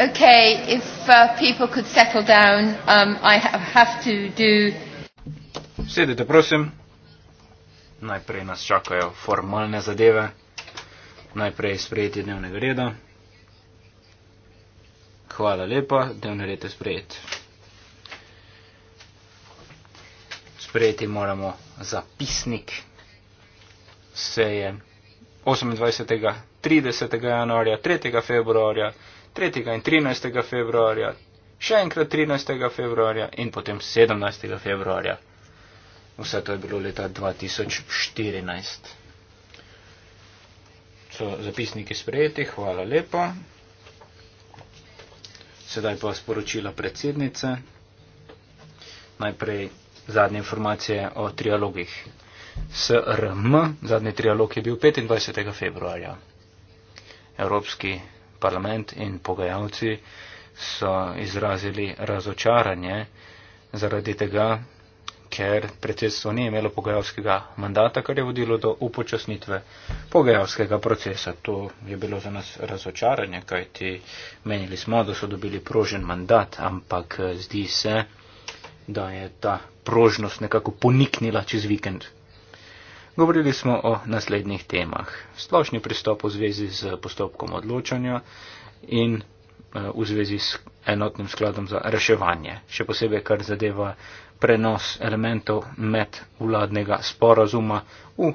Okay, if uh, people could settle down, um, I have to do. Sedite, prosim. Najprej nas čakajo formalne zadeve. Najprej sprejeti dnevnega reda. Hvala lepa, dnevni red je sprejet. Sprejeti moramo zapisnik seje 28.30. januarja, 3. februarja 3. in 13. februarja, še enkrat 13. februarja in potem 17. februarja. Vse to je bilo leta 2014. So zapisniki sprejeti, hvala lepa. Sedaj pa sporočila predsednice. Najprej zadnje informacije o trialogih. SRM, zadnji trialog je bil 25. februarja. Evropski parlament in pogajalci so izrazili razočaranje zaradi tega, ker predsedstvo ni imelo pogajalskega mandata, kar je vodilo do upočasnitve pogajalskega procesa. To je bilo za nas razočaranje, kajti menili smo, da so dobili prožen mandat, ampak zdi se, da je ta prožnost nekako poniknila čez vikend. Govorili smo o naslednjih temah. Splošni pristop v zvezi z postopkom odločanja in eh, v zvezi s enotnim skladom za reševanje, še posebej kar zadeva prenos elementov med vladnega sporazuma v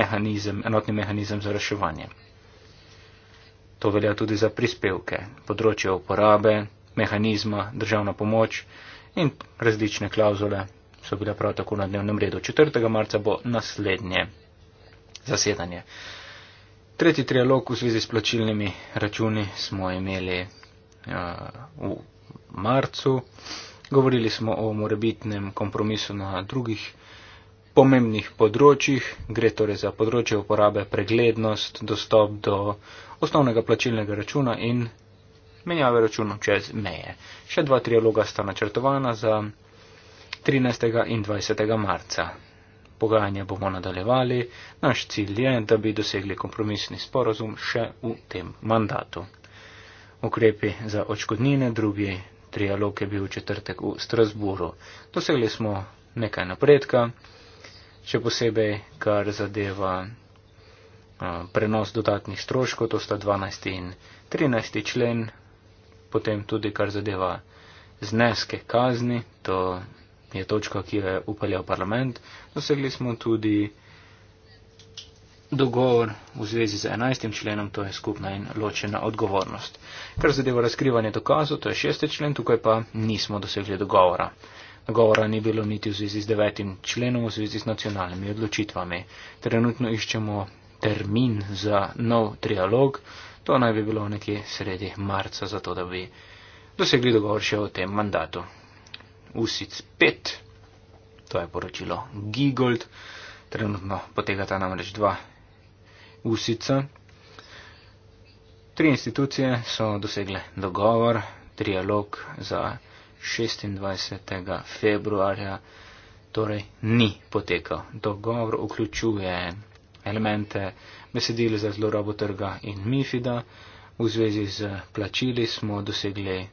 mehanizem, enotni mehanizem za reševanje. To velja tudi za prispevke, področje uporabe, mehanizma, državna pomoč in različne klauzule so bile prav tako na dnevnem redu. 4. marca bo naslednje zasedanje. Tretji trialog v zvezi s plačilnimi računi smo imeli uh, v marcu. Govorili smo o morebitnem kompromisu na drugih pomembnih področjih. Gre torej za področje uporabe, preglednost, dostop do osnovnega plačilnega računa in menjave računov čez meje. Še dva trialoga sta načrtovana za 13. in 20. marca. Pogajanja bomo nadaljevali. Naš cilj je, da bi dosegli kompromisni sporozum še v tem mandatu. Ukrepi za očkodnine, drugi trialog je bil v četrtek v Strasburu. Dosegli smo nekaj napredka, še posebej, kar zadeva prenos dodatnih stroškov, to sta 12. in 13. člen, potem tudi, kar zadeva zneske kazni, to je točka, ki jo je upeljal parlament, dosegli smo tudi dogovor v zvezi z 11. členom, to je skupna in ločena odgovornost. Kar zadeva razkrivanje dokazov, to je 6. člen, tukaj pa nismo dosegli dogovora. Dogovora ni bilo niti v zvezi z 9. členom, v zvezi z nacionalnimi odločitvami. Trenutno iščemo termin za nov trialog, to naj bi bilo nekje sredi marca, zato da bi dosegli dogovor še o tem mandatu. Usic 5, to je poročilo Gigold, trenutno potekata namreč dva Usica. Tri institucije so dosegle dogovor, trialog za 26. februarja, torej ni potekal. Dogovor vključuje elemente besedile za zlorabo trga in MIFID-a. V zvezi z plačili smo dosegli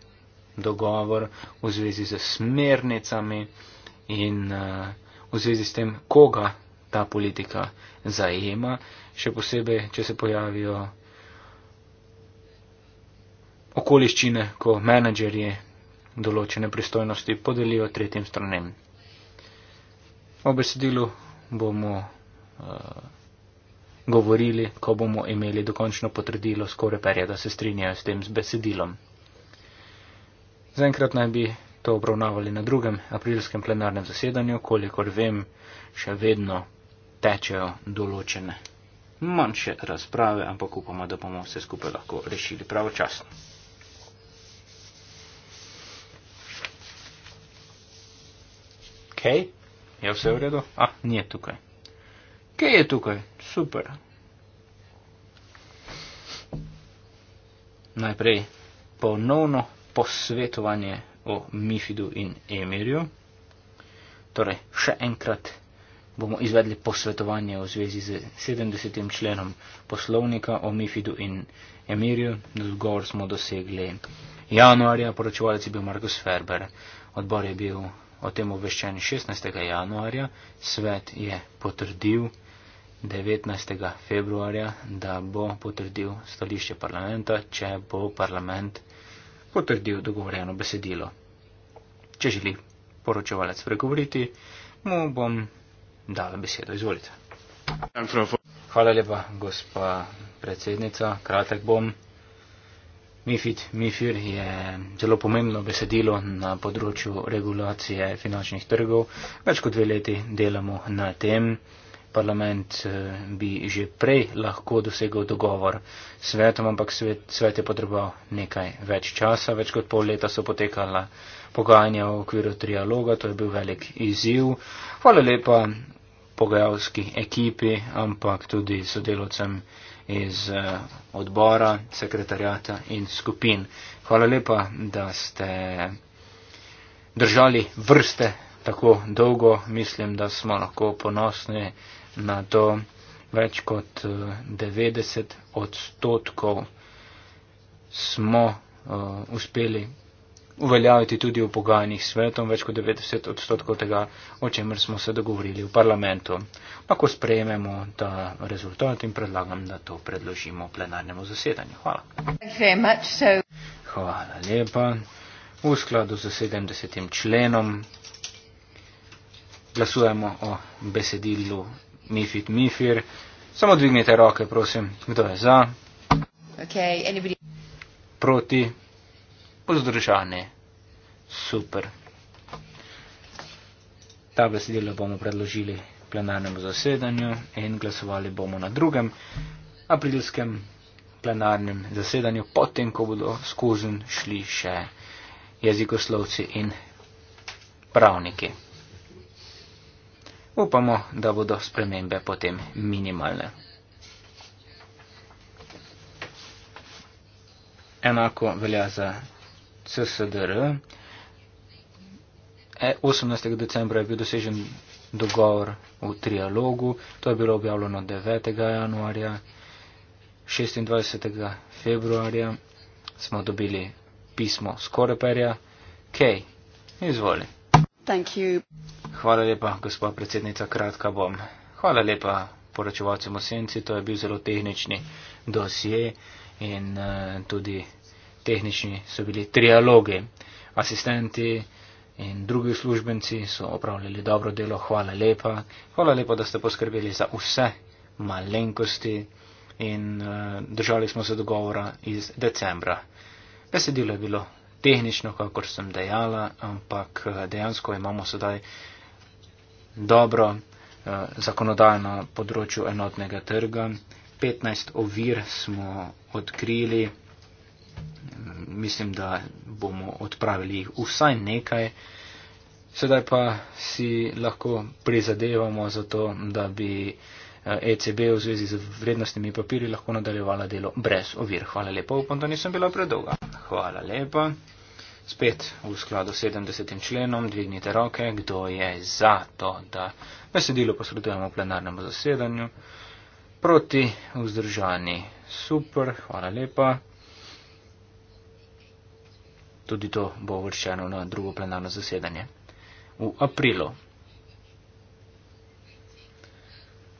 dogovor v zvezi z smernicami in eh, v zvezi s tem, koga ta politika zajema, še posebej, če se pojavijo okoliščine, ko menedžerji določene pristojnosti podelijo tretjim stranem. O besedilu bomo uh, govorili, ko bomo imeli dokončno potrdilo skoraj perja, da se strinjajo s tem z besedilom. Zaenkrat naj bi to obravnavali na drugem aprilskem plenarnem zasedanju, kolikor vem, še vedno tečejo določene manjše razprave, ampak upamo, da bomo vse skupaj lahko rešili pravočasno. Kaj? Je vse v redu? A, ah, ni tukaj. Kaj je tukaj? Super. Najprej ponovno posvetovanje o Mifidu in Emirju. Torej, še enkrat bomo izvedli posvetovanje v zvezi z 70. členom poslovnika o Mifidu in Emirju. Dogovor smo dosegli januarja, poročevalec je bil Markus Ferber. Odbor je bil o tem obveščen 16. januarja, svet je potrdil 19. februarja, da bo potrdil stališče parlamenta, če bo parlament potrdil dogovorjeno besedilo. Če želi poročevalec pregovoriti, mu bom dala besedo. Izvolite. Hvala lepa, gospa predsednica. Kratek bom. MIFID, MIFIR je zelo pomembno besedilo na področju regulacije finančnih trgov. Več kot dve leti delamo na tem parlament eh, bi že prej lahko dosegel dogovor s svetom, ampak svet, svet je potreboval nekaj več časa, več kot pol leta so potekala pogajanja v okviru trialoga, to je bil velik izziv. Hvala lepa pogajalski ekipi, ampak tudi sodelovcem iz eh, odbora, sekretarjata in skupin. Hvala lepa, da ste držali vrste tako dolgo. Mislim, da smo lahko ponosni na to več kot 90 eh, odstotkov smo uh, uspeli uveljaviti tudi v pogajanjih svetom, več kot 90 odstotkov tega, o čemer smo se dogovorili v parlamentu. Lahko sprejmemo ta rezultat in predlagam, da to predložimo plenarnemu zasedanju. Hvala. Hvala lepa. V skladu z 70. členom glasujemo o besedilu Mifit Mifir. Samo dvignite roke, prosim. Kdo je za? Okay, anybody... Proti. Vzdržane. Super. Ta besedilo bomo predložili plenarnemu zasedanju in glasovali bomo na drugem aprilskem plenarnem zasedanju, potem, ko bodo skozen šli še jezikoslovci in pravniki. Upamo, da bodo spremembe potem minimalne. Enako velja za CSDR. 18. E, decembra je bil dosežen dogovor v trialogu, to je bilo objavljeno 9. januarja, 26. februarja smo dobili pismo Skoreperja, Kej, izvoli. Hvala lepa, gospa predsednica, kratka bom. Hvala lepa poročevalcem osenci, to je bil zelo tehnični dosje in uh, tudi tehnični so bili trialoge. Asistenti in drugi službenci so opravljali dobro delo, hvala lepa. Hvala lepa, da ste poskrbeli za vse malenkosti in uh, držali smo se dogovora iz decembra. Besedilo je bilo tehnično, kakor sem dejala, ampak eh, dejansko imamo sedaj dobro eh, zakonodajo na področju enotnega trga. 15 ovir smo odkrili, mislim, da bomo odpravili vsaj nekaj. Sedaj pa si lahko prizadevamo za to, da bi uh, ECB v zvezi z vrednostnimi papiri lahko nadaljevala delo brez ovir. Hvala lepa, upam, da nisem bila predolga. Hvala lepa. Spet v skladu s 70. členom dvignite roke, kdo je za to, da besedilo posredujemo v plenarnem zasedanju. Proti vzdržani. Super, hvala lepa. Tudi to bo vršeno na drugo plenarno zasedanje v aprilu.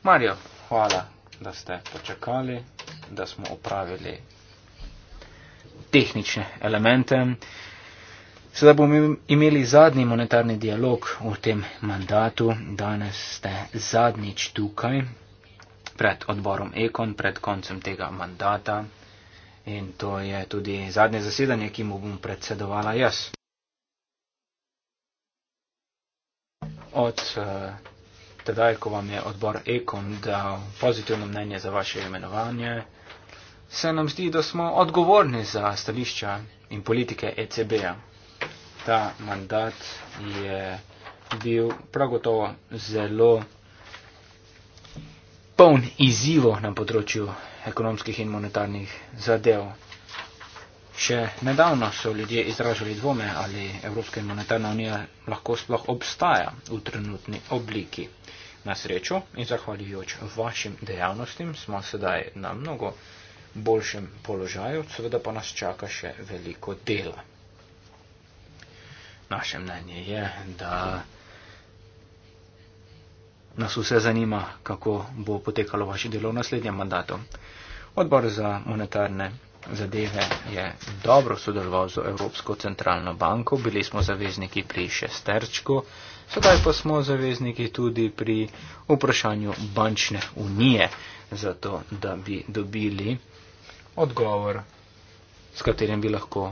Marijo, hvala, da ste počakali, da smo opravili tehnične elemente. Sedaj bomo imeli zadnji monetarni dialog v tem mandatu. Danes ste zadnjič tukaj pred odborom Ekon, pred koncem tega mandata. In to je tudi zadnje zasedanje, ki mu bom predsedovala jaz. Od eh, tedaj, ko vam je odbor Ekon dal pozitivno mnenje za vaše imenovanje, se nam zdi, da smo odgovorni za stališča in politike ECB-ja. Ta mandat je bil prav gotovo zelo poln izzivov na področju ekonomskih in monetarnih zadev. Še nedavno so ljudje izražali dvome, ali Evropska monetarna unija lahko sploh obstaja v trenutni obliki. Na srečo in zahvaljujoč vašim dejavnostim smo sedaj na mnogo boljšem položaju, seveda pa nas čaka še veliko dela. Naše mnenje je, da nas vse zanima, kako bo potekalo vaše delo v naslednjem mandatu. Odbor za monetarne zadeve je dobro sodeloval z Evropsko centralno banko, bili smo zavezniki pri šesterčku, sedaj pa smo zavezniki tudi pri vprašanju bančne unije, zato da bi dobili odgovor, s katerim bi lahko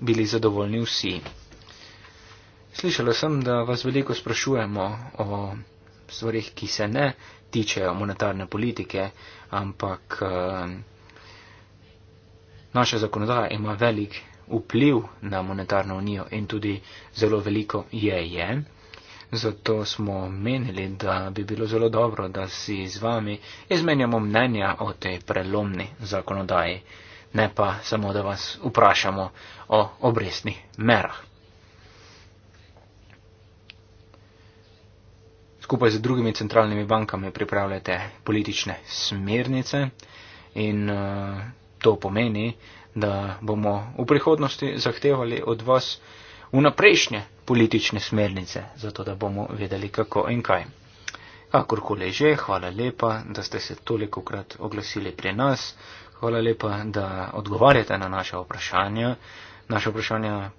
bili zadovoljni vsi. Slišala sem, da vas veliko sprašujemo o stvarih, ki se ne tičejo monetarne politike, ampak uh, Naša zakonodaja ima velik vpliv na monetarno unijo in tudi zelo veliko je je. Zato smo menili, da bi bilo zelo dobro, da si z vami izmenjamo mnenja o tej prelomni zakonodaji, ne pa samo, da vas vprašamo o obrestnih merah. Skupaj z drugimi centralnimi bankami pripravljate politične smernice in eh, To pomeni, da bomo v prihodnosti zahtevali od vas vnaprejšnje politične smernice, zato da bomo vedeli kako in kaj. Kakorkoli že, hvala lepa, da ste se toliko krat oglasili pri nas, hvala lepa, da odgovarjate na naše vprašanja. Naše vprašanja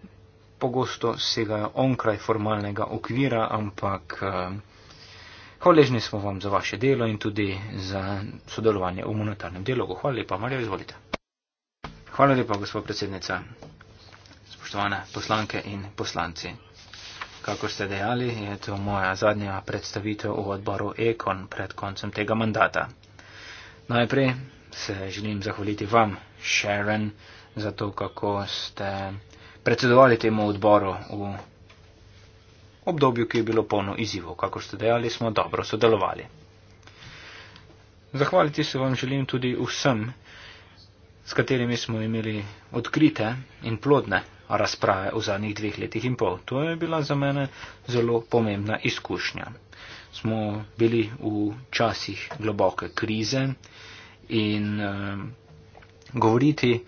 pogosto segajo onkraj formalnega okvira, ampak eh, hvaležni smo vam za vaše delo in tudi za sodelovanje v monetarnem delu. Hvala lepa, Marja, izvolite. Hvala lepa, gospod predsednica. Spoštovane poslanke in poslanci. Kako ste dejali, je to moja zadnja predstavitev v odboru Ekon pred koncem tega mandata. Najprej se želim zahvaliti vam, Sharon, za to, kako ste predsedovali temu odboru v obdobju, ki je bilo polno izzivov. Kako ste dejali, smo dobro sodelovali. Zahvaliti se vam želim tudi vsem, s katerimi smo imeli odkrite in plodne razprave v zadnjih dveh letih in pol. To je bila za mene zelo pomembna izkušnja. Smo bili v časih globoke krize in eh, govoriti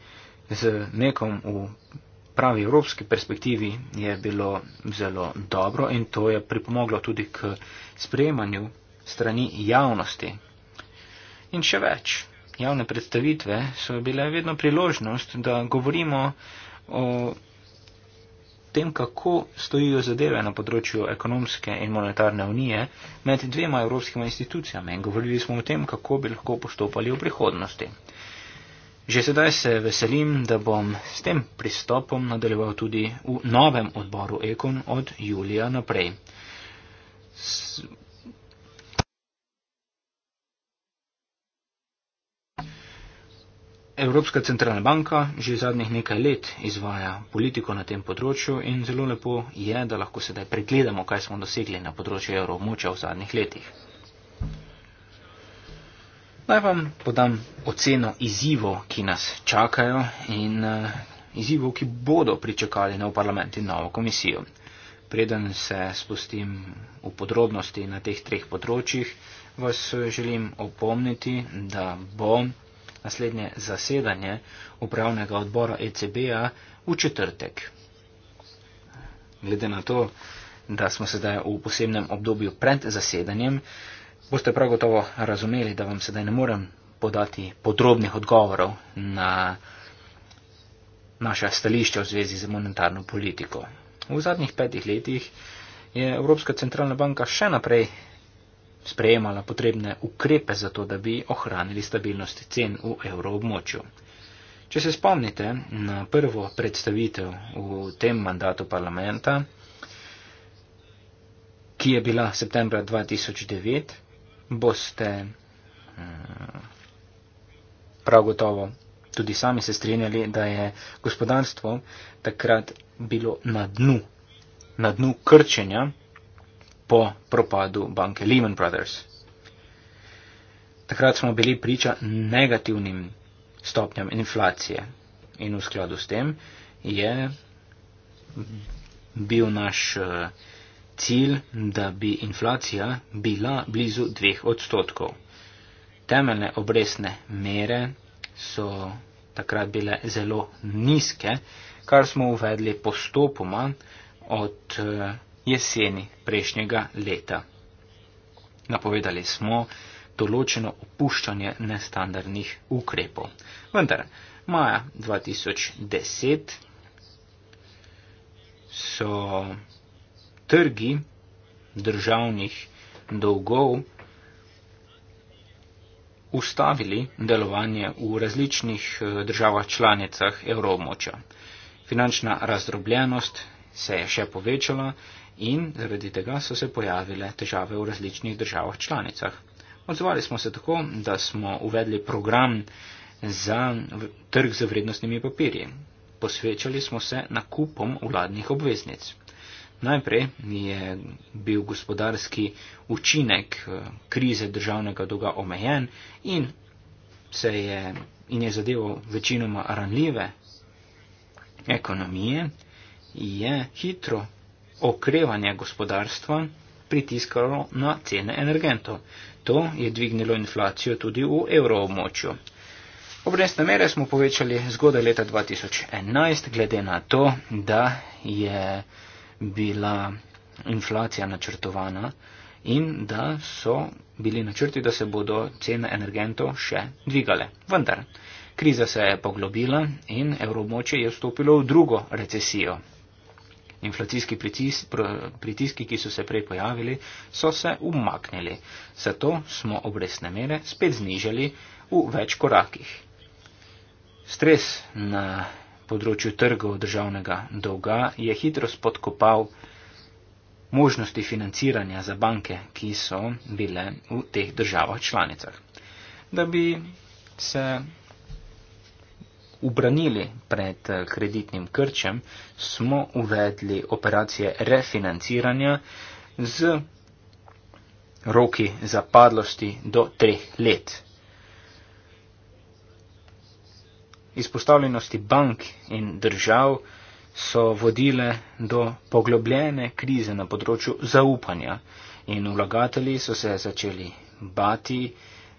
z nekom v pravi evropski perspektivi je bilo zelo dobro in to je pripomoglo tudi k sprejemanju strani javnosti. In še več, javne predstavitve so bile vedno priložnost, da govorimo o tem, kako stojijo zadeve na področju ekonomske in monetarne unije med dvema evropskima institucijami. In govorili smo o tem, kako bi lahko postopali v prihodnosti. Že sedaj se veselim, da bom s tem pristopom nadaljeval tudi v novem odboru Ekon od julija naprej. Evropska centralna banka že zadnjih nekaj let izvaja politiko na tem področju in zelo lepo je, da lahko sedaj pregledamo, kaj smo dosegli na področju evroobmočja v zadnjih letih. Naj vam podam oceno izzivov, ki nas čakajo in eh, izzivov, ki bodo pričakali nov parlament in novo komisijo. Preden se spustim v podrobnosti na teh treh področjih, vas želim opomniti, da bo naslednje zasedanje upravnega odbora ECB-a v četrtek. Glede na to, da smo sedaj v posebnem obdobju pred zasedanjem, boste prav gotovo razumeli, da vam sedaj ne morem podati podrobnih odgovorov na naša stališča v zvezi z monetarno politiko. V zadnjih petih letih je Evropska centralna banka še naprej sprejemala potrebne ukrepe za to, da bi ohranili stabilnost cen v evroobmočju. Če se spomnite na prvo predstavitev v tem mandatu parlamenta, ki je bila septembra 2009, boste eh, prav gotovo tudi sami se strinjali, da je gospodarstvo takrat bilo na dnu, na dnu krčenja po propadu banke Lehman Brothers. Takrat smo bili priča negativnim stopnjam inflacije in v skladu s tem je bil naš eh, cilj, da bi inflacija bila blizu dveh odstotkov. Temeljne obresne mere so takrat bile zelo nizke, kar smo uvedli postopoma od eh, jeseni prejšnjega leta. Napovedali smo določeno opuščanje nestandardnih ukrepov. Vendar, maja 2010 so trgi državnih dolgov ustavili delovanje v različnih eh, državah članicah evroobmoča. Finančna razdrobljenost se je še povečala in zaradi tega so se pojavile težave v različnih državah članicah. Odzvali smo se tako, da smo uvedli program za trg z vrednostnimi papirji. Posvečali smo se nakupom vladnih obveznic. Najprej je bil gospodarski učinek eh, krize državnega dolga omejen in, se je, in je zadevo večinoma ranljive ekonomije, je hitro okrevanje gospodarstva pritiskalo na cene energentov. To je dvignilo inflacijo tudi v evroobmočju. Obrestne mere smo povečali zgodaj leta 2011, glede na to, da je bila inflacija načrtovana in da so bili načrti, da se bodo cene energentov še dvigale. Vendar, kriza se je poglobila in evroobmočje je vstopilo v drugo recesijo inflacijski pritis, pr, pritiski, ki so se prej pojavili, so se umaknili. Zato smo obrestne mere spet znižali v več korakih. Stres na področju trgov državnega dolga je hitro spodkopal možnosti financiranja za banke, ki so bile v teh državah članicah. Da bi se ubranili pred eh, kreditnim krčem, smo uvedli operacije refinanciranja z roki zapadlosti do treh let. Izpostavljenosti bank in držav so vodile do poglobljene krize na področju zaupanja in vlagatelji so se začeli bati,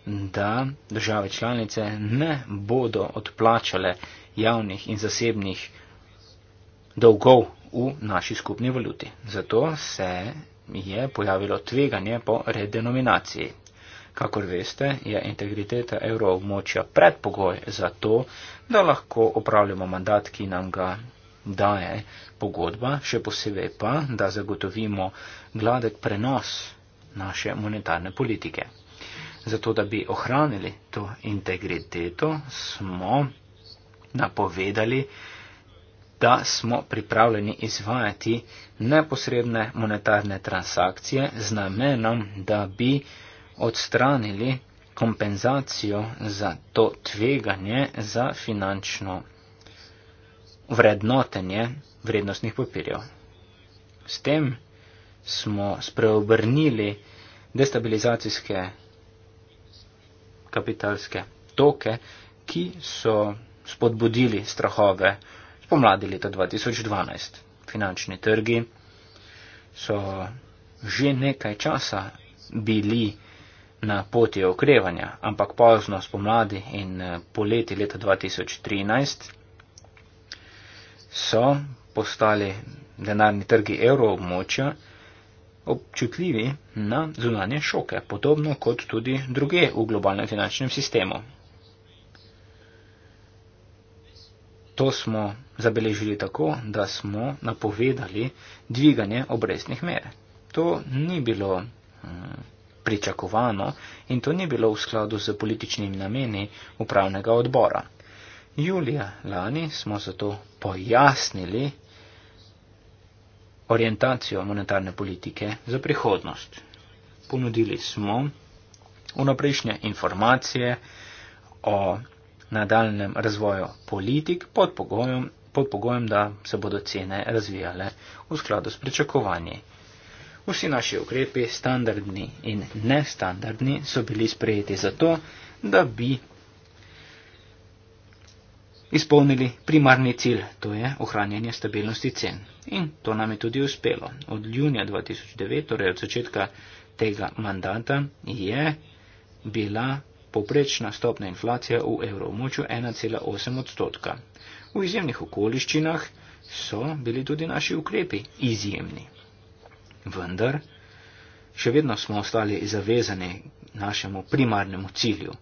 da države članice ne bodo odplačale javnih in zasebnih dolgov v naši skupni valuti. Zato se je pojavilo tveganje po redenominaciji. Kakor veste, je integriteta evroobmočja predpogoj za to, da lahko opravljamo mandat, ki nam ga daje pogodba, še posebej pa, da zagotovimo gladek prenos naše monetarne politike. Zato, da bi ohranili to integriteto, smo napovedali, da smo pripravljeni izvajati neposredne monetarne transakcije z namenom, da bi odstranili kompenzacijo za to tveganje za finančno vrednotenje vrednostnih papirjev. S tem smo spreobrnili destabilizacijske kapitalske toke, ki so spodbudili strahove spomladi leta 2012. Finančni trgi so že nekaj časa bili na poti okrevanja, ampak pozno spomladi in eh, poleti leta 2013 so postali denarni trgi evroobmočja, občutljivi na zunanje šoke, podobno kot tudi druge v globalnem finančnem sistemu. To smo zabeležili tako, da smo napovedali dviganje obrestnih mer. To ni bilo hm, pričakovano in to ni bilo v skladu z političnimi nameni upravnega odbora. Julija lani smo zato pojasnili orientacijo monetarne politike za prihodnost. Ponudili smo unaprejšnje informacije o nadaljem razvoju politik pod pogojem, pod pogojem, da se bodo cene razvijale v skladu s pričakovanji. Vsi naši ukrepi, standardni in nestandardni, so bili sprejeti zato, da bi izpolnili primarni cilj, to je ohranjanje stabilnosti cen. In to nam je tudi uspelo. Od junija 2009, torej od začetka tega mandata, je bila poprečna stopna inflacija v evroomočju 1,8 odstotka. V izjemnih okoliščinah so bili tudi naši ukrepi izjemni. Vendar še vedno smo ostali zavezani našemu primarnemu cilju.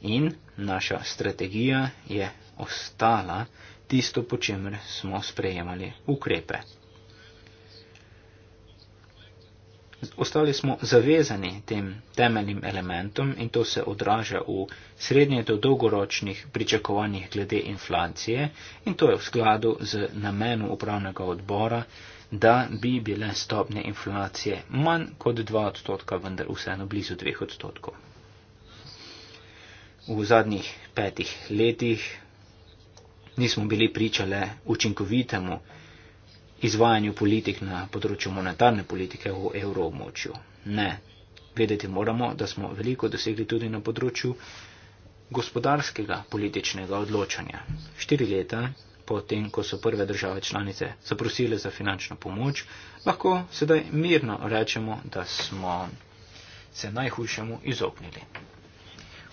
In naša strategija je ostala tisto, po čemer smo sprejemali ukrepe. Ostali smo zavezani tem temeljnim elementom in to se odraža v srednje do dolgoročnih pričakovanjih glede inflacije in to je v skladu z namenu upravnega odbora, da bi bile stopne inflacije manj kot 2 odstotka, vendar vseeno blizu 2 odstotkov. V zadnjih petih letih nismo bili pričale učinkovitemu izvajanju politik na področju monetarne politike v evroobmočju. Ne, vedeti moramo, da smo veliko dosegli tudi na področju gospodarskega političnega odločanja. Štiri leta potem, ko so prve države članice zaprosile za finančno pomoč, lahko sedaj mirno rečemo, da smo se najhujšemu izognili.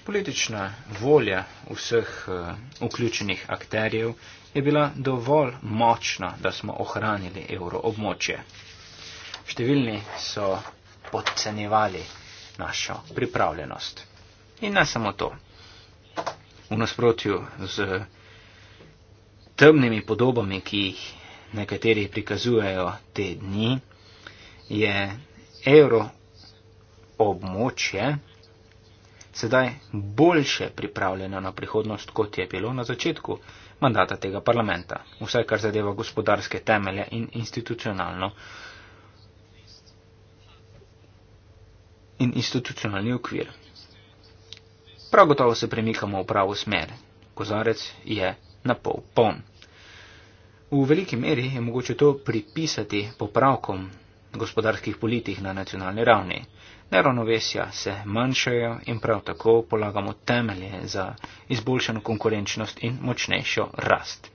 Politična volja vseh eh, vključenih akterjev je bila dovolj močna, da smo ohranili evro območje. Številni so podcenjevali našo pripravljenost. In ne samo to. V nasprotju z temnimi podobami, ki jih nekateri prikazujejo te dni, je evro območje sedaj boljše pripravljeno na prihodnost, kot je bilo na začetku mandata tega parlamenta, vsaj kar zadeva gospodarske temelje in institucionalno in institucionalni okvir. Prav gotovo se premikamo v pravo smer. Kozarec je na pol poln. V veliki meri je mogoče to pripisati popravkom gospodarskih politik na nacionalni ravni. Neravnovesja se manjšajo in prav tako polagamo temelje za izboljšano konkurenčnost in močnejšo rast.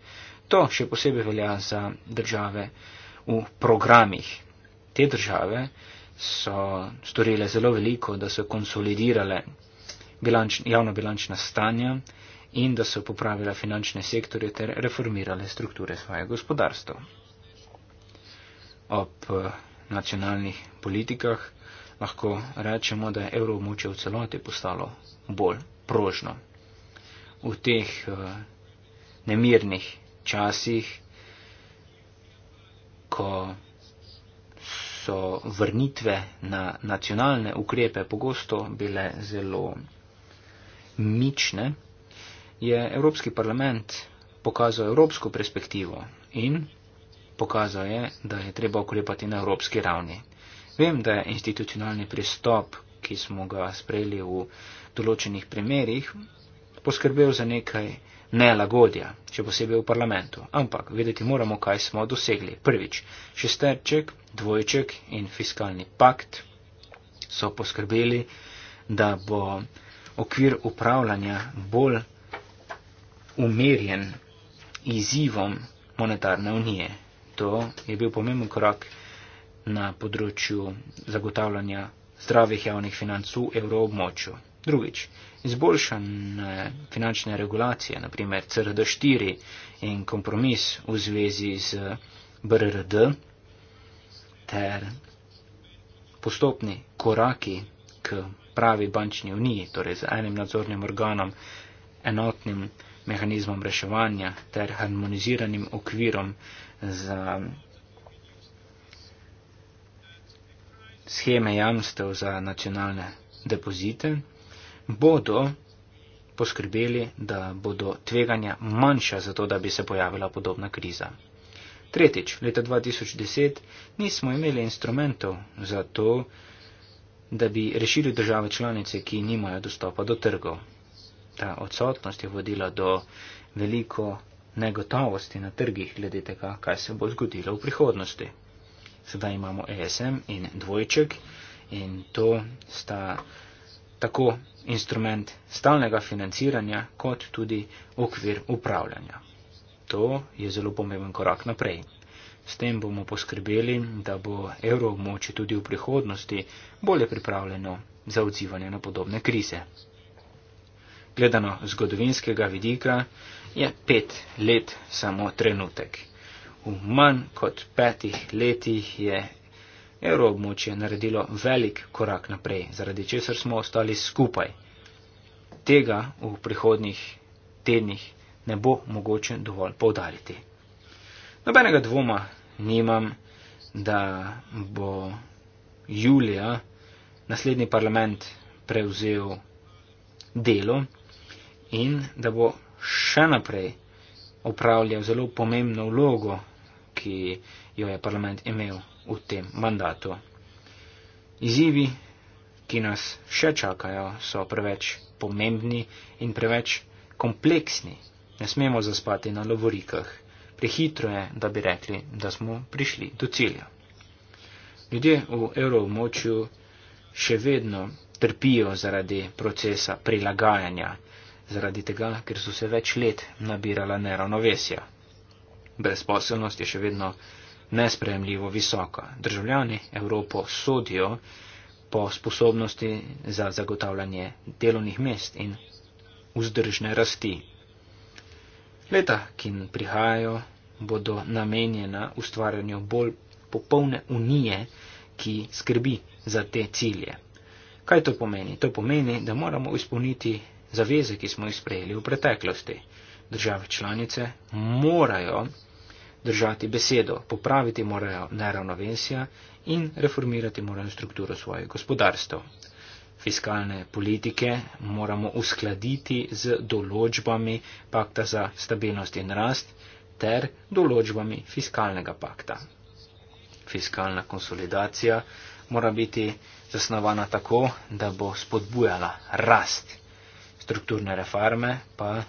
To še posebej velja za države v programih. Te države so storile zelo veliko, da so konsolidirale bilanč, javno bilančna stanja in da so popravile finančne sektorje ter reformirale strukture svoje gospodarstva. Ob eh, nacionalnih politikah lahko rečemo, da je evroobmočje v celoti postalo bolj prožno. V teh eh, nemirnih časih, ko so vrnitve na nacionalne ukrepe pogosto bile zelo mične, je Evropski parlament pokazal evropsko perspektivo in pokazal je, da je treba ukrepati na evropski ravni vem, da je institucionalni pristop, ki smo ga sprejeli v določenih primerjih, poskrbel za nekaj nelagodja, še posebej v parlamentu. Ampak vedeti moramo, kaj smo dosegli. Prvič, šesterček, dvojček in fiskalni pakt so poskrbeli, da bo okvir upravljanja bolj umerjen izzivom monetarne unije. To je bil pomemben korak na področju zagotavljanja zdravih javnih financ v evroobmočju. Drugič, izboljšanje finančne regulacije, naprimer CRD4 in kompromis v zvezi z BRRD ter postopni koraki k pravi bančni uniji, torej z enim nadzornim organom, enotnim mehanizmom reševanja ter harmoniziranim okvirom za scheme jamstev za nacionalne depozite, bodo poskrbeli, da bodo tveganja manjša za to, da bi se pojavila podobna kriza. Tretjič, leta 2010 nismo imeli instrumentov za to, da bi rešili države članice, ki nimajo dostopa do trgov. Ta odsotnost je vodila do veliko negotovosti na trgih glede tega, kaj se bo zgodilo v prihodnosti sedaj imamo ESM in dvojček in to sta tako instrument stalnega financiranja kot tudi okvir upravljanja. To je zelo pomemben korak naprej. S tem bomo poskrbeli, da bo evroobmočje tudi v prihodnosti bolje pripravljeno za odzivanje na podobne krize. Gledano zgodovinskega vidika je pet let samo trenutek. V manj kot petih letih je evroobmočje naredilo velik korak naprej, zaradi česar smo ostali skupaj. Tega v prihodnih tednih ne bo mogoče dovolj povdariti. Nobenega dvoma nimam, da bo julija naslednji parlament prevzel delo in da bo še naprej opravljal zelo pomembno vlogo ki jo je parlament imel v tem mandatu. Izivi, ki nas še čakajo, so preveč pomembni in preveč kompleksni. Ne smemo zaspati na lovorikah. Prehitro je, da bi rekli, da smo prišli do cilja. Ljudje v evroobmočju še vedno trpijo zaradi procesa prilagajanja, zaradi tega, ker so se več let nabirala neravnovesja brezposelnost je še vedno nespremljivo visoka. Državljani Evropo sodijo po sposobnosti za zagotavljanje delovnih mest in vzdržne rasti. Leta, ki prihajajo, bodo namenjena ustvarjanju bolj popolne unije, ki skrbi za te cilje. Kaj to pomeni? To pomeni, da moramo izpolniti zaveze, ki smo jih sprejeli v preteklosti. Države članice morajo držati besedo, popraviti morajo neravnovesja in reformirati morajo strukturo svojih gospodarstv. Fiskalne politike moramo uskladiti z določbami pakta za stabilnost in rast ter določbami fiskalnega pakta. Fiskalna konsolidacija mora biti zasnovana tako, da bo spodbujala rast. Strukturne reforme pa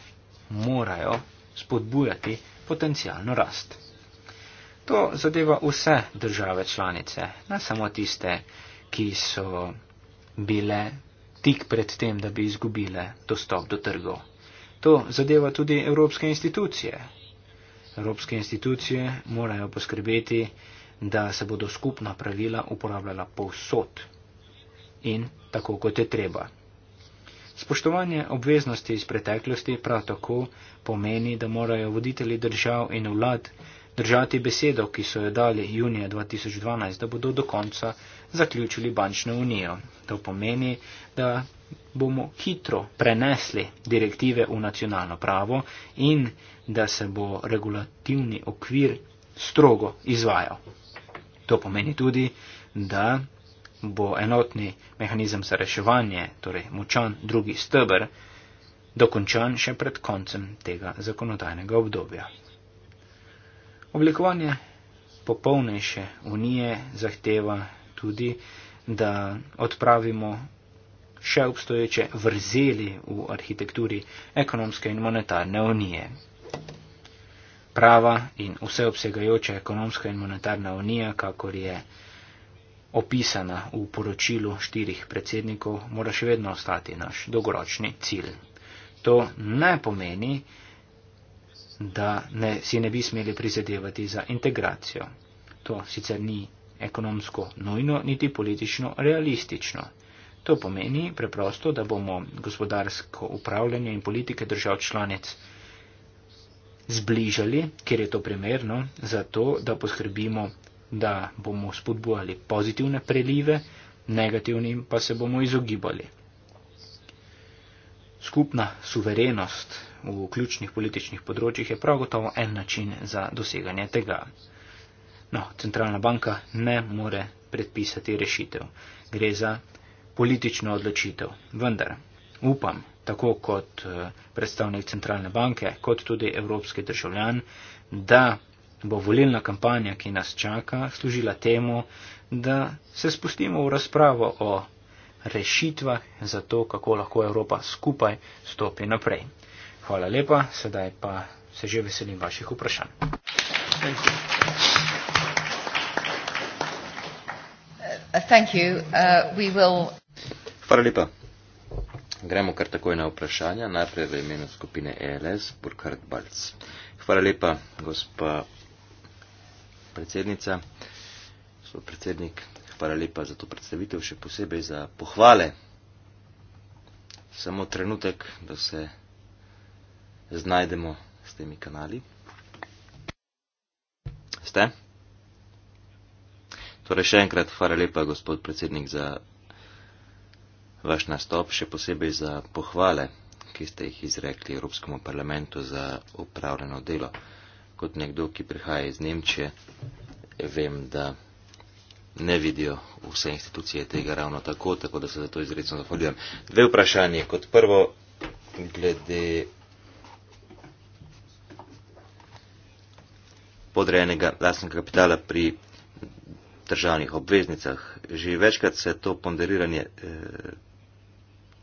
morajo spodbujati potencijalno rast. To zadeva vse države članice, ne samo tiste, ki so bile tik pred tem, da bi izgubile dostop do trgov. To zadeva tudi evropske institucije. Evropske institucije morajo poskrbeti, da se bodo skupna pravila uporabljala povsod in tako, kot je treba. Spoštovanje obveznosti iz preteklosti prav tako pomeni, da morajo voditelji držav in vlad držati besedo, ki so jo dali junija 2012, da bodo do konca zaključili bančno unijo. To pomeni, da bomo hitro prenesli direktive v nacionalno pravo in da se bo regulativni okvir strogo izvajal. To pomeni tudi, da bo enotni mehanizem za reševanje, torej močan drugi stebr, dokončan še pred koncem tega zakonodajnega obdobja. Oblikovanje popolnejše unije zahteva tudi, da odpravimo še obstoječe vrzeli v arhitekturi ekonomske in monetarne unije. Prava in vseobsegajoča ekonomska in monetarna unija, kakor je opisana v poročilu štirih predsednikov, mora še vedno ostati naš dolgoročni cilj. To ne pomeni, da ne, si ne bi smeli prizadevati za integracijo. To sicer ni ekonomsko nujno, niti politično realistično. To pomeni preprosto, da bomo gospodarsko upravljanje in politike držav članic zbližali, ker je to primerno, zato da poskrbimo, da bomo spodbujali pozitivne prelive, negativnim pa se bomo izogibali. Skupna suverenost v ključnih političnih področjih je prav gotovo en način za doseganje tega. No, centralna banka ne more predpisati rešitev. Gre za politično odločitev. Vendar upam, tako kot eh, predstavnik centralne banke, kot tudi evropski državljan, da bo volilna kampanja, ki nas čaka, služila temu, da se spustimo v razpravo o rešitvah za to, kako lahko Evropa skupaj stopi naprej. Hvala lepa, sedaj pa se že veselim vaših vprašanj. Uh, uh, hvala lepa. Gremo kar takoj na vprašanja. Najprej v imenu skupine ELS Burkhard Balc. Hvala lepa, gospa predsednica, gospod predsednik. Hvala lepa za to predstavitev, še posebej za pohvale. Samo trenutek, da se znajdemo s temi kanali. Ste? Torej še enkrat, hvala lepa, gospod predsednik, za vaš nastop, še posebej za pohvale, ki ste jih izrekli Evropskemu parlamentu za upravljeno delo. Kot nekdo, ki prihaja iz Nemčije, vem, da ne vidijo vse institucije tega ravno tako, tako da se za to izredno zahvaljujem. Dve vprašanje. Kot prvo, glede podrejenega lastnega kapitala pri državnih obveznicah. Že večkrat se to ponderiranje eh,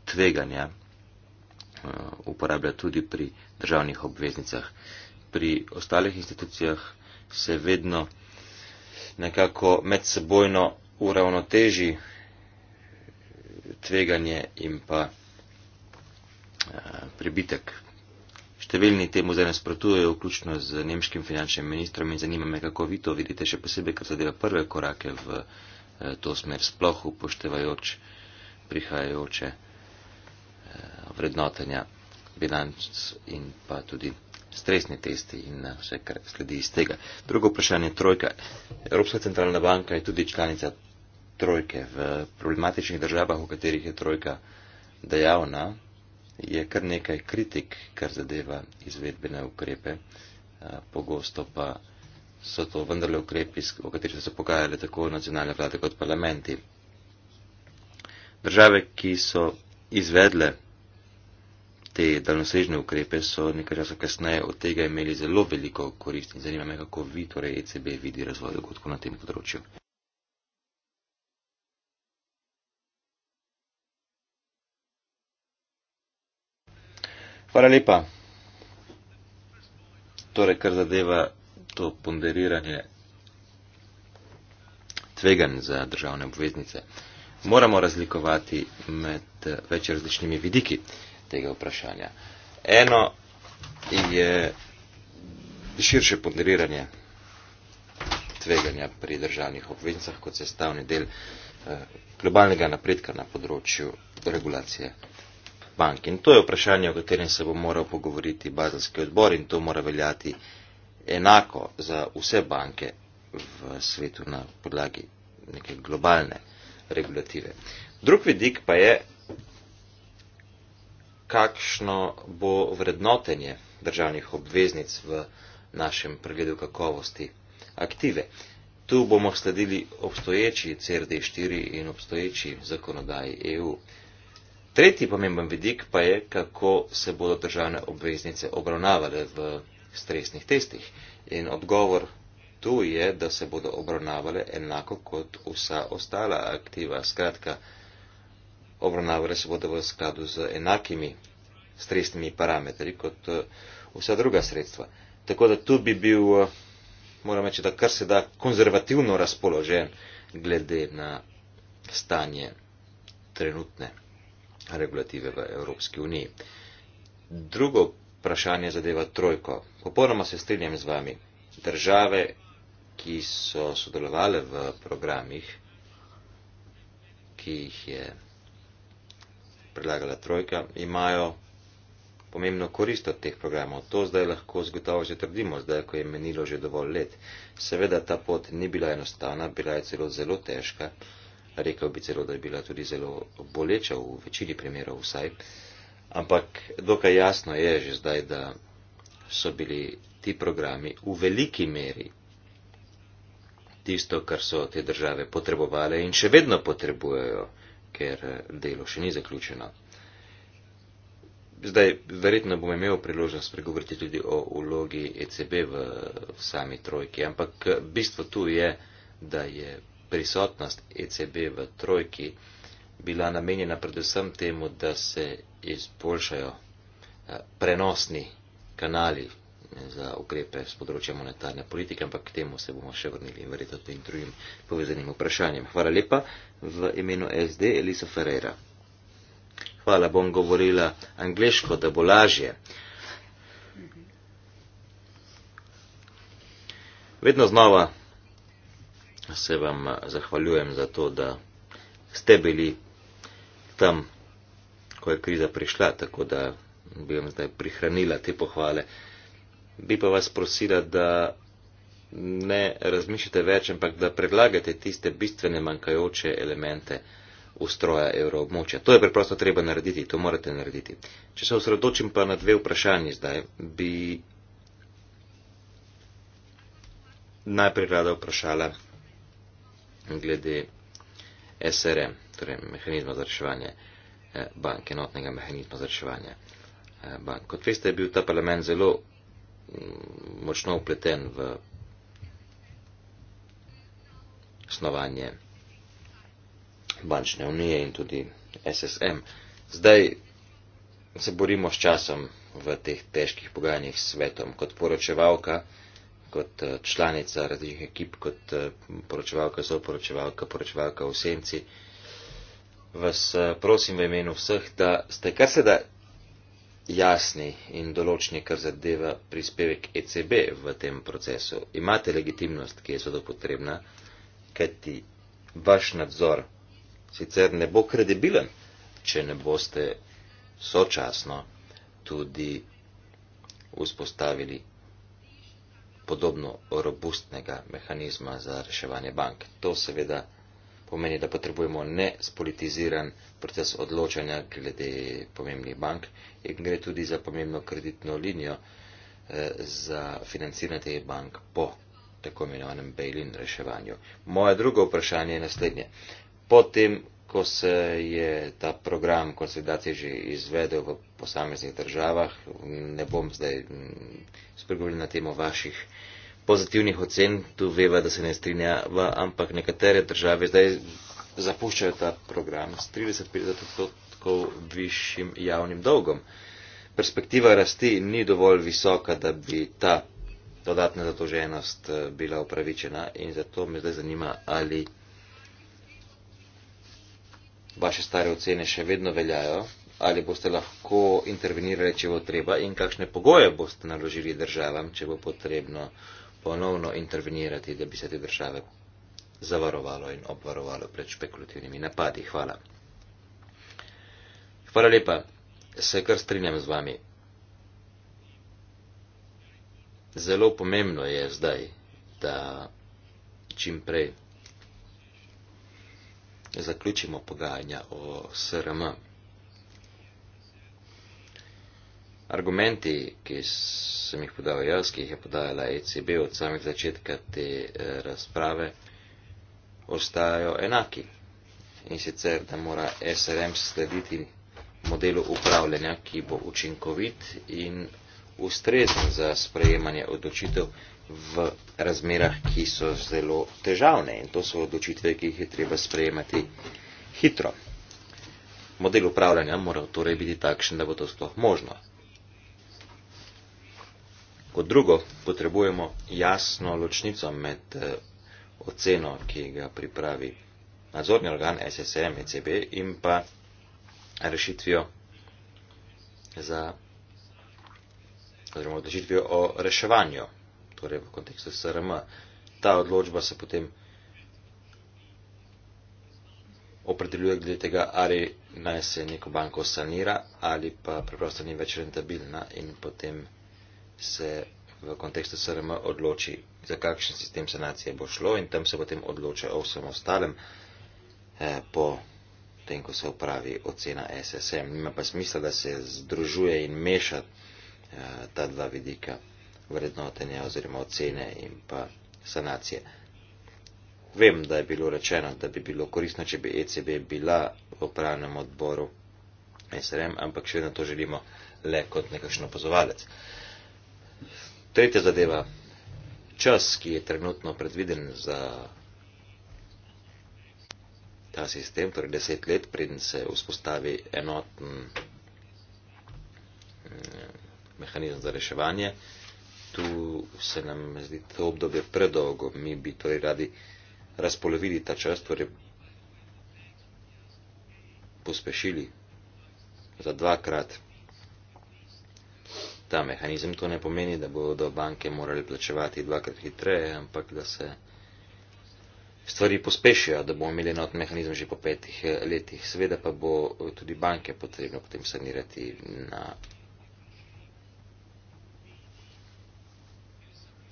tveganja eh, uporablja tudi pri državnih obveznicah. Pri ostalih institucijah se vedno nekako medsebojno uravnoteži tveganje in pa eh, pribitek. Številni temu zdaj nasprotujejo, vključno z nemškim finančnim ministrom in zanima me, kako vi to vidite, še posebej, kar zadeva prve korake v eh, to smer, sploh upoštevajoč prihajajoče eh, vrednotenja bilanc in pa tudi stresni testi in eh, vse, kar sledi iz tega. Drugo vprašanje, trojka. Evropska centralna banka je tudi članica trojke v problematičnih državah, v katerih je trojka dejavna, je kar nekaj kritik, kar zadeva izvedbene ukrepe, pogosto pa so to vendarle ukrepi, o katerih so se pogajali tako nacionalne vlade kot parlamenti. Države, ki so izvedle te daljnosežne ukrepe, so nekaj časa kasneje od tega imeli zelo veliko koristi. Zanima me, kako vi, torej ECB, vidi razvoj dogodkov na tem področju. Hvala lepa. Torej, kar zadeva to ponderiranje tvegan za državne obveznice, moramo razlikovati med eh, več različnimi vidiki tega vprašanja. Eno je širše ponderiranje tveganja pri državnih obveznicah kot sestavni del eh, globalnega napredka na področju regulacije bank. In to je vprašanje, o katerem se bo moral pogovoriti bazalski odbor in to mora veljati enako za vse banke v svetu na podlagi neke globalne regulative. Drug vidik pa je, kakšno bo vrednotenje državnih obveznic v našem pregledu kakovosti aktive. Tu bomo sledili obstoječi CRD4 in obstoječi zakonodaji EU. Tretji pomemben vidik pa je, kako se bodo državne obveznice obravnavale v stresnih testih. In odgovor tu je, da se bodo obravnavale enako kot vsa ostala aktiva. Skratka, obravnavale se bodo v skladu z enakimi stresnimi parametri kot eh, vsa druga sredstva. Tako da tu bi bil, eh, moram reči, da kar se da konzervativno razpoložen glede na stanje trenutne regulative v Evropski uniji. Drugo vprašanje zadeva trojko. Popolnoma se strinjam z vami. Države, ki so sodelovali v programih, ki jih je predlagala trojka, imajo pomembno korist od teh programov. To zdaj lahko zgotovo že trdimo, zdaj, ko je menilo že dovolj let. Seveda ta pot ni bila enostavna, bila je celo zelo težka rekel bi celo, da je bila tudi zelo boleča v večini primerov vsaj, ampak dokaj jasno je že zdaj, da so bili ti programi v veliki meri tisto, kar so te države potrebovale in še vedno potrebujejo, ker delo še ni zaključeno. Zdaj, verjetno bom imel priložnost pregovoriti tudi o ulogi ECB v sami trojki, ampak bistvo tu je, da je prisotnost ECB v trojki bila namenjena predvsem temu, da se izboljšajo eh, prenosni kanali eh, za ukrepe z področja monetarne politike, ampak k temu se bomo še vrnili in verjetno tudi drugim povezanim vprašanjem. Hvala lepa v imenu SD Elisa Ferreira. Hvala, bom govorila angliško, da bo lažje. Vedno znova se vam eh, zahvaljujem za to, da ste bili tam, ko je kriza prišla, tako da bi vam zdaj prihranila te pohvale. Bi pa vas prosila, da ne razmišljate več, ampak da predlagate tiste bistvene manjkajoče elemente ustroja evroobmočja. To je preprosto treba narediti, to morate narediti. Če se osredotočim pa na dve vprašanji zdaj, bi najprej rada vprašala glede SRM, torej mehanizma za reševanje eh, bank, enotnega mehanizma za reševanje eh, bank. Kot veste, je bil ta parlament zelo mm, močno upleten v snovanje bančne unije in tudi SSM. Zdaj se borimo s časom v teh težkih pogajanjih s svetom. Kot poročevalka, kot eh, članica različnih ekip, kot eh, poročevalka, soporočevalka, poročevalka v senci. Vas eh, prosim v imenu vseh, da ste kar se da jasni in določni, kar zadeva prispevek ECB v tem procesu. Imate legitimnost, ki je zelo potrebna, kajti vaš nadzor sicer ne bo kredibilen, če ne boste sočasno tudi vzpostavili podobno robustnega mehanizma za reševanje bank. To seveda pomeni, da potrebujemo ne spolitiziran proces odločanja glede pomembnih bank in gre tudi za pomembno kreditno linijo eh, za financiranje teh bank po tako imenovanem bail-in reševanju. Moje drugo vprašanje je naslednje. Potem, ko se je ta program konsolidacije že izvedel v posameznih državah, ne bom zdaj mm, spregovoril na temo vaših pozitivnih ocen, tu veva, da se ne strinja, ampak nekatere države zdaj zapuščajo ta program s 30-50 odstotkov višjim javnim dolgom. Perspektiva rasti ni dovolj visoka, da bi ta dodatna zatoženost eh, bila upravičena in zato me zdaj zanima, ali vaše stare ocene še vedno veljajo, ali boste lahko intervenirali, če bo treba in kakšne pogoje boste naložili državam, če bo potrebno ponovno intervenirati, da bi se te države zavarovalo in obvarovalo pred špekulativnimi napadi. Hvala. Hvala lepa. Se kar strinjam z vami. Zelo pomembno je zdaj, da čim prej zaključimo pogajanja o SRM. Argumenti, ki sem jih podal jaz, ki jih je podajala ECB od samih začetka te eh, razprave, ostajajo enaki. In sicer, da mora SRM slediti modelu upravljanja, ki bo učinkovit in ustrezen za sprejemanje odločitev, v razmerah, ki so zelo težavne in to so odločitve, ki jih je treba sprejemati hitro. Model upravljanja mora torej biti takšen, da bo to sploh možno. Kot drugo, potrebujemo jasno ločnico med eh, oceno, ki ga pripravi nadzorni organ SSM, ECB in pa rešitvijo za oziroma odločitvijo o reševanju torej v kontekstu SRM. Ta odločba se potem opredeljuje glede tega, ali naj se neko banko sanira ali pa preprosto ni več rentabilna in potem se v kontekstu SRM odloči, za kakšen sistem sanacije bo šlo in tam se potem odloča o vsem ostalem eh, po tem, ko se upravi ocena SSM. Nima pa smisla, da se združuje in meša eh, ta dva vidika vrednotenja oziroma ocene in pa sanacije. Vem, da je bilo rečeno, da bi bilo korisno, če bi ECB bila v upravnem odboru SRM, ampak še vedno to želimo le kot nekakšen opozovalec. Tretja zadeva. Čas, ki je trenutno predviden za ta sistem, torej deset let, preden se vzpostavi enoten mm, mehanizem za reševanje, tu se nam zdi to obdobje predolgo. Mi bi torej radi razpolovili ta čas, torej pospešili za dvakrat ta mehanizem. To ne pomeni, da bodo banke morali plačevati dvakrat hitreje, ampak da se stvari pospešijo, da bomo imeli enoten mehanizem že po petih letih. Seveda pa bo tudi banke potrebno potem sanirati na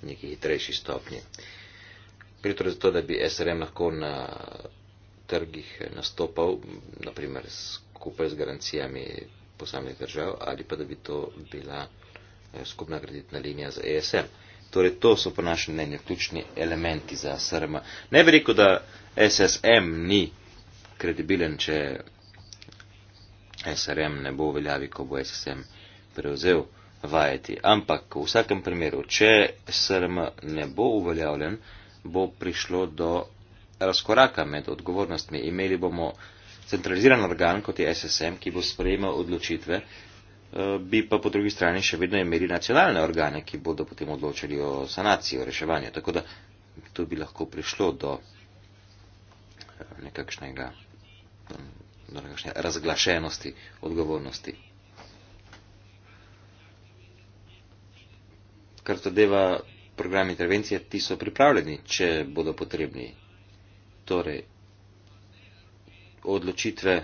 neki hitrejši stopnji. Pritore za to, da bi SRM lahko na trgih nastopal, naprimer skupaj z garancijami posameznih držav, ali pa da bi to bila eh, skupna kreditna linija za ESM. Torej, to so po našem mnenju ključni elementi za SRM. Ne bi rekel, da SSM ni kredibilen, če SRM ne bo v veljavi, ko bo SSM prevzel vajeti. Ampak v vsakem primeru, če SRM ne bo uveljavljen, bo prišlo do razkoraka med odgovornostmi. Imeli bomo centraliziran organ, kot je SSM, ki bo sprejemal odločitve, eh, bi pa po drugi strani še vedno imeli nacionalne organe, ki bodo potem odločili o sanaciji, o reševanju. Tako da to bi lahko prišlo do eh, nekakšnega do nekakšne razglašenosti, odgovornosti. kar zadeva program intervencije, ti so pripravljeni, če bodo potrebni. Torej, odločitve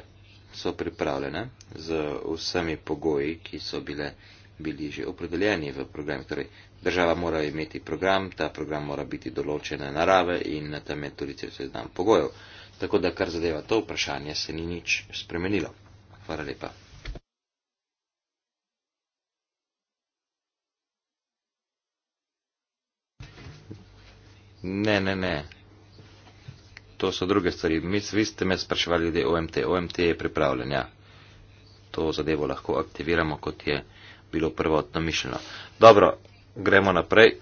so pripravljene z vsemi pogoji, ki so bile, bili že opredeljeni v programih. Torej, država mora imeti program, ta program mora biti določene narave in na tem je tudi cel seznam pogojev. Tako da, kar zadeva to vprašanje, se ni nič spremenilo. Hvala lepa. Ne, ne, ne. To so druge stvari. Mi, vi ste me spraševali glede OMT. OMT je pripravljen, ja. To zadevo lahko aktiviramo, kot je bilo prvotno mišljeno. Dobro, gremo naprej.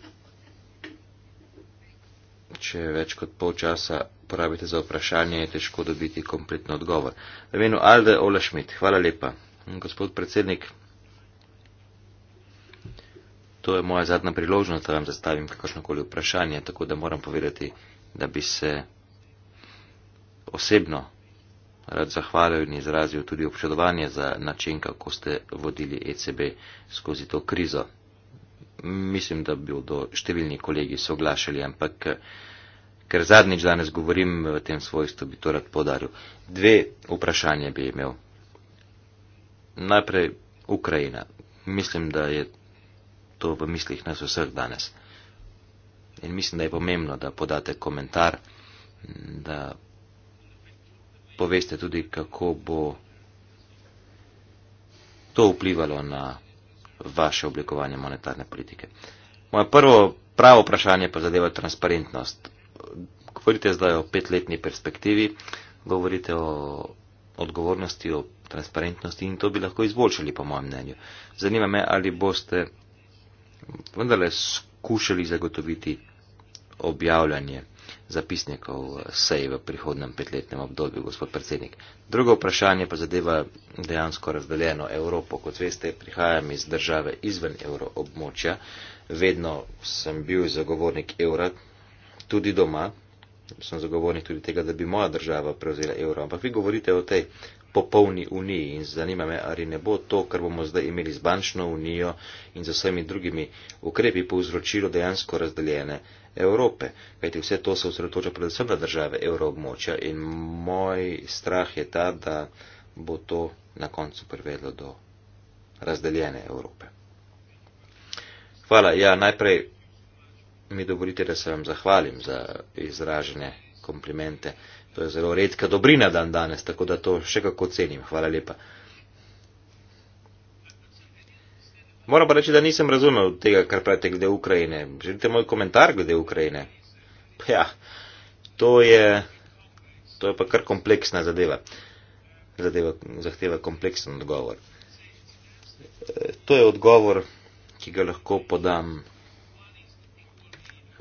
Če več kot pol časa porabite za vprašanje, je težko dobiti kompletno odgovor. Vemenu Alde Olašmit, hvala lepa. Gospod predsednik, to je moja zadnja priložnost, da vam zastavim kakršnokoli vprašanje, tako da moram povedati, da bi se osebno rad zahvalil in izrazil tudi občudovanje za način, kako ste vodili ECB skozi to krizo. Mislim, da bi do številni kolegi soglašali, ampak ker zadnjič danes govorim v tem svojstvu, bi to rad podaril. Dve vprašanje bi imel. Najprej Ukrajina. Mislim, da je to v mislih nas vseh danes. In mislim, da je pomembno, da podate komentar, da poveste tudi, kako bo to vplivalo na vaše oblikovanje monetarne politike. Moje prvo pravo vprašanje pa zadeva transparentnost. Govorite zdaj o petletni perspektivi, govorite o odgovornosti, o transparentnosti in to bi lahko izboljšali, po mojem mnenju. Zanima me, ali boste vendarle skušali zagotoviti objavljanje zapisnikov sej v prihodnem petletnem obdobju, gospod predsednik. Drugo vprašanje pa zadeva dejansko razdeljeno Evropo. Kot veste, prihajam iz države izven evroobmočja. Vedno sem bil zagovornik evra, tudi doma. Sem zagovornik tudi tega, da bi moja država prevzela evro. Ampak vi govorite o tej popolni uniji in zanima me, ali ne bo to, kar bomo zdaj imeli z bančno unijo in z vsemi drugimi ukrepi, povzročilo dejansko razdeljene Evrope. Kajti vse to se osredotoča predvsem na države evroobmočja in moj strah je ta, da bo to na koncu privedlo do razdeljene Evrope. Hvala. Ja, najprej mi dovolite, da se vam zahvalim za izražene komplimente. To je zelo redka dobrina dan danes, tako da to še kako cenim. Hvala lepa. Moram pa reči, da nisem razumel tega, kar pravite glede Ukrajine. Želite moj komentar glede Ukrajine? Pa ja, to je, to je pa kar kompleksna zadeva. Zadeva zahteva kompleksen odgovor. To je odgovor, ki ga lahko podam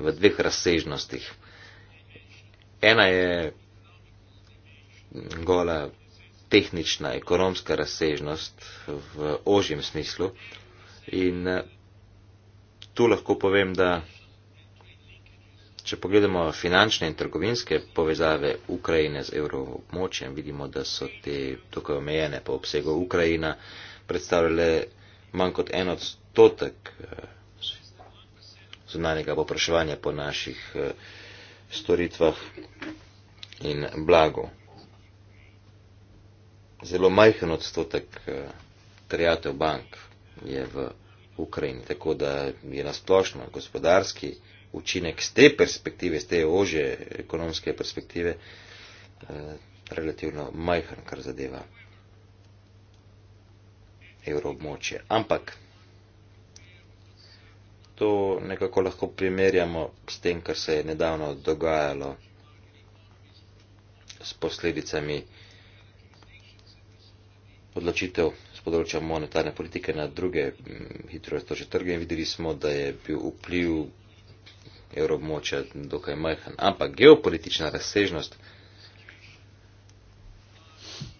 v dveh razsežnostih. Ena je gola tehnična, ekonomska razsežnost v ožjem smislu. In eh, tu lahko povem, da če pogledamo finančne in trgovinske povezave Ukrajine z evroobmočjem, vidimo, da so te tukaj omejene po obsegu Ukrajina predstavljale manj kot en odstotek eh, zunanjega popraševanja po naših eh, storitvah in blagu zelo majhen odstotek eh, trijatev bank je v Ukrajini, tako da je nasplošno gospodarski učinek z te perspektive, z te ože ekonomske perspektive, eh, relativno majhen, kar zadeva evroobmočje. Ampak to nekako lahko primerjamo s tem, kar se je nedavno dogajalo s posledicami odločitev z področja monetarne politike na druge mm, hitro raztoče trge in videli smo, da je bil vpliv evroobmočja dokaj majhen. Ampak geopolitična razsežnost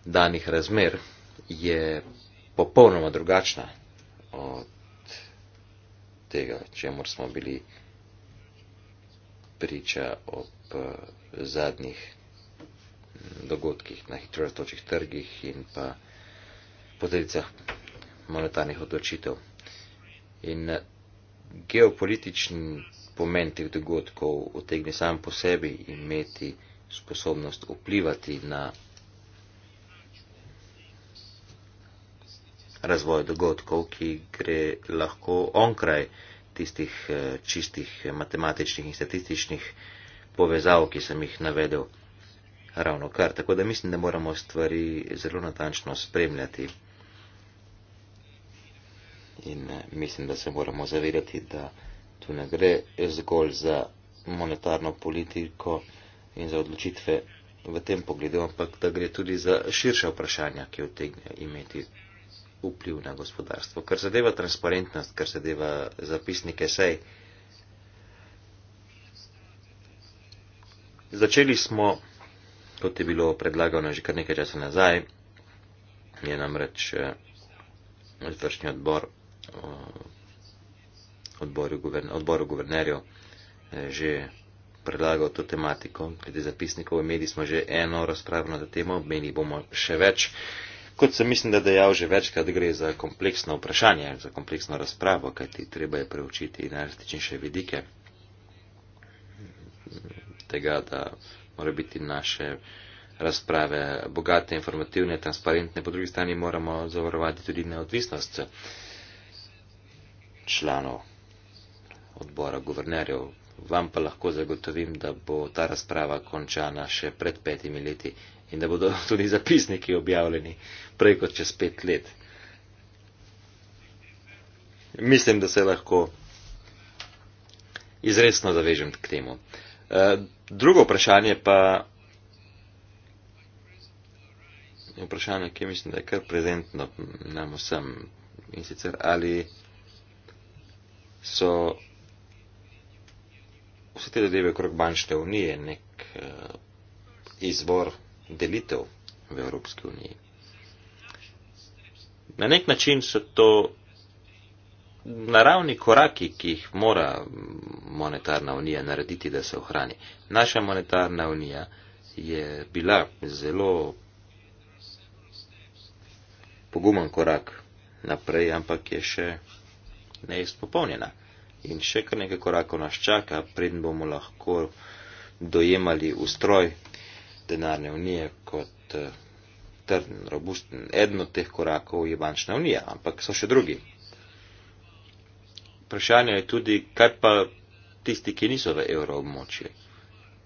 danih razmer je popolnoma drugačna od tega, čemu smo bili priča ob eh, zadnjih mm, dogodkih na hitro raztočih trgih in pa pozicijah monetarnih odločitev. In eh, geopolitični pomen teh dogodkov otegne sam po sebi imeti sposobnost vplivati na razvoj dogodkov, ki gre lahko onkraj tistih eh, čistih matematičnih in statističnih povezav, ki sem jih navedel ravno kar. Tako da mislim, da moramo stvari zelo natančno spremljati. In eh, mislim, da se moramo zavedati, da tu ne gre zgolj za monetarno politiko in za odločitve v tem pogledu, ampak da gre tudi za širše vprašanja, ki otegne imeti vpliv na gospodarstvo. Kar zadeva transparentnost, kar zadeva zapisnike sej, začeli smo, kot je bilo predlagano že kar nekaj časa nazaj, je namreč eh, izvršni odbor Eh, odboru guvernerjev eh, že predlagal to tematiko, glede zapisnikov. Imeli smo že eno razpravo na to temo, meni bomo še več. Kot sem mislim, da dejal že večkrat, gre za kompleksno vprašanje, za kompleksno razpravo, kajti treba je preučiti najrastičnejše vidike tega, da mora biti naše razprave bogate, informativne, transparentne, po drugi strani moramo zavarovati tudi neodvisnost. Uh, članov odbora guvernerjev. Vam pa lahko zagotovim, da bo ta razprava končana še pred petimi leti in da bodo tudi zapisniki objavljeni prej kot čez pet let. Mislim, da se lahko izresno zavežem k temu. E, drugo vprašanje pa. Vprašanje, ki mislim, da je kar prezentno nam vsem in sicer ali so vse te zadeve okrog bančne unije nek uh, izvor delitev v Evropski uniji. Na nek način so to naravni koraki, ki jih mora monetarna unija narediti, da se ohrani. Naša monetarna unija je bila zelo pogumen korak naprej, ampak je še neizpopolnjena. In še kar nekaj korakov nas čaka, preden bomo lahko dojemali ustroj denarne unije kot eh, trden, robusten. Eden od teh korakov je bančna unija, ampak so še drugi. Vprašanje je tudi, kaj pa tisti, ki niso v evroobmočju.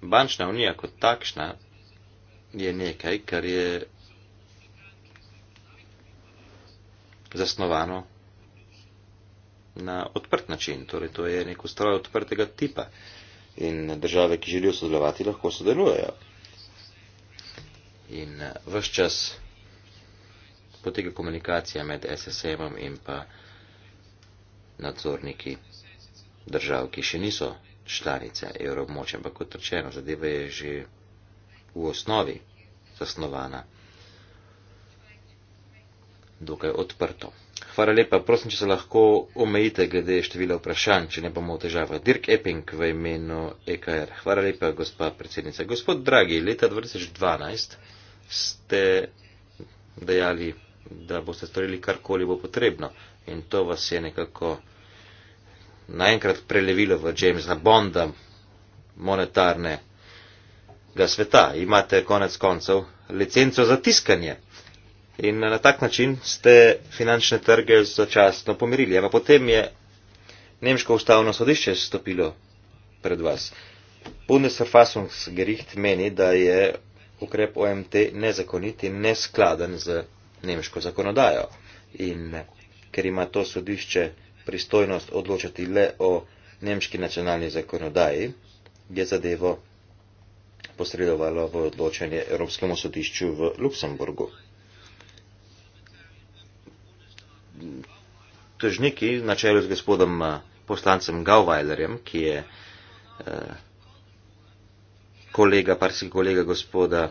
Bančna unija kot takšna je nekaj, kar je zasnovano na odprt način. Torej, to je neko stroj odprtega tipa in države, ki želijo sodelovati, lahko sodelujejo. In eh, vse čas poteka komunikacija med SSM-om in pa nadzorniki držav, ki še niso članice evroobmočja, ampak kot rečeno, zadeva je že v osnovi zasnovana dokaj odprto. Hvala lepa. Prosim, če se lahko omejite glede števila vprašanj, če ne bomo v težavah. Dirk Epping v imenu EKR. Hvala lepa, gospa predsednica. Gospod Dragi, leta 2012 ste dejali, da boste storili karkoli bo potrebno in to vas je nekako naenkrat prelevilo v Jamesa Bonda monetarnega sveta. Imate konec koncev licenco za tiskanje. In na tak način ste finančne trge začasno pomirili. Ampak potem je Nemško ustavno sodišče stopilo pred vas. Bundesverfassungsgericht meni, da je ukrep OMT nezakonit in neskladen z nemško zakonodajo. In ker ima to sodišče pristojnost odločati le o nemški nacionalni zakonodaji, je zadevo posredovalo v odločanje Evropskemu sodišču v Luksemburgu. tožniki na čelu z gospodom eh, poslancem Gauweilerjem, ki je eh, kolega, parski kolega gospoda eh,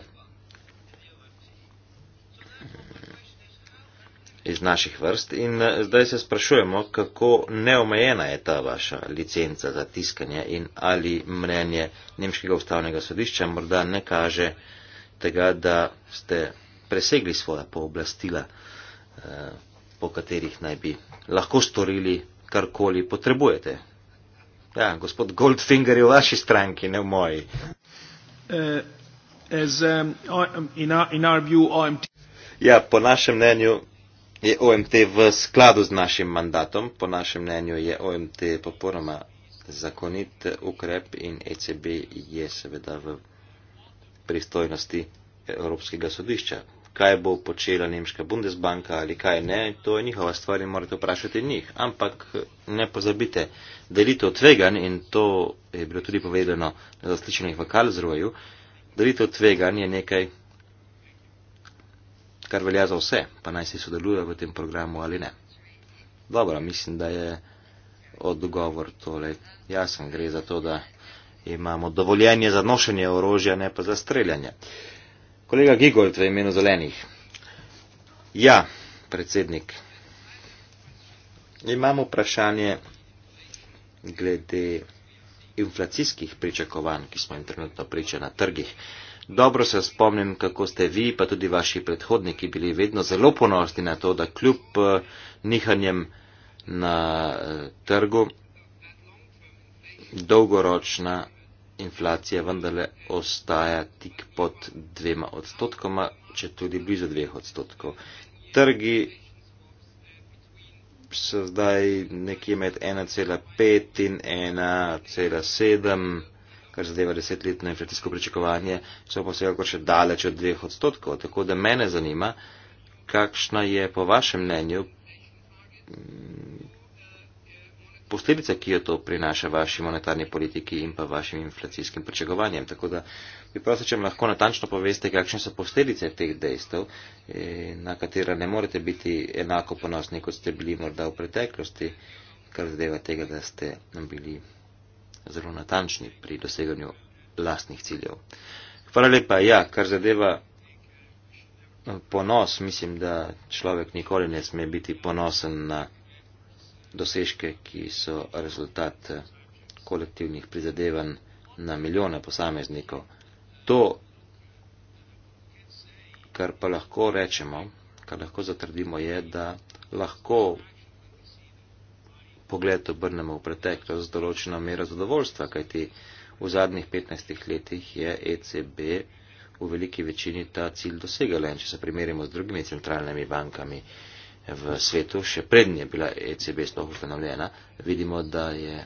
iz naših vrst. In zdaj se sprašujemo, kako neomejena je ta vaša licenca za tiskanje in ali mnenje Nemškega ustavnega sodišča morda ne kaže tega, da ste presegli svoja pooblastila po katerih naj bi lahko storili, karkoli potrebujete. Ja, gospod Goldfinger je v vaši stranki, ne v moji. Uh, as, um, in our, in our view, OMT... Ja, po našem mnenju je OMT v skladu z našim mandatom, po našem mnenju je OMT popolnoma zakonit ukrep in ECB je seveda v pristojnosti Evropskega sodišča kaj bo počela nemška Bundesbanka ali kaj ne, to je njihova stvar in morate vprašati njih. Ampak ne pozabite, delitev tvegan in to je bilo tudi povedano na zasličenih v Karlsruheju, delitev tvegan je nekaj, kar velja za vse, pa naj se sodeluje v tem programu ali ne. Dobro, mislim, da je odgovor tole jasen. Gre za to, da imamo dovoljenje za nošenje orožja, ne pa za streljanje. Kolega Gigojt v imenu zelenih. Ja, predsednik. Imamo vprašanje glede inflacijskih pričakovanj, ki smo jim trenutno priča na trgih. Dobro se spomnim, kako ste vi, pa tudi vaši predhodniki, bili vedno zelo ponosni na to, da kljub eh, nihanjem na eh, trgu dolgoročna inflacija vendarle ostaja tik pod dvema odstotkoma, če tudi blizu dveh odstotkov. Trgi so zdaj nekje med 1,5 in 1,7, kar zadeva desetletno inflacijsko pričakovanje, so pa vsekako še daleč od dveh odstotkov. Tako da mene zanima, kakšna je po vašem mnenju posledice, ki jo to prinaša vaši monetarni politiki in pa vašim inflacijskim pričakovanjem. Tako da bi prosil, če lahko natančno poveste, kakšne so posledice teh dejstev, eh, na katera ne morete biti enako ponosni, kot ste bili morda v preteklosti, kar zadeva tega, da ste nam bili zelo natančni pri doseganju lastnih ciljev. Hvala lepa, ja, kar zadeva eh, ponos, mislim, da človek nikoli ne sme biti ponosen na dosežke, ki so rezultat eh, kolektivnih prizadevanj na milijone posameznikov. To, kar pa lahko rečemo, kar lahko zatrdimo, je, da lahko pogled obrnemo v preteklost z določeno mero zadovoljstva, kajti v zadnjih 15 letih je ECB v veliki večini ta cilj dosegala in če se primerjamo z drugimi centralnimi bankami, v svetu, še prednje je bila ECB sploh ustanovljena, vidimo, da je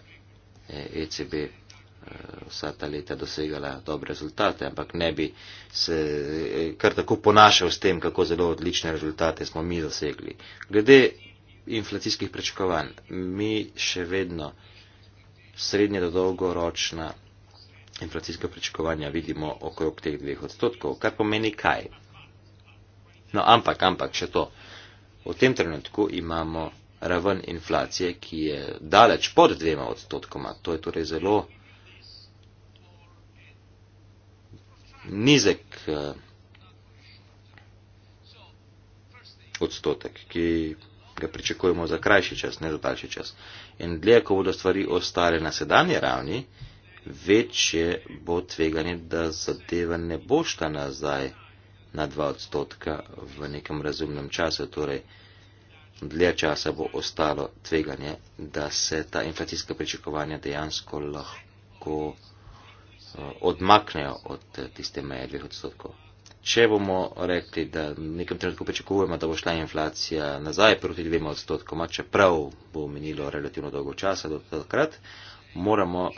ECB e e, vsa ta leta dosegala dobre rezultate, ampak ne bi se e, kar tako ponašal s tem, kako zelo odlične rezultate smo mi dosegli. Glede inflacijskih prečakovanj, mi še vedno srednje do dolgoročna inflacijska prečakovanja vidimo okrog teh dveh odstotkov, kar pomeni kaj. No, ampak, ampak, še to. V tem trenutku imamo raven inflacije, ki je daleč pod dvema odstotkoma. To je torej zelo nizek eh, odstotek, ki ga pričakujemo za krajši čas, ne za daljši čas. In dlje, ko bodo stvari ostale na sedanji ravni, večje bo tveganje, da zadeva ne bo šla nazaj na 2 odstotka v nekem razumnem času, torej dlje časa bo ostalo tveganje, da se ta inflacijska pričakovanja dejansko lahko eh, odmaknejo od eh, tiste meje 2 odstotkov. Če bomo rekli, da v nekem trenutku pričakujemo, da bo šla inflacija nazaj proti 2 odstotkom, čeprav bo menilo relativno dolgo časa do takrat, moramo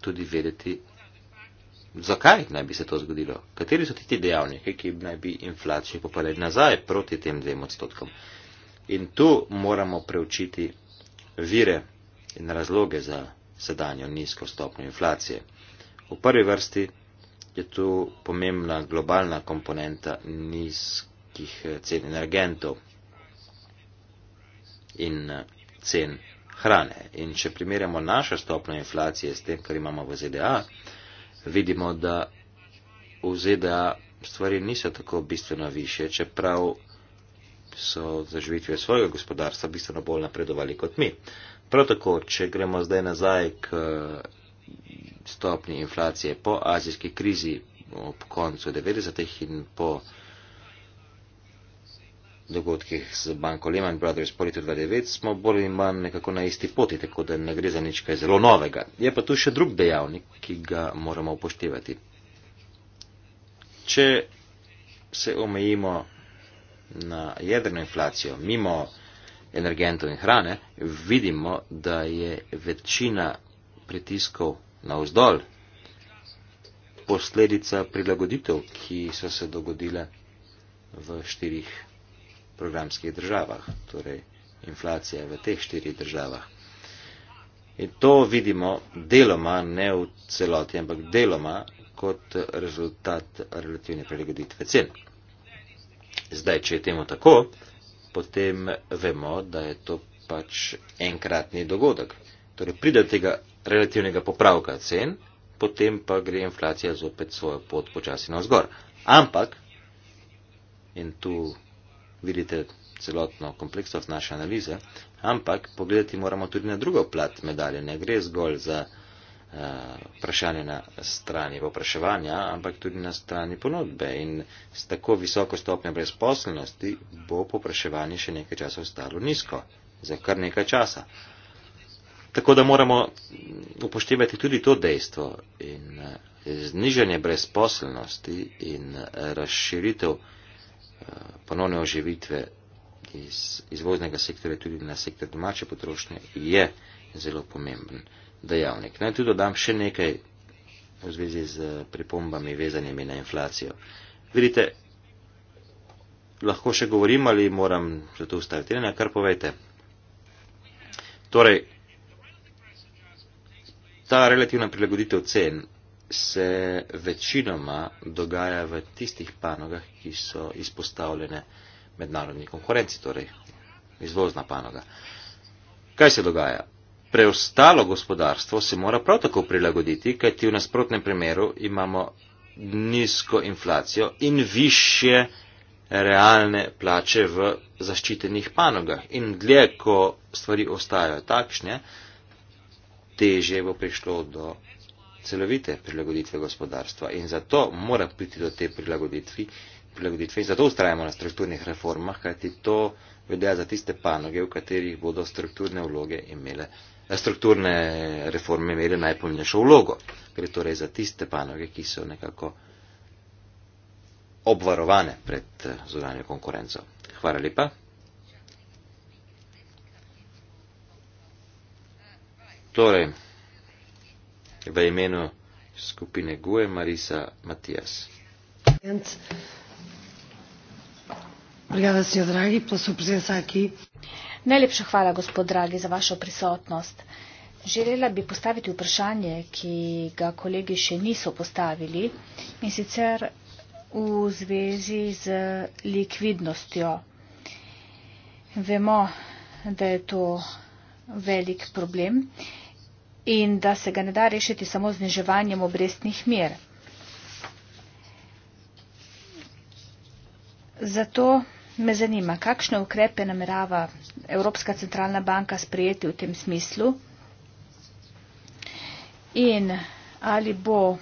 tudi vedeti, Zakaj naj bi se to zgodilo? Kateri so ti dejavniki, ki naj bi inflacijo popeljali nazaj proti tem dvem odstotkom? In tu moramo preučiti vire in razloge za sedanjo nizko stopnjo inflacije. V prvi vrsti je tu pomembna globalna komponenta nizkih eh, cen energentov in eh, cen hrane. In če primerjamo našo stopnjo inflacije s tem, kar imamo v ZDA, vidimo, da v ZDA stvari niso tako bistveno više, čeprav so za živitve svojega gospodarstva bistveno bolj napredovali kot mi. Prav tako, če gremo zdaj nazaj k stopni inflacije po azijski krizi ob koncu 90-ih in po dogodkih z banko Lehman Brothers po letu 2009 smo bolj in manj nekako na isti poti, tako da ne gre za nič kaj zelo novega. Je pa tu še drug dejavnik, ki ga moramo upoštevati. Če se omejimo na jedrno inflacijo mimo energentov in hrane, vidimo, da je večina pritiskov na vzdolj posledica prilagoditev, ki so se dogodile v štirih programskih državah, torej inflacija v teh štirih državah. In to vidimo deloma, ne v celoti, ampak deloma kot rezultat relativne prilagoditve cen. Zdaj, če je temu tako, potem vemo, da je to pač enkratni dogodek. Torej, pride do tega relativnega popravka cen, potem pa gre inflacija zopet svojo pot počasi na vzgor. Ampak, in tu vidite celotno kompleksnost naše analize, ampak pogledati moramo tudi na drugo plat medalje. Ne gre zgolj za uh, vprašanje na strani popraševanja, ampak tudi na strani ponudbe. In s tako visoko stopnjo brezposelnosti bo popraševanje še nekaj časa ostalo nizko, za kar nekaj časa. Tako da moramo upoštevati tudi to dejstvo in uh, znižanje brezposelnosti in uh, razširitev uh, ponovne oživitve iz izvoznega sektorja tudi na sektor domače potrošnje je zelo pomemben dejavnik. Naj tudi dodam še nekaj v zvezi z pripombami vezanimi na inflacijo. Vidite, lahko še govorim ali moram se to ustaviti. Ne, kar povejte. Torej, ta relativna prilagoditev cen se večinoma dogaja v tistih panogah, ki so izpostavljene mednarodni konkurenci, torej izvozna panoga. Kaj se dogaja? Preostalo gospodarstvo se mora prav tako prilagoditi, kajti v nasprotnem primeru imamo nizko inflacijo in više realne plače v zaščitenih panogah. In dlje, ko stvari ostajajo takšne, teže bo prišlo do celovite prilagoditve gospodarstva in zato mora priti do te prilagoditvi, prilagoditve in zato ustrajamo na strukturnih reformah, kajti to velja za tiste panoge, v katerih bodo strukturne vloge imele eh, strukturne reforme imele najpomembnejšo vlogo. Gre torej za tiste panoge, ki so nekako obvarovane pred eh, zunanjo konkurenco. Hvala lepa. Torej, v imenu skupine Guje Marisa Matijas. Najlepša hvala, gospod Dragi, za vašo prisotnost. Želela bi postaviti vprašanje, ki ga kolegi še niso postavili in sicer v zvezi z likvidnostjo. Vemo, da je to velik problem in da se ga ne da rešiti samo zniževanjem obrestnih mer. Zato me zanima, kakšne ukrepe namerava Evropska centralna banka sprejeti v tem smislu in ali bo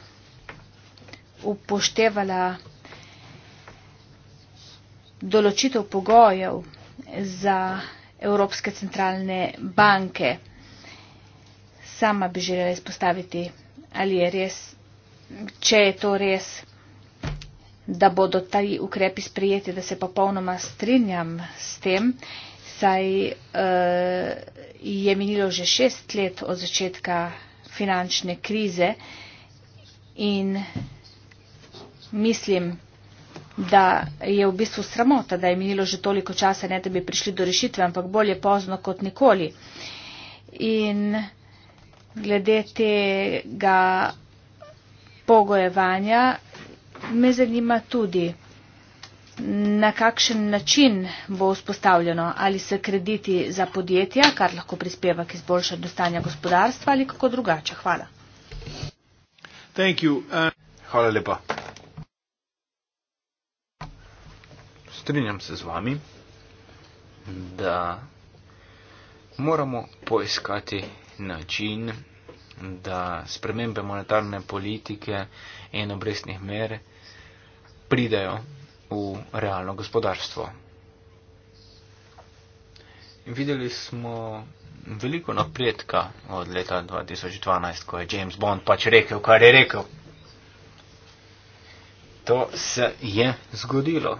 upoštevala določitev pogojev za Evropske centralne banke sama bi želela izpostaviti, ali je res, če je to res da bodo taj ukrepi sprijeti, da se popolnoma strinjam s tem, saj uh, je minilo že šest let od začetka finančne krize in mislim, da je v bistvu sramota, da je minilo že toliko časa, ne da bi prišli do rešitve, ampak bolje pozno kot nikoli. In glede tega pogojevanja, me zanima tudi, na kakšen način bo vzpostavljeno, ali se krediti za podjetja, kar lahko prispeva k izboljšanju stanja gospodarstva ali kako drugače. Hvala. Uh, Hvala lepa. Strinjam se z vami, da moramo poiskati način, da spremembe monetarne politike in obrestnih mer pridejo v realno gospodarstvo. In videli smo veliko napredka od leta 2012, ko je James Bond pač rekel, kar je rekel. To se je zgodilo.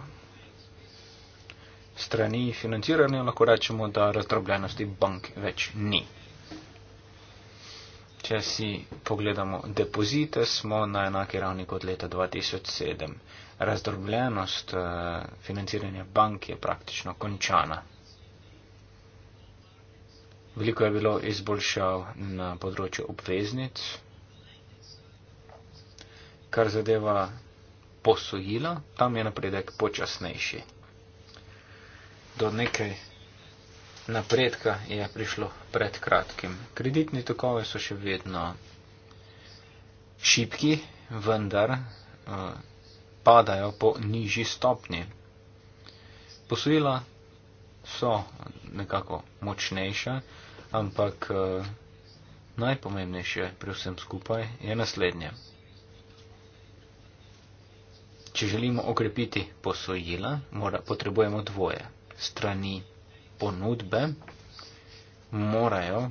Strani financiranja lahko rečemo, da razdrobljenosti bank več ni. Če si pogledamo depozite, smo na enaki ravni kot leta 2007. Razdrobljenost eh, financiranja bank je praktično končana. Veliko je bilo izboljšav na področju obveznic, kar zadeva posojila, tam je napredek počasnejši. Do nekaj napredka je prišlo pred kratkim. Kreditni tokovi so še vedno šipki, vendar eh, padajo po nižji stopni. Posojila so nekako močnejša, ampak eh, najpomembnejše pri vsem skupaj je naslednje. Če želimo okrepiti posojila, mora, potrebujemo dvoje strani ponudbe morajo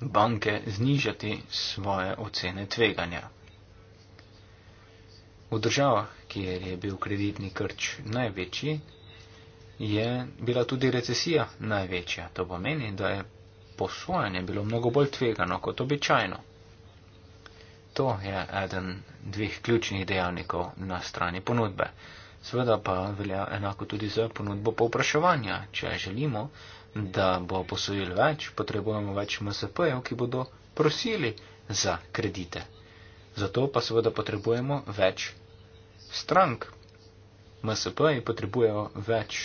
banke znižati svoje ocene tveganja. V državah, kjer je bil kreditni krč največji, je bila tudi recesija največja. To pomeni, da je posojanje bilo mnogo bolj tvegano kot običajno. To je eden dveh ključnih dejavnikov na strani ponudbe. Sveda pa velja enako tudi za ponudbo povpraševanja. Če želimo, da bo posojil več, potrebujemo več MSP-jev, ki bodo prosili za kredite. Zato pa seveda potrebujemo več strank. MSP-ji potrebujejo več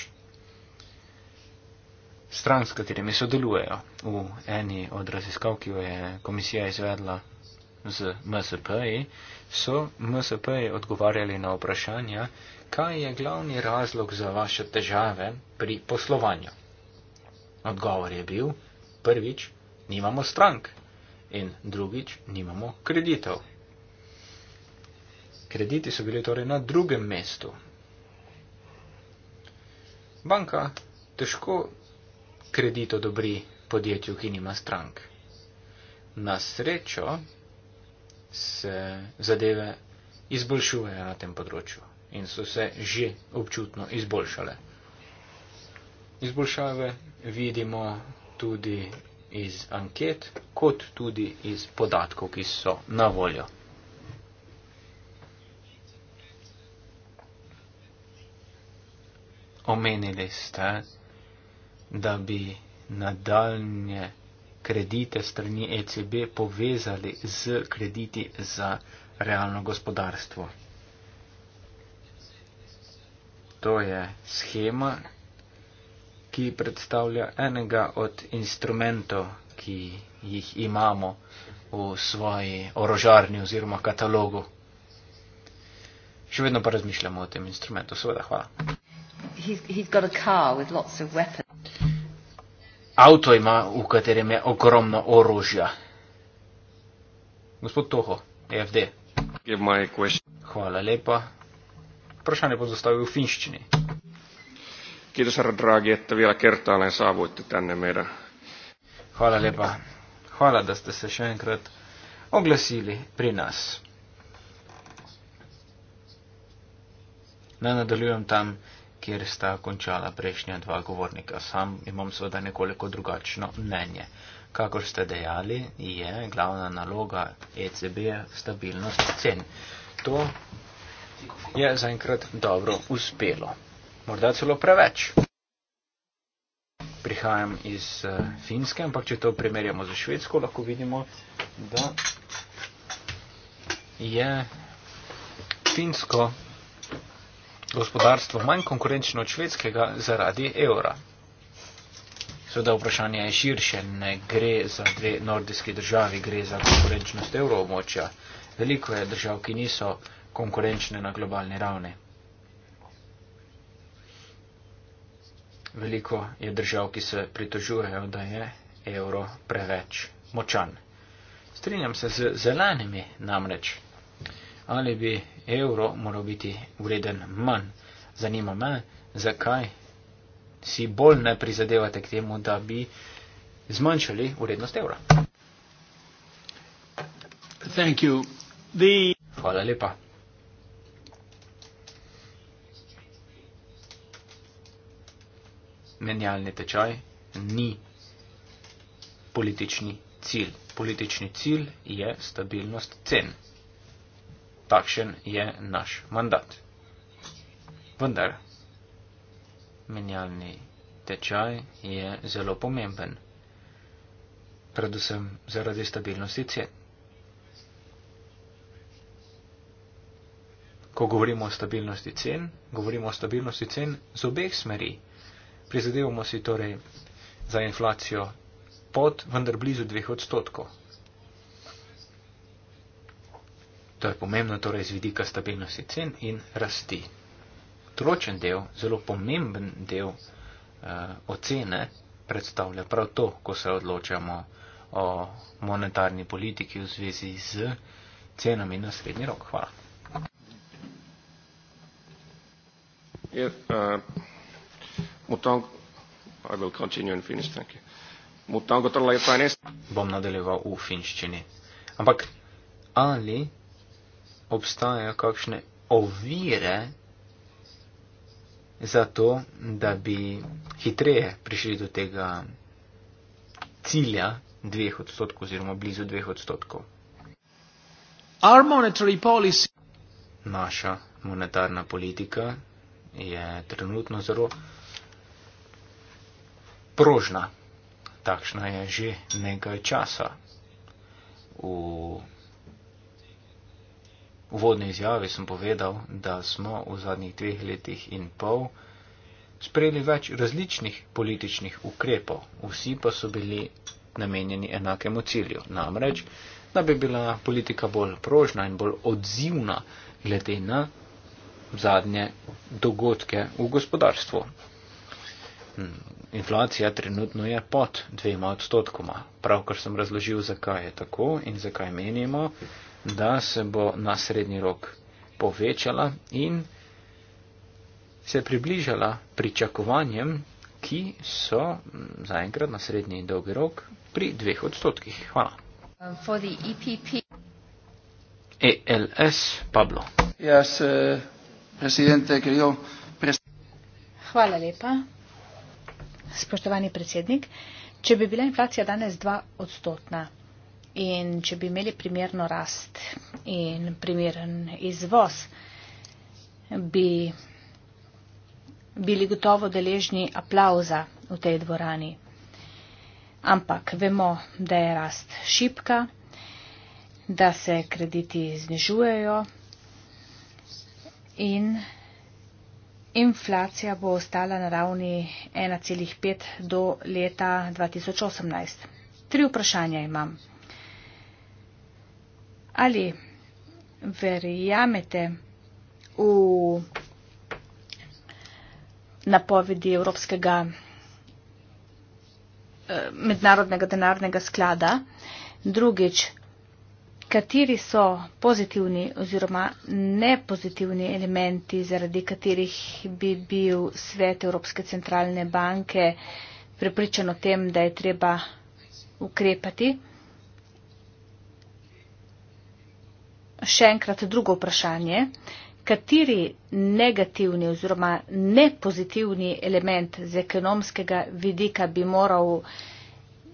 stran, s katerimi sodelujejo. V eni od raziskav, ki jo je komisija izvedla z MSP-ji, so MSP-ji odgovarjali na vprašanja, kaj je glavni razlog za vaše težave pri poslovanju? Odgovor je bil, prvič, nimamo strank in drugič, nimamo kreditov. Krediti so bili torej na drugem mestu. Banka težko kredito dobri podjetju, ki nima strank. Na srečo se zadeve izboljšujejo na tem področju in so se že občutno izboljšale. Izboljšave vidimo tudi iz anket, kot tudi iz podatkov, ki so na voljo. Omenili ste, da bi nadaljne kredite strani ECB povezali z krediti za realno gospodarstvo. To je schema, ki predstavlja enega od instrumentov, ki jih imamo v svoji orožarni oziroma katalogu. Še vedno pa razmišljamo o tem instrumentu, seveda hvala. Avto ima, v katerem je ogromno orožja. Gospod Toho, e FD. Hvala lepa. Vprašanje bo zastavil v finščini. Kiitos, dragi, että vielä kertaalleen saavuitte tänne meidän. Hvala lepa. Hvala, da ste se še enkrat oglasili pri nas. Naj nadaljujem tam, kjer sta končala prejšnja dva govornika. Sam imam seveda nekoliko drugačno mnenje. Kakor ste dejali, je glavna naloga ECB stabilnost cen. To je zaenkrat dobro uspelo. Morda celo preveč. Prihajam iz uh, Finske, ampak če to primerjamo z Švedsko, lahko vidimo, da je finsko gospodarstvo manj konkurenčno od švedskega zaradi evra. Seveda vprašanje je širše, ne gre za dve nordijski državi, gre za konkurenčnost evroobmočja. Veliko je držav, ki niso konkurenčne na globalni ravni. Veliko je držav, ki se pritožujejo, da je evro preveč močan. Strinjam se z zelenimi namreč. Ali bi evro moral biti vreden manj? Zanima me, zakaj si bolj ne prizadevate k temu, da bi zmanjšali vrednost evra. Hvala lepa. menjalni tečaj ni politični cilj. Politični cilj je stabilnost cen. Takšen je naš mandat. Vendar, menjalni tečaj je zelo pomemben, predvsem zaradi stabilnosti cen. Ko govorimo o stabilnosti cen, govorimo o stabilnosti cen z obeh smeri. Prizadevamo si torej za inflacijo pod, vendar blizu dveh odstotkov. To je pomembno torej z vidika stabilnosti cen in rasti. Tročen del, zelo pomemben del eh, ocene predstavlja prav to, ko se odločamo o monetarni politiki v zvezi z cenami na srednji rok. Hvala. Je, ja, uh... Mutta on, I will continue in Finnish, thank you. Mutta onko todella jotain est... Bom nadaljeval u finščini. Ampak, ali obstajajo kakšne ovire za to, da bi hitreje prišli do tega cilja dveh odstotkov oziroma blizu dveh odstotkov? Our monetary policy. Naša monetarna politika je trenutno zelo prožna. Takšna je že nekaj časa. V uvodni izjavi sem povedal, da smo v zadnjih dveh letih in pol sprejeli več različnih političnih ukrepov, vsi pa so bili namenjeni enakemu cilju, namreč, da bi bila politika bolj prožna in bolj odzivna glede na zadnje dogodke v gospodarstvu. Hm, inflacija trenutno je pod dvema odstotkoma. Pravkar sem razložil, zakaj je tako in zakaj menimo, da se bo na srednji rok povečala in se približala pričakovanjem, ki so mm, zaenkrat na srednji in dolgi rok pri dveh odstotkih. Hvala. ELS e e Pablo. Yes, uh, Hvala lepa spoštovani predsednik, če bi bila inflacija danes dva odstotna in če bi imeli primerno rast in primeren izvoz, bi bili gotovo deležni aplauza v tej dvorani. Ampak vemo, da je rast šipka, da se krediti znižujejo in Inflacija bo ostala na ravni 1,5 do leta 2018. Tri vprašanja imam. Ali verjamete v napovedi Evropskega eh, mednarodnega denarnega sklada? Drugič, kateri so pozitivni oziroma nepozitivni elementi, zaradi katerih bi bil svet Evropske centralne banke prepričan o tem, da je treba ukrepati. Še enkrat drugo vprašanje. Kateri negativni oziroma nepozitivni element z ekonomskega vidika bi moral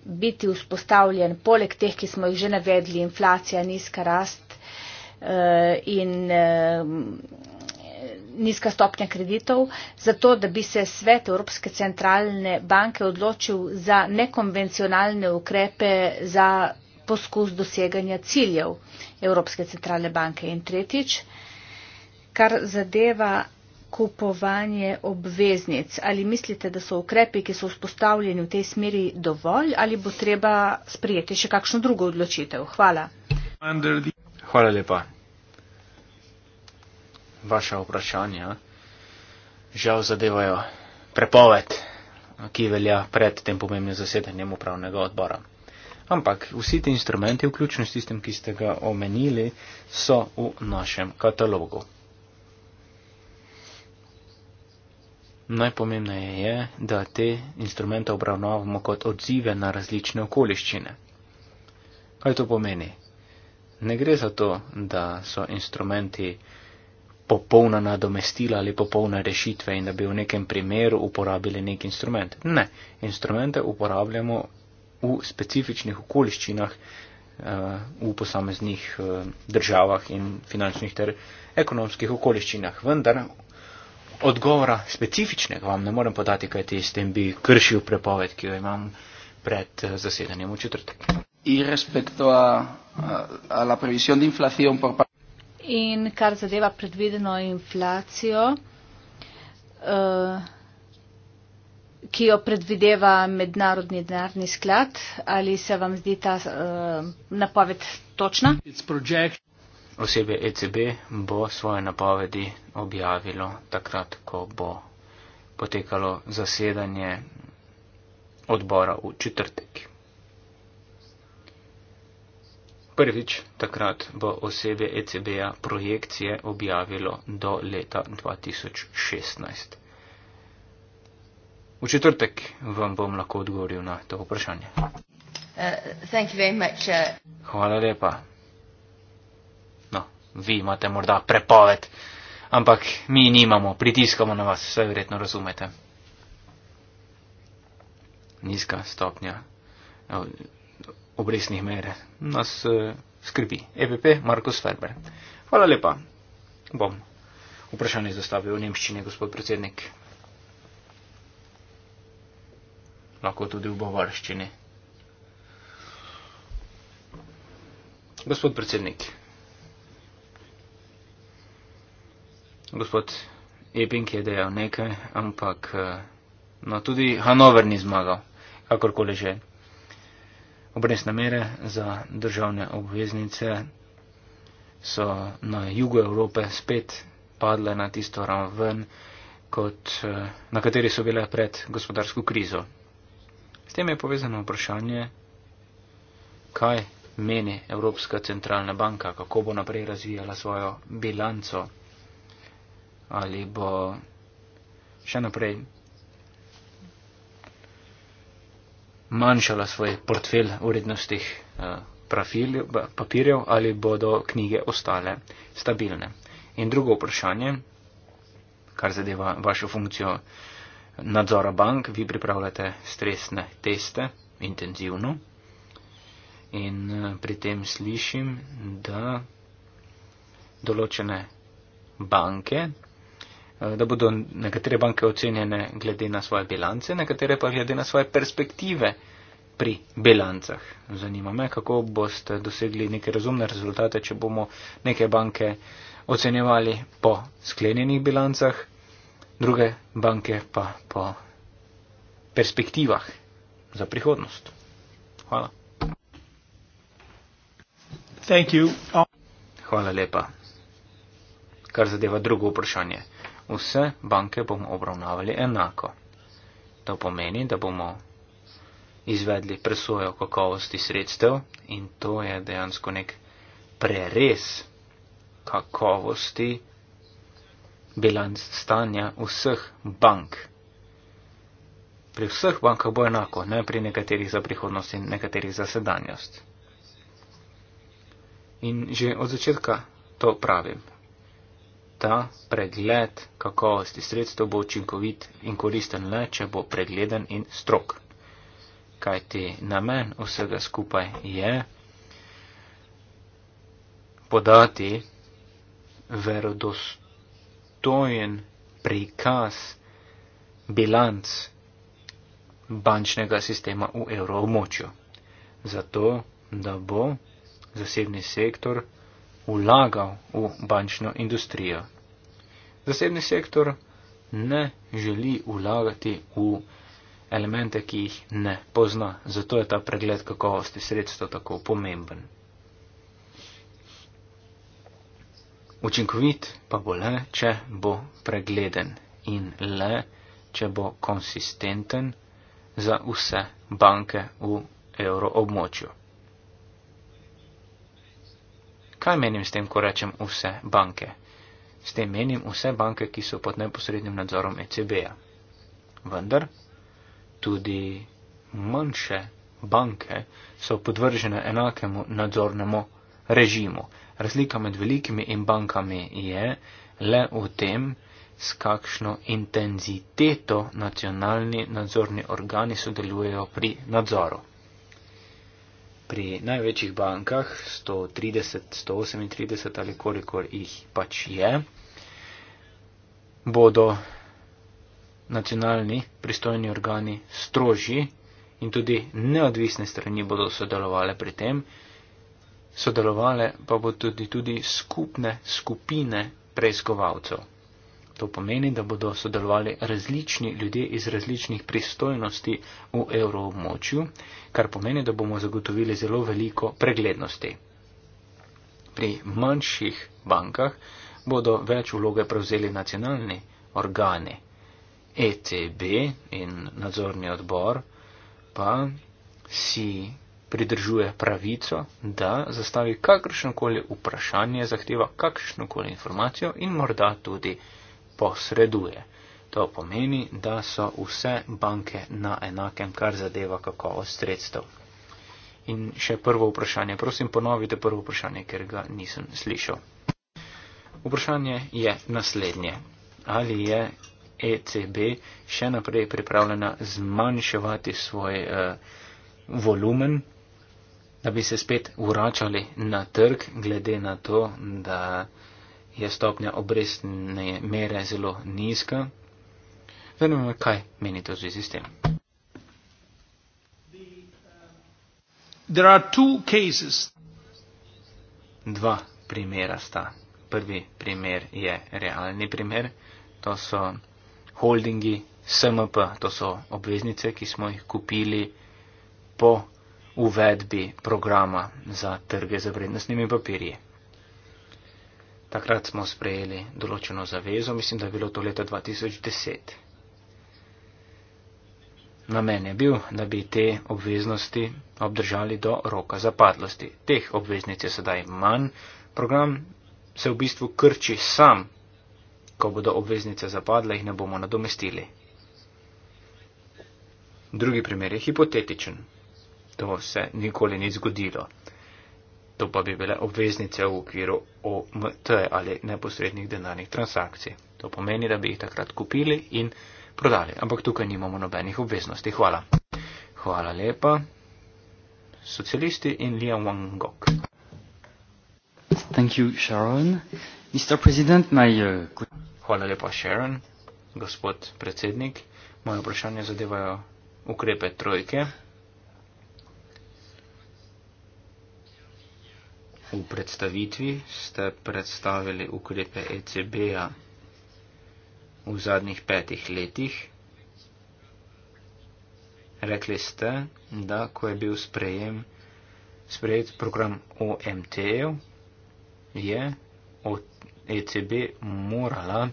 biti vzpostavljen poleg teh, ki smo jih že navedli, inflacija, nizka rast eh, in eh, nizka stopnja kreditov, zato da bi se svet Evropske centralne banke odločil za nekonvencionalne ukrepe za poskus doseganja ciljev Evropske centralne banke. In tretjič, kar zadeva kupovanje obveznic. Ali mislite, da so ukrepi, ki so vzpostavljeni v tej smeri, dovolj ali bo treba sprijeti še kakšno drugo odločitev? Hvala. Hvala lepa. Vaša vprašanja žal zadevajo prepoved, ki velja pred tem pomembnim zasedanjem upravnega odbora. Ampak vsi ti instrumenti, vključno s tistem, ki ste ga omenili, so v našem katalogu. Najpomembneje je, da te instrumente obravnavamo kot odzive na različne okoliščine. Kaj to pomeni? Ne gre za to, da so instrumenti popolna nadomestila ali popolna rešitve in da bi v nekem primeru uporabili nek instrument. Ne, instrumente uporabljamo v specifičnih okoliščinah eh, v posameznih eh, državah in finančnih ter ekonomskih okoliščinah. Vendar odgovora specifičnega vam ne morem podati, kajti s tem bi kršil prepoved, ki jo imam pred eh, zasedanjem v četrtek. In kar zadeva predvideno inflacijo, uh, ki jo predvideva mednarodni denarni sklad, ali se vam zdi ta uh, napoved točna? osebe ECB bo svoje napovedi objavilo takrat, ko bo potekalo zasedanje odbora v četrtek. Prvič takrat bo osebe ECB-ja projekcije objavilo do leta 2016. V četrtek vam bom lahko odgovoril na to vprašanje. Uh, much, uh... Hvala lepa vi imate morda prepoved, ampak mi nimamo, pritiskamo na vas, vse verjetno razumete. Nizka stopnja eh, obresnih mere nas eh, skrbi. EPP Markus Ferber. Hvala lepa. Bom vprašanje zastavil v Nemščini, gospod predsednik. Lahko tudi v bovarščini. Gospod predsednik. gospod Eping je dejal nekaj, ampak eh, no, tudi Hanover ni zmagal, kakorkoli že. Obrestne mere za državne obveznice so na jugu Evrope spet padle na tisto raven, kot, eh, na kateri so bile pred gospodarsko krizo. S tem je povezano vprašanje, kaj meni Evropska centralna banka, kako bo naprej razvijala svojo bilanco ali bo še naprej manjšala svoj portfelj urednostih eh, papirjev ali bodo knjige ostale stabilne. In drugo vprašanje, kar zadeva vašo funkcijo nadzora bank, vi pripravljate stresne teste intenzivno in eh, pri tem slišim, da določene banke Eh, da bodo nekatere banke ocenjene glede na svoje bilance, nekatere pa glede na svoje perspektive pri bilancah. Zanima me, kako boste dosegli neke razumne rezultate, če bomo neke banke ocenjevali po sklenjenih bilancah, druge banke pa po perspektivah za prihodnost. Hvala. Hvala lepa. Kar zadeva drugo vprašanje vse banke bomo obravnavali enako. To pomeni, da bomo izvedli presojo kakovosti sredstev in to je dejansko nek prerez kakovosti bilanc stanja vseh bank. Pri vseh bankah bo enako, ne pri nekaterih za prihodnost in nekaterih za sedanjost. In že od začetka to pravim ta pregled kakovosti sredstev bo učinkovit in koristen le, če bo pregleden in strok. Kaj ti namen vsega skupaj je podati verodostojen prikaz bilanc bančnega sistema v evroobmočju. Zato, da bo zasebni sektor vlagal v bančno industrijo. Zasebni sektor ne želi vlagati v elemente, ki jih ne pozna, zato je ta pregled kakovosti sredstva tako pomemben. Učinkovit pa bo le, če bo pregleden in le, če bo konsistenten za vse banke v evroobmočju. Kaj menim s tem, ko rečem vse banke? S tem menim vse banke, ki so pod neposrednim nadzorom ECB-ja. Vendar tudi manjše banke so podvržene enakemu nadzornemu režimu. Razlika med velikimi in bankami je le v tem, s kakšno intenziteto nacionalni nadzorni organi sodelujejo pri nadzoru pri največjih bankah, 130, 138 ali kolikor jih pač je, bodo nacionalni pristojni organi strožji in tudi neodvisne strani bodo sodelovali pri tem, sodelovali pa bodo tudi, tudi skupne skupine preiskovalcev. To pomeni, da bodo sodelovali različni ljudje iz različnih pristojnosti v evroobmočju, kar pomeni, da bomo zagotovili zelo veliko preglednosti. Pri manjših bankah bodo več vloge prevzeli nacionalni organi ECB in nadzorni odbor, pa si pridržuje pravico, da zastavi kakršnokoli vprašanje, zahteva kakršnokoli informacijo in morda tudi informacijo posreduje. To pomeni, da so vse banke na enakem, kar zadeva kakovost sredstev. In še prvo vprašanje. Prosim, ponovite prvo vprašanje, ker ga nisem slišal. Vprašanje je naslednje. Ali je ECB še naprej pripravljena zmanjševati svoj eh, volumen, da bi se spet vračali na trg, glede na to, da je stopnja obrestne mere zelo nizka. Vedno, kaj menite v zvezi s tem? Dva primera sta. Prvi primer je realni primer. To so holdingi SMP, to so obveznice, ki smo jih kupili po uvedbi programa za trge za vrednostnimi papirji. Takrat smo sprejeli določeno zavezo, mislim, da je bilo to leta 2010. Namen je bil, da bi te obveznosti obdržali do roka zapadlosti. Teh obveznic je sedaj manj, program se v bistvu krči sam, ko bodo obveznice zapadle, jih ne bomo nadomestili. Drugi primer je hipotetičen. To se nikoli ni zgodilo to pa bi bile obveznice v okviru OMT ali neposrednih denarnih transakcij. To pomeni, da bi jih takrat kupili in prodali. Ampak tukaj nimamo nobenih obveznosti. Hvala. Hvala lepa. Socialisti in Liam Wangok. Thank you, Sharon. Mr. President, my... Uh... Hvala lepa, Sharon. Gospod predsednik, moje vprašanje zadevajo ukrepe trojke. V predstavitvi ste predstavili ukrepe ECB-a v zadnjih petih letih. Rekli ste, da ko je bil sprejem, sprejet program OMT-ev, je ECB morala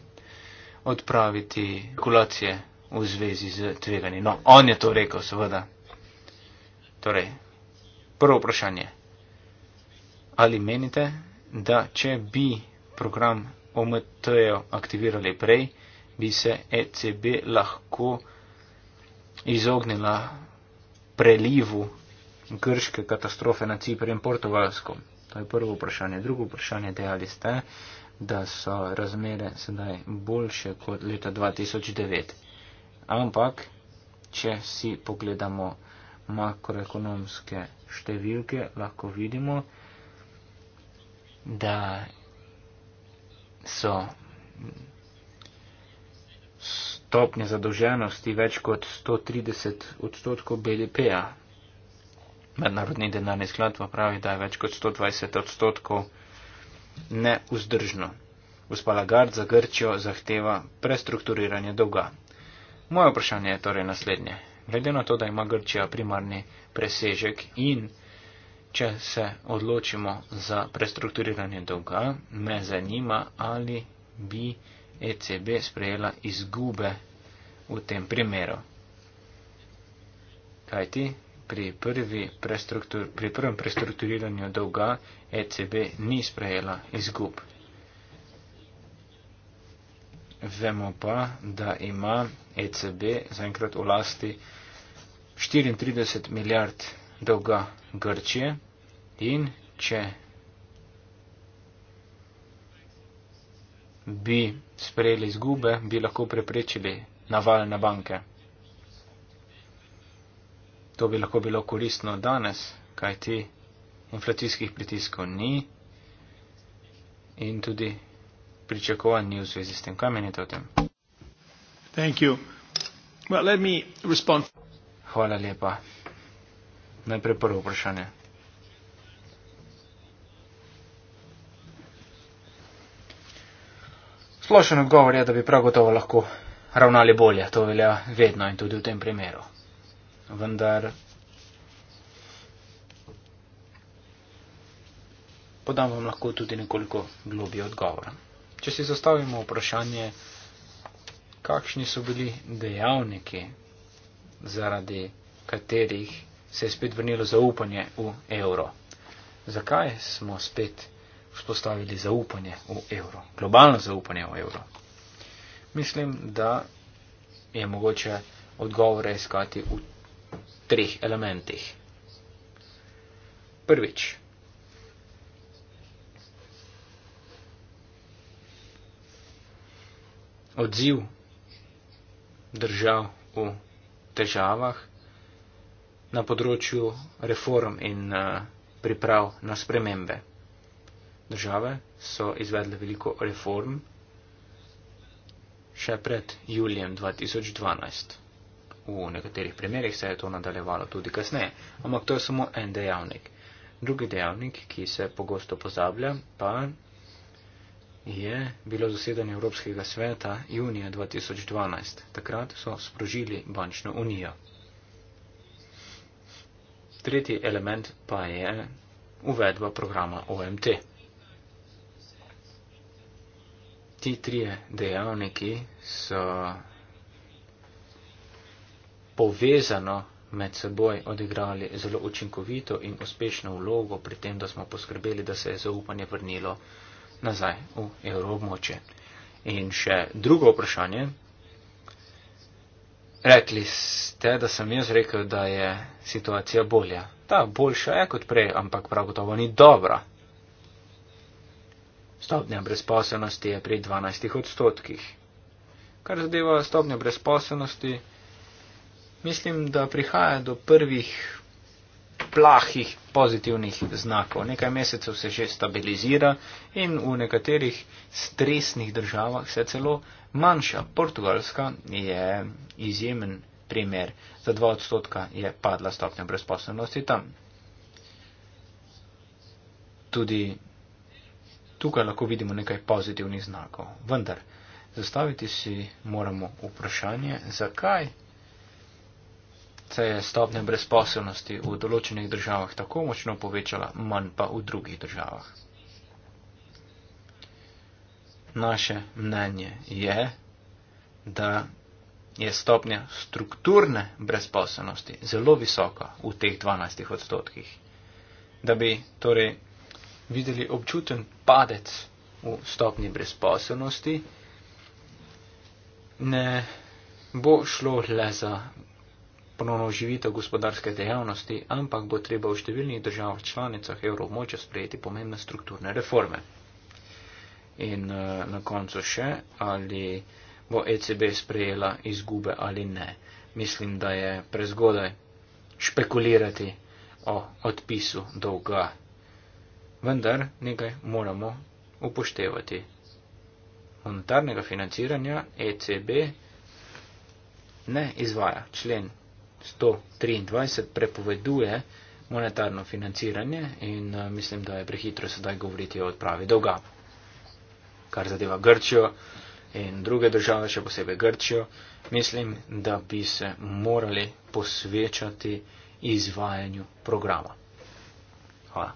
odpraviti regulacije v zvezi z tveganji. No, on je to rekel, seveda. Torej, prvo vprašanje. Ali menite, da če bi program OMT-jo aktivirali prej, bi se ECB lahko izognila prelivu grške katastrofe na Cipr in Portugalsko? To je prvo vprašanje. Drugo vprašanje, dejali ste, da so razmere sedaj boljše kot leta 2009. Ampak, če si pogledamo makroekonomske številke, lahko vidimo, da so stopnje zadolženosti več kot 130 odstotkov BDP-a. Mednarodni denarni sklad pa pravi, da je več kot 120 odstotkov neuzdržno. Gospa Lagarde za Grčijo zahteva prestrukturiranje dolga. Moje vprašanje je torej naslednje. Glede na to, da ima Grčija primarni presežek in Če se odločimo za prestrukturiranje dolga, me zanima, ali bi ECB sprejela izgube v tem primeru. Kaj ti? Pri, prvi prestruktur, pri prvem prestrukturiranju dolga ECB ni sprejela izgub. Vemo pa, da ima ECB zaenkrat v lasti 34 milijard dolga. Grčije in če bi sprejeli izgube, bi lahko preprečili naval na banke. To bi lahko bilo koristno danes, kajti inflacijskih pritiskov ni in tudi pričakovanj ni v zvezi s tem. Kaj menite o tem? Well, Hvala lepa. Najprej prvo vprašanje. Splošen odgovor je, da bi prav gotovo lahko ravnali bolje. To velja vedno in tudi v tem primeru. Vendar podam vam lahko tudi nekoliko globji odgovor. Če si zastavimo vprašanje, kakšni so bili dejavniki, zaradi katerih se je spet vrnilo zaupanje v evro. Zakaj smo spet vzpostavili zaupanje v evro? Globalno zaupanje v evro. Mislim, da je mogoče odgovore iskati v treh elementih. Prvič. Odziv držav v težavah na področju reform in eh, priprav na spremembe. Države so izvedle veliko reform še pred julijem 2012. V nekaterih primerjih se je to nadaljevalo tudi kasneje, ampak to je samo en dejavnik. Drugi dejavnik, ki se pogosto pozablja, pa je bilo zasedanje Evropskega sveta junija 2012. Takrat so sprožili bančno unijo. Tretji element pa je uvedba programa OMT. Ti trije dejavniki so povezano med seboj odigrali zelo učinkovito in uspešno vlogo pri tem, da smo poskrbeli, da se je zaupanje vrnilo nazaj v evroobmoče. In še drugo vprašanje, Rekli ste, da sem jaz rekel, da je situacija bolja. Ta boljša je kot prej, ampak prav gotovo ni dobra. Stopnja brezposobnosti je pri 12 odstotkih. Kar zadeva stopnjo brezposobnosti, mislim, da prihaja do prvih plahih pozitivnih znakov. Nekaj mesecev se že stabilizira in v nekaterih stresnih državah se celo manjša. Portugalska je izjemen primer. Za dva odstotka je padla stopnja brezposobnosti tam. Tudi tukaj lahko vidimo nekaj pozitivnih znakov. Vendar, zastaviti si moramo vprašanje, zakaj se je stopnja brezposobnosti v določenih državah tako močno povečala, manj pa v drugih državah. Naše mnenje je, da je stopnja strukturne brezposobnosti zelo visoka v teh 12 odstotkih. Da bi torej videli občuten padec v stopni brezposobnosti, ne bo šlo le za ponovno oživitev gospodarske dejavnosti, ampak bo treba v številnih državah članicah evroobmočja sprejeti pomembne strukturne reforme. In eh, na koncu še, ali bo ECB sprejela izgube ali ne. Mislim, da je prezgodaj špekulirati o odpisu dolga. Vendar nekaj moramo upoštevati. Monetarnega financiranja ECB ne izvaja člen 123 prepoveduje monetarno financiranje in eh, mislim, da je prehitro sedaj govoriti o odpravi dolga, kar zadeva Grčijo in druge države, še posebej Grčijo. Mislim, da bi se morali posvečati izvajanju programa. Hvala.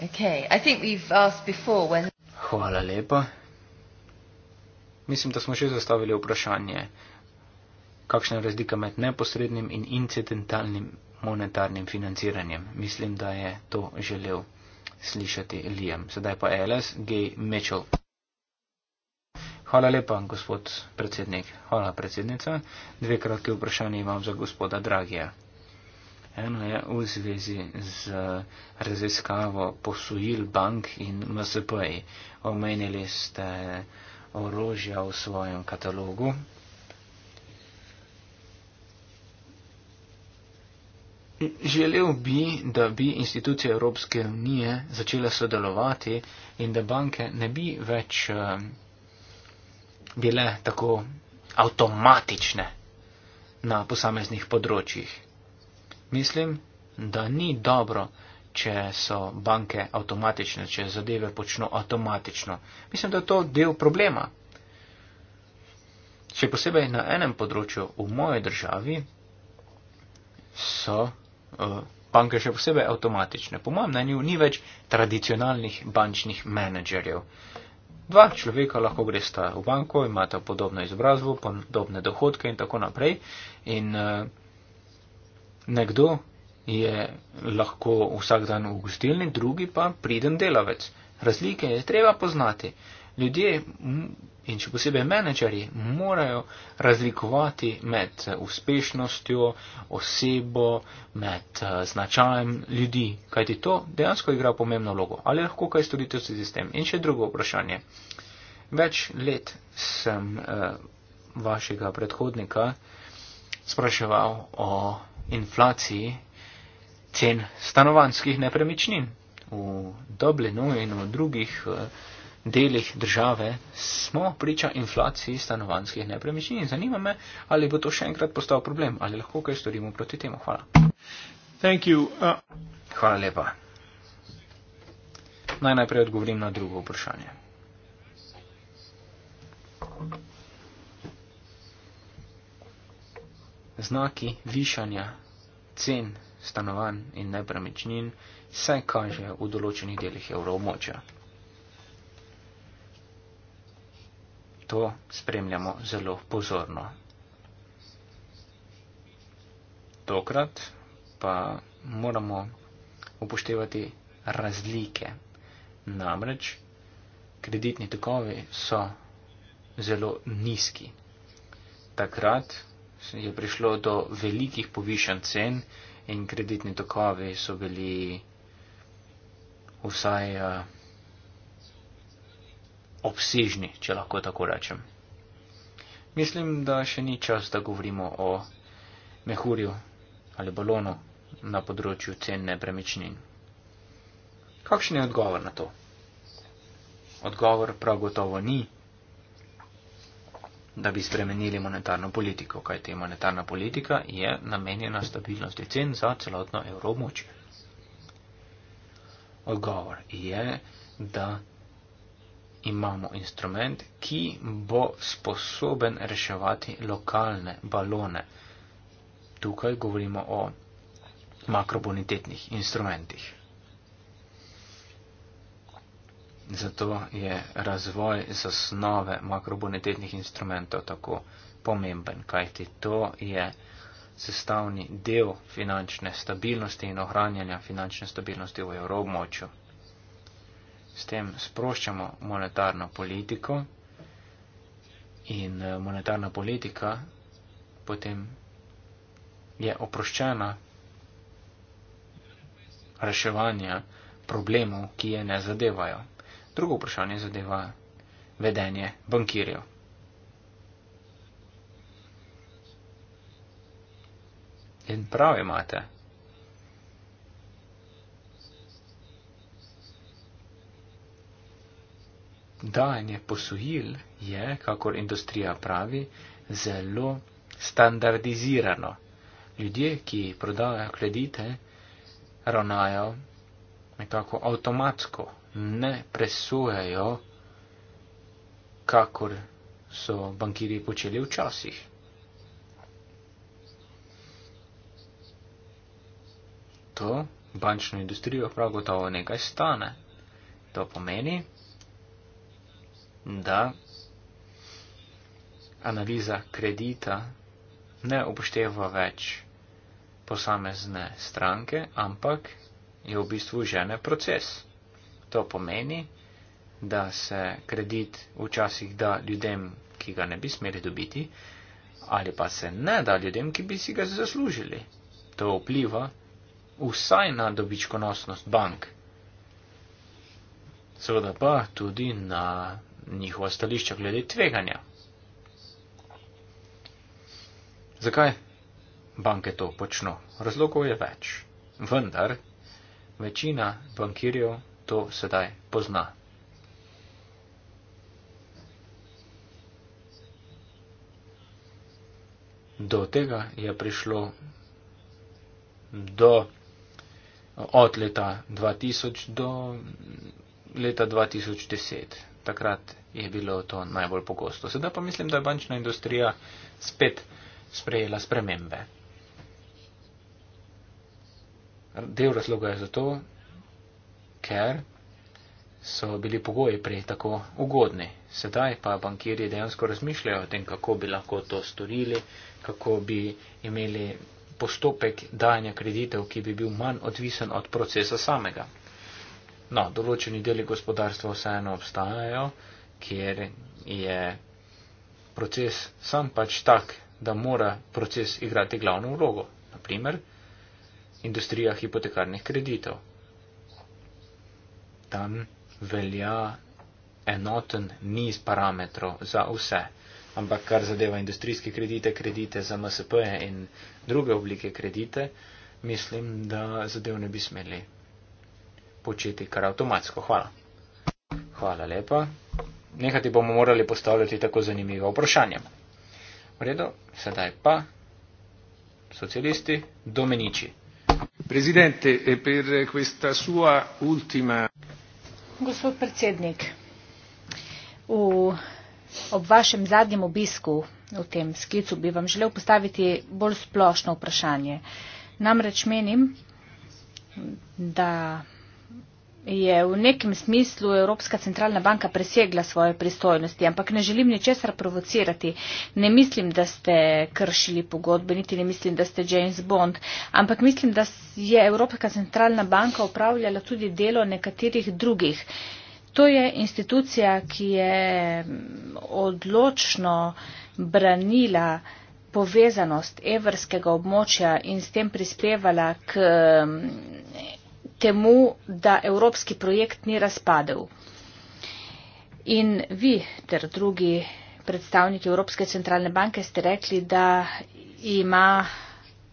Okay, I think we've asked before when... Hvala lepa. Mislim, da smo že zastavili vprašanje kakšna je razlika med neposrednim in incidentalnim monetarnim financiranjem. Mislim, da je to želel slišati Liam. Sedaj pa LS, Gay Mitchell. Hvala lepa, gospod predsednik. Hvala, predsednica. Dve kratke vprašanje imam za gospoda Dragija. Eno je v zvezi z raziskavo posojil bank in MSP. Omenili ste orožja v svojem katalogu. Želel bi, da bi institucije Evropske unije začele sodelovati in da banke ne bi več eh, bile tako avtomatične na posameznih področjih. Mislim, da ni dobro, če so banke avtomatične, če zadeve počno avtomatično. Mislim, da je to del problema. Še posebej na enem področju v moji državi so Eh, banke še posebej avtomatične. Po mojem mnenju ni več tradicionalnih bančnih menedžerjev. Dva človeka lahko gresta v banko, imata podobno izobrazbo, podobne dohodke in tako naprej. In uh, nekdo je lahko vsak dan v gostilni, drugi pa priden delavec. Razlike je treba poznati ljudje in še posebej menedžeri morajo razlikovati med eh, uspešnostjo, osebo, med eh, značajem ljudi, kajti to dejansko igra pomembno vlogo. Ali lahko kaj storite v zvezi s tem? In še drugo vprašanje. Več let sem eh, vašega predhodnika spraševal o inflaciji cen stanovanskih nepremičnin v Dublinu in v drugih. Eh, delih države smo priča inflaciji stanovanskih nepremičnin. Zanima me, ali bo to še enkrat postal problem, ali lahko kaj storimo proti temu. Hvala. Uh... Hvala lepa. Naj najprej odgovorim na drugo vprašanje. Znaki višanja cen stanovanj in nepremičnin se kaže v določenih delih evroobmočja. to spremljamo zelo pozorno. Tokrat pa moramo upoštevati razlike. Namreč kreditni tokovi so zelo nizki. Takrat je prišlo do velikih povišanj cen in kreditni tokovi so bili vsaj uh, obsežni, če lahko tako rečem. Mislim, da še ni čas, da govorimo o mehurju ali balonu na področju cen nepremičnin. Kakšen je odgovor na to? Odgovor prav gotovo ni, da bi spremenili monetarno politiko, kajte monetarna politika je namenjena stabilnosti cen za celotno evromoč. Odgovor je, da imamo instrument, ki bo sposoben reševati lokalne balone. Tukaj govorimo o makrobonitetnih instrumentih. Zato je razvoj zasnove makrobonitetnih instrumentov tako pomemben, kajti to je sestavni del finančne stabilnosti in ohranjanja finančne stabilnosti v evrobmočju s tem sproščamo monetarno politiko in eh, monetarna politika potem je oproščena reševanja problemov, ki je ne zadevajo. Drugo vprašanje zadeva vedenje bankirjev. In prav imate, dajanje posojil je, kakor industrija pravi, zelo standardizirano. Ljudje, ki prodajajo kredite, ravnajo nekako avtomatsko, ne presojajo, kakor so bankiri počeli včasih. To bančno industrijo prav gotovo nekaj stane. To pomeni, da analiza kredita ne upošteva več posamezne stranke, ampak je v bistvu žene proces. To pomeni, da se kredit včasih da ljudem, ki ga ne bi smeli dobiti, ali pa se ne da ljudem, ki bi si ga zaslužili. To vpliva vsaj na dobičkonosnost bank. Seveda pa tudi na njihova stališča glede tveganja. Zakaj banke to počno? Razlogov je več. Vendar večina bankirjev to sedaj pozna. Do tega je prišlo do, od leta 2000 do leta 2010 takrat je bilo to najbolj pogosto. Sedaj pa mislim, da je bančna industrija spet sprejela spremembe. Del razloga je zato, ker so bili pogoji prej tako ugodni. Sedaj pa bankirji dejansko razmišljajo o tem, kako bi lahko to storili, kako bi imeli postopek dajanja kreditev, ki bi bil manj odvisen od procesa samega. No, določeni deli gospodarstva vseeno obstajajo, kjer je proces sam pač tak, da mora proces igrati glavno vlogo. Naprimer, industrija hipotekarnih kreditov. Tam velja enoten niz parametrov za vse. Ampak kar zadeva industrijske kredite, kredite za MSP in druge oblike kredite, mislim, da zadev ne bi smeli početi kar avtomatsko. Hvala. Hvala lepa. Nehati bomo morali postavljati tako zanimiva vprašanja. V redu, sedaj pa socialisti Domeniči. Presidente, e per questa sua ultima. Gospod predsednik, v, ob vašem zadnjem obisku v tem sklicu bi vam želel postaviti bolj splošno vprašanje. Namreč menim, da je v nekem smislu Evropska centralna banka presegla svoje pristojnosti, ampak ne želim ničesar provocirati. Ne mislim, da ste kršili pogodbe, niti ne mislim, da ste James Bond, ampak mislim, da je Evropska centralna banka upravljala tudi delo nekaterih drugih. To je institucija, ki je mm, odločno branila povezanost evrskega območja in s tem prispevala k mm, temu, da evropski projekt ni razpadel. In vi ter drugi predstavniki Evropske centralne banke ste rekli, da ima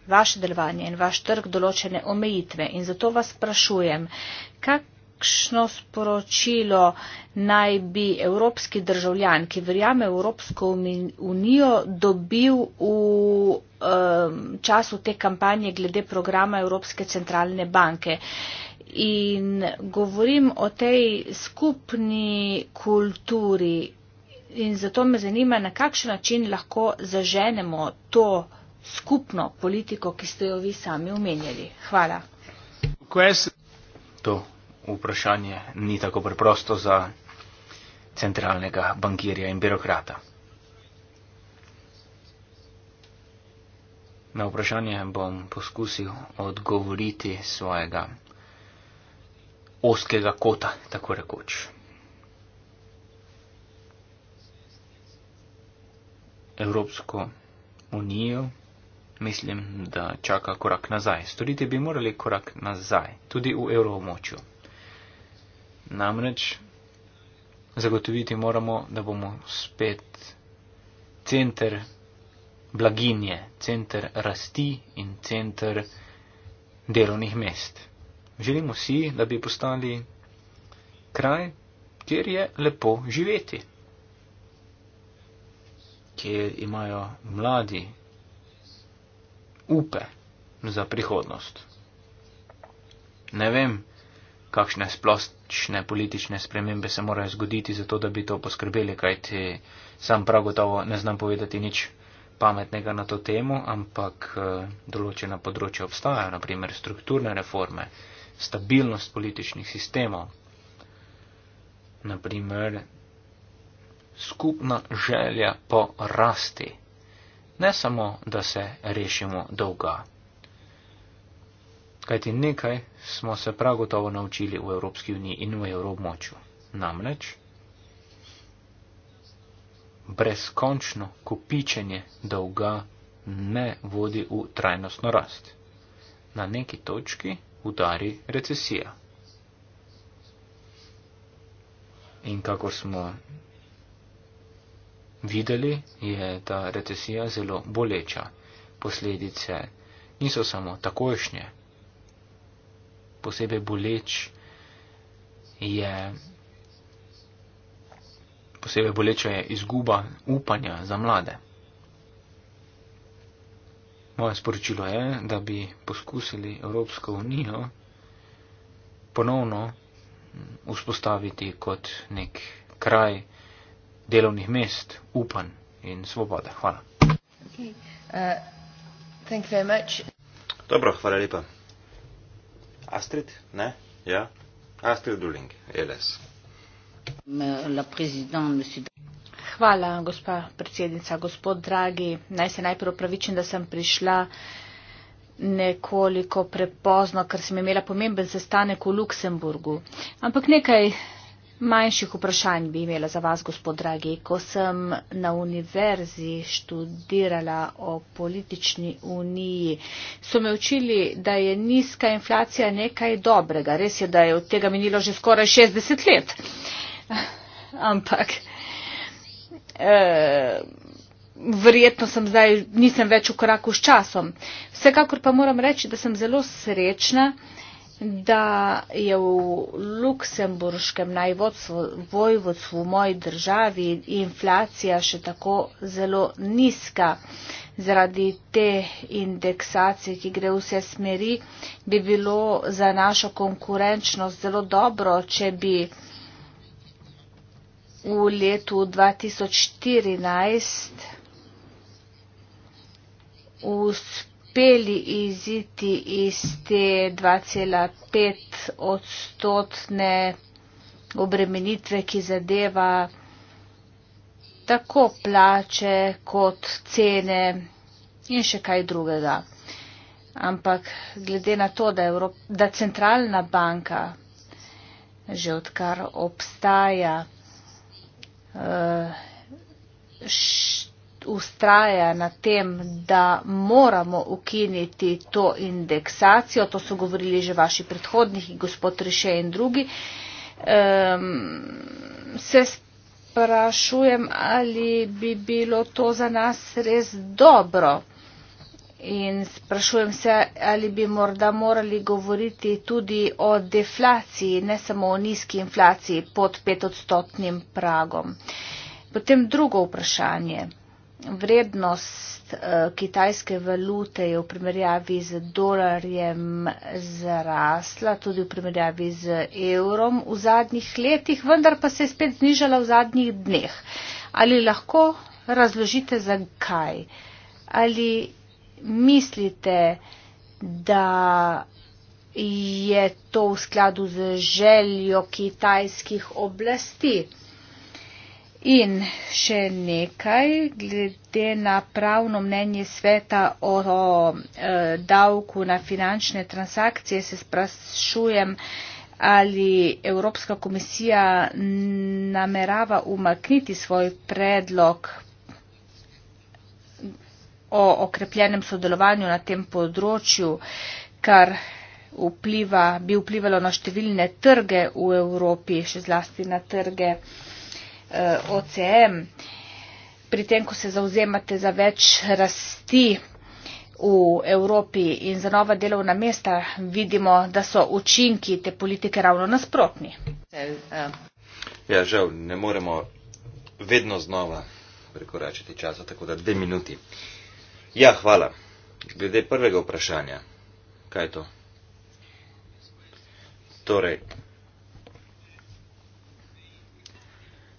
vaše delovanje in vaš trg določene omejitve. In zato vas sprašujem, kak kakšno sporočilo naj bi evropski državljan, ki verjame v Evropsko unijo, dobil v um, času te kampanje glede programa Evropske centralne banke. In govorim o tej skupni kulturi in zato me zanima, na kakšen način lahko zaženemo to skupno politiko, ki ste jo vi sami omenjali. Hvala. To vprašanje ni tako preprosto za centralnega bankirja in birokrata. Na vprašanje bom poskusil odgovoriti svojega oskega kota, tako rekoč. Evropsko unijo mislim, da čaka korak nazaj. Storiti bi morali korak nazaj, tudi v evroomočju. Namreč zagotoviti moramo, da bomo spet center blaginje, center rasti in center delovnih mest. Želimo si, da bi postali kraj, kjer je lepo živeti, kjer imajo mladi upe za prihodnost. Ne vem, kakšne splošne politične spremembe se morajo zgoditi, zato da bi to poskrbeli, kajti sam prav gotovo ne znam povedati nič pametnega na to temo, ampak eh, določena področja obstajajo, naprimer strukturne reforme, stabilnost političnih sistemov, naprimer skupna želja po rasti, ne samo, da se rešimo dolga. Kajti nekaj smo se pragotovo naučili v Evropski uniji in v evrobmočju. Namreč brezkončno kopičenje dolga ne vodi v trajnostno rast. Na neki točki udari recesija. In kako smo videli, je ta recesija zelo boleča. Posledice niso samo takošnje, posebej boleč je, posebej boleča je izguba upanja za mlade. Moje sporočilo je, da bi poskusili Evropsko unijo ponovno vzpostaviti kot nek kraj delovnih mest, upanj in svobode. Hvala. Okay. Uh, Thank you very much. Dobro, hvala lepa. Astrid, ne? Ja? Astrid Duling, LS. Hvala, gospa predsednica. Gospod Dragi, naj se najprej upravičim, da sem prišla nekoliko prepozno, ker sem imela pomemben sestanek v Luksemburgu. Ampak nekaj manjših vprašanj bi imela za vas, gospod Dragi. Ko sem na univerzi študirala o politični uniji, so me učili, da je nizka inflacija nekaj dobrega. Res je, da je od tega minilo že skoraj 60 let. Ampak. Eh, Verjetno sem zdaj, nisem več v koraku s časom. Vsekakor pa moram reči, da sem zelo srečna, eh, da je v luksemburškem najvodstvu v moji državi inflacija še tako zelo nizka. Zaradi te indeksacije, ki gre vse smeri, bi bilo za našo konkurenčnost zelo dobro, če bi v letu 2014 uspeli iziti iz te 2,5 odstotne obremenitve, ki zadeva tako plače kot cene in še kaj drugega. Ampak glede na to, da, Evrop, da centralna banka že odkar obstaja, uh, ustraja na tem, da moramo ukiniti to indeksacijo, to so govorili že vaši predhodniki, gospod Reše in drugi, um, se sprašujem, ali bi bilo to za nas res dobro. In sprašujem se, ali bi morda morali govoriti tudi o deflaciji, ne samo o nizki inflaciji pod petodstotnim pragom. Potem drugo vprašanje vrednost eh, kitajske valute je v primerjavi z dolarjem zrasla, tudi v primerjavi z evrom v zadnjih letih, vendar pa se je spet znižala v zadnjih dneh. Ali lahko razložite, zakaj? Ali mislite, da je to v skladu z željo kitajskih oblasti? In še nekaj, glede na pravno mnenje sveta o, o e, davku na finančne transakcije, se sprašujem, ali Evropska komisija namerava umakniti svoj predlog o okrepljenem sodelovanju na tem področju, kar vpliva, bi vplivalo na številne trge v Evropi, še zlasti na trge eh, OCM, pri tem, ko se zauzemate za več rasti v Evropi in za nova delovna mesta, vidimo, da so učinki te politike ravno nasprotni. Ja, žal, ne moremo vedno znova prekoračiti časa, tako da dve minuti. Ja, hvala. Glede prvega vprašanja, kaj je to? Torej,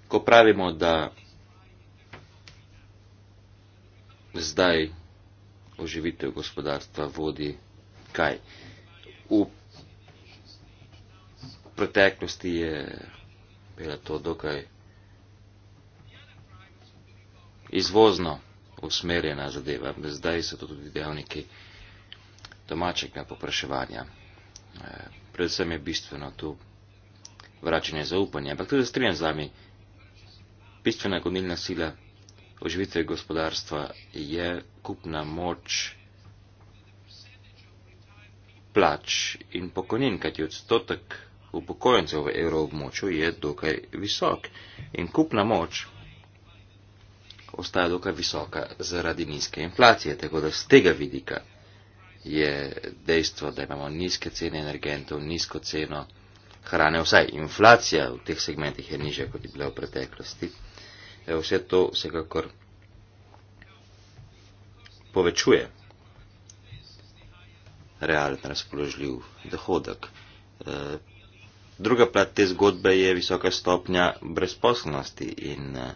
ko pravimo, da zdaj oživitev gospodarstva vodi kaj? V preteklosti je bila to dokaj izvozno usmerjena zadeva. Zdaj so to tudi dejavniki domačega popraševanja. Eh, predvsem je bistveno tu vračanje zaupanja. Ampak tudi strinjam z vami, Bistvena gonilna sila oživitve gospodarstva je kupna moč plač in pokojnin, kajti odstotek upokojencev v evroobmočju je dokaj visok in kupna moč ostaja dokaj visoka zaradi nizke inflacije. Tako da z tega vidika je dejstvo, da imamo nizke cene energentov, nizko ceno hrane, vsaj inflacija v teh segmentih je nižja, kot je bila v preteklosti vse to vsekakor povečuje realen razpoložljiv dohodek. E, druga plat te zgodbe je visoka stopnja brezposobnosti in e,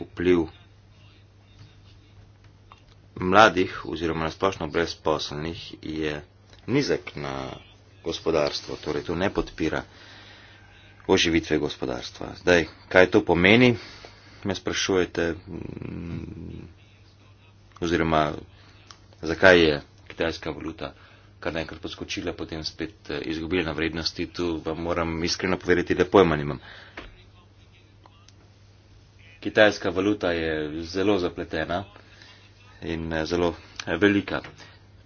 vpliv mladih oziroma nasplošno brezposobnih je nizek na gospodarstvo, torej to ne podpira oživitve gospodarstva. Zdaj, kaj to pomeni? me sprašujete, mm, oziroma zakaj je kitajska valuta kar naenkrat poskočila, potem spet eh, izgubila na vrednosti, tu vam moram iskreno povedati, da pojma nimam. Kitajska valuta je zelo zapletena in eh, zelo eh, velika.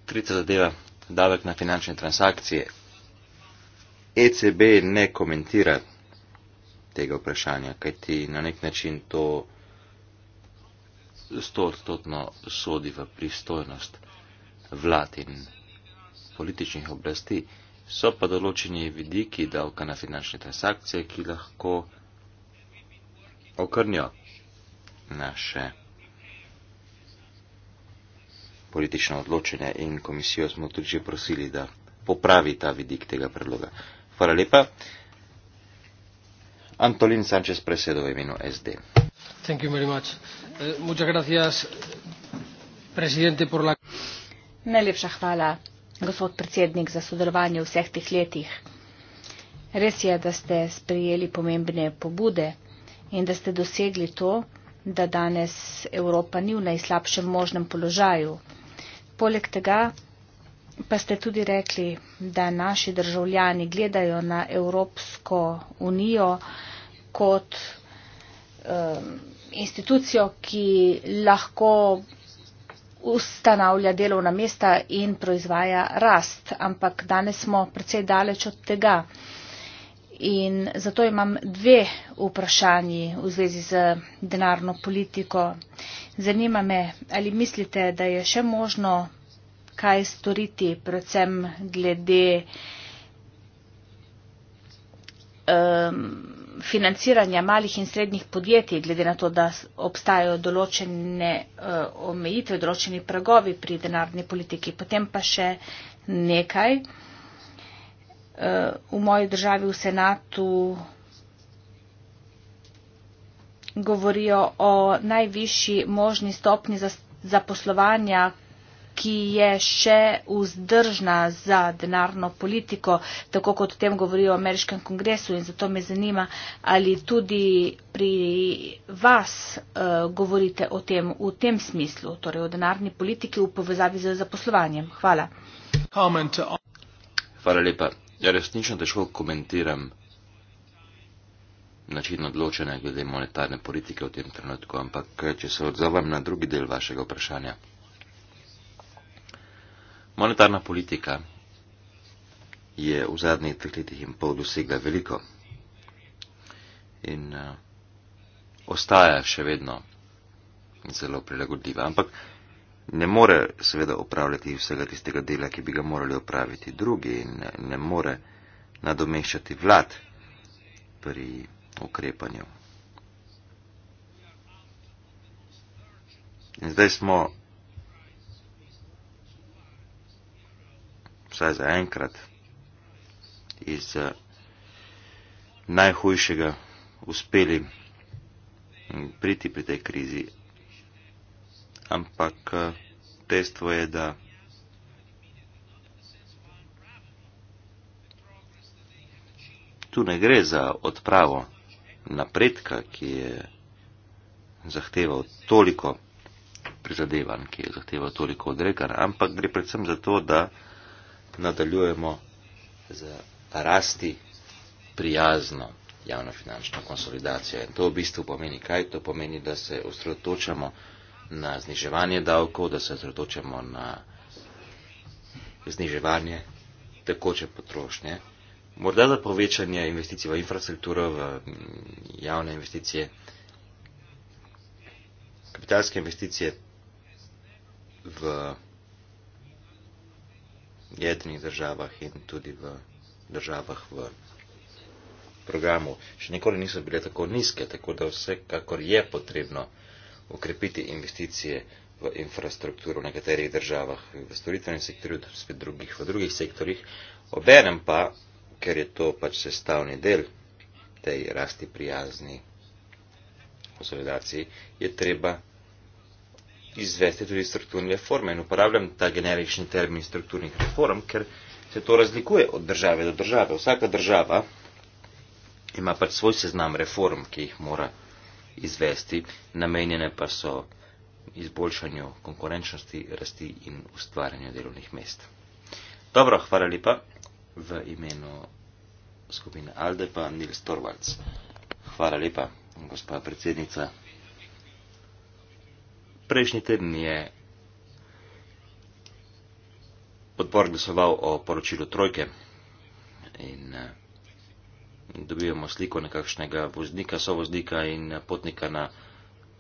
Tretja zadeva, davek na finančne transakcije. ECB ne komentira tega vprašanja, kaj ti na nek način to stotno sodi v pristojnost vlad in političnih oblasti. So pa določeni vidiki davka na finančne transakcije, ki lahko okrnjo naše politično odločenje in komisijo smo tudi že prosili, da popravi ta vidik tega predloga. Hvala lepa. Antolín Sánchez Presedo, Emino SD. Thank you very much. Eh, muchas gracias, presidente, por la. Najlepša hvala, gospod predsednik, za sodelovanje v vseh teh letih. Res je, da ste sprejeli pomembne pobude in da ste dosegli to, da danes Evropa ni v najslabšem možnem položaju. Poleg tega Pa ste tudi rekli, da naši državljani gledajo na Evropsko unijo kot um, institucijo, ki lahko ustanavlja delovna mesta in proizvaja rast. Ampak danes smo precej daleč od tega. In zato imam dve vprašanji v zvezi z denarno politiko. Zanima me, ali mislite, da je še možno kaj storiti, predvsem glede um, financiranja malih in srednjih podjetij, glede na to, da obstajajo določene uh, omejitve, določeni pragovi pri denarni politiki. Potem pa še nekaj. Uh, v moji državi v senatu govorijo o najvišji možni stopni zaposlovanja, ki je še vzdržna za denarno politiko, tako kot o tem govorijo v ameriškem kongresu in zato me zanima, ali tudi pri vas uh, govorite o tem v tem smislu, torej o denarni politiki v povezavi z zaposlovanjem. Hvala. Hvala lepa. Ja, resnično težko komentiram način odločenja glede monetarne politike v tem trenutku, ampak eh, če se odzovem na drugi del vašega vprašanja. Monetarna politika je v zadnjih dveh letih in pol dosegla veliko in uh, ostaja še vedno zelo prilagodljiva, ampak ne more seveda upravljati vsega tistega dela, ki bi ga morali upraviti drugi in ne, ne more nadomeščati vlad pri ukrepanju. In zdaj smo vsaj za enkrat, iz eh, najhujšega uspeli mm, priti pri tej krizi. Ampak testvo eh, je, da tu ne gre za odpravo napredka, ki je zahteval toliko prizadevanj, ki je zahteval toliko odrekanj, ampak gre predvsem za to, da nadaljujemo z rasti prijazno javnofinančno konsolidacijo. In to v bistvu pomeni kaj? To pomeni, da se osredotočamo na zniževanje davkov, da se osredotočamo na zniževanje tekoče potrošnje, morda za povečanje investicij v infrastrukturo, v mm, javne investicije, kapitalske investicije v jedrnih državah in tudi v državah v programu. Še nikoli niso bile tako nizke, tako da vse, kakor je potrebno ukrepiti investicije v infrastrukturo v nekaterih državah, v storitvenem sektorju, spet drugih, v drugih sektorjih. Obenem pa, ker je to pač sestavni del tej rasti prijazni konsolidaciji, je treba izvesti tudi strukturne reforme. In uporabljam ta generični termin strukturnih reform, ker se to razlikuje od države do države. Vsaka država ima pač svoj seznam reform, ki jih mora izvesti, namenjene pa so izboljšanju konkurenčnosti, rasti in ustvarjanju delovnih mest. Dobro, hvala lepa v imenu skupine Alde pa Nils Torvalds. Hvala lepa, gospa predsednica. Prejšnji teden je odbor glasoval o poročilu trojke in eh, dobivamo sliko nekakšnega voznika, sovoznika in eh, potnika na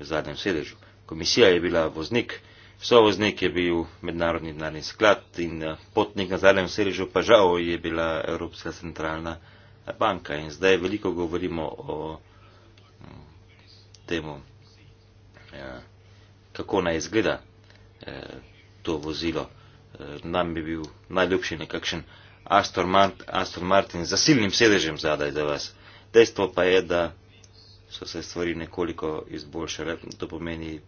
zadnjem sedežu. Komisija je bila voznik, sovoznik je bil mednarodni denarni sklad in eh, potnik na zadnjem sedežu pa žal je bila Evropska centralna banka in zdaj veliko govorimo o mm, temu. Ja, kako naj izgleda eh, to vozilo. Eh, nam bi bil najljubši nekakšen Aston Martin, Aston Martin z zasilnim sedežem zadaj za vas. Dejstvo pa je, da so se stvari nekoliko izboljšale. To pomeni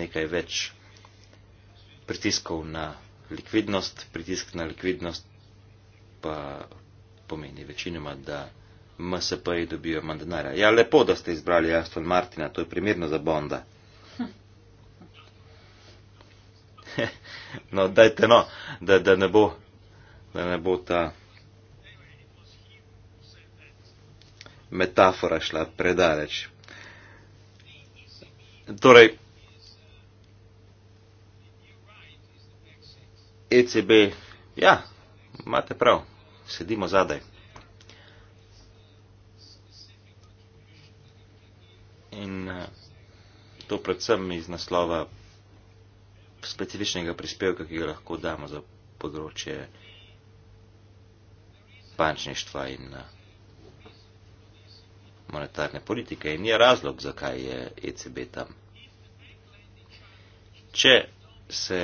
nekaj več pritiskov na likvidnost. Pritisk na likvidnost pa pomeni večinoma, da. MSP-ji dobijo manj denarja. Ja, lepo, da ste izbrali Aston Martina, to je primerno za Bonda. no, dajte no, da, da, ne bo, da ne bo ta metafora šla predaleč. Torej, ECB, ja, imate prav, sedimo zadaj. in eh, to predvsem iz naslova specifičnega prispevka, ki ga lahko damo za področje bančništva in eh, monetarne politike. In je razlog, zakaj je ECB tam. Če se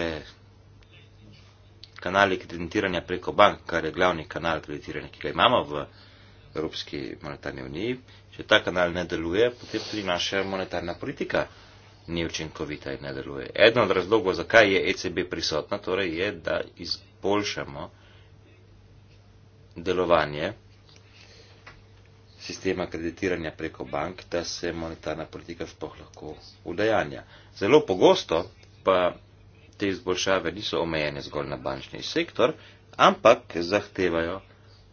kanali kreditiranja preko bank, kar je glavni kanal kreditiranja, ki ga imamo v Evropski monetarni uniji, če ta kanal ne deluje, potem tudi naša monetarna politika ni učinkovita in ne deluje. Eden od razlogov, zakaj je ECB prisotna, torej je, da izboljšamo delovanje sistema kreditiranja preko bank, da se monetarna politika sploh lahko udajanja. Zelo pogosto pa te izboljšave niso omejene zgolj na bančni sektor, ampak zahtevajo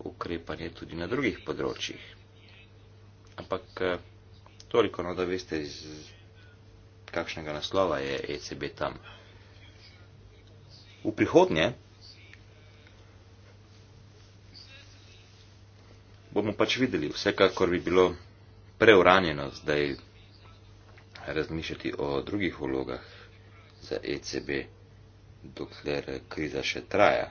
ukrepanje tudi na drugih področjih. Ampak eh, toliko, no, da veste, iz kakšnega naslova je ECB tam. V prihodnje bomo pač videli, vsekakor bi bilo preuranjeno zdaj razmišljati o drugih vlogah za ECB, dokler kriza še traja.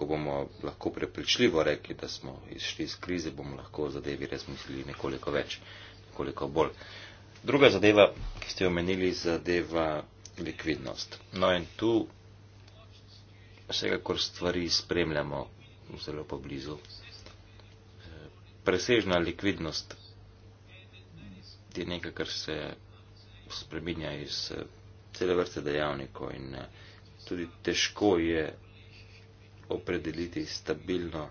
ko bomo lahko prepričljivo rekli, da smo izšli iz krize, bomo lahko zadevi razmislili nekoliko več, nekoliko bolj. Druga zadeva, ki ste omenili, zadeva likvidnost. No in tu vsega, kar stvari spremljamo zelo poblizu, presežna likvidnost je nekaj, kar se spreminja iz eh, cele vrste dejavnikov in eh, tudi težko je opredeliti stabilno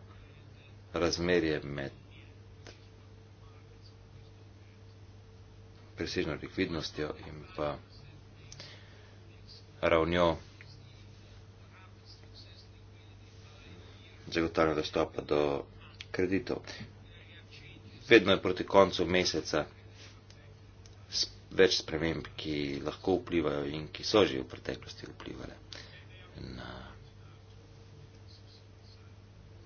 razmerje med presežno likvidnostjo in pa ravnjo zagotavljanja dostopa do kreditov. Vedno je proti koncu meseca več sprememb, ki lahko vplivajo in ki so že v preteklosti vplivali na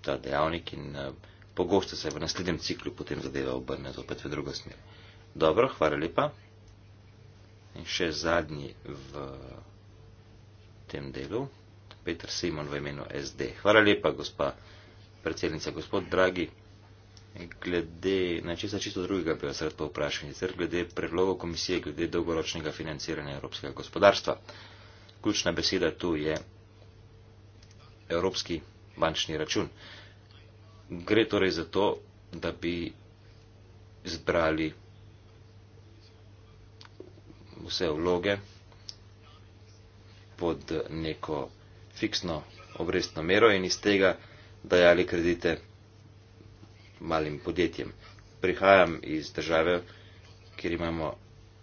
ta dejavnik in eh, pogosto se v naslednjem ciklu potem zadeva obrne zopet v drugo smer. Dobro, hvala lepa. In še zadnji v tem delu, Petr Simon v imenu SD. Hvala lepa, gospa predsednica, gospod Dragi. Glede na česa čisto drugega bi vas rad povprašal, sicer glede predlogov komisije, glede dolgoročnega financiranja evropskega gospodarstva. Ključna beseda tu je evropski bančni račun. Gre torej za to, da bi zbrali vse vloge pod neko fiksno obrestno mero in iz tega dajali kredite malim podjetjem. Prihajam iz države, kjer imamo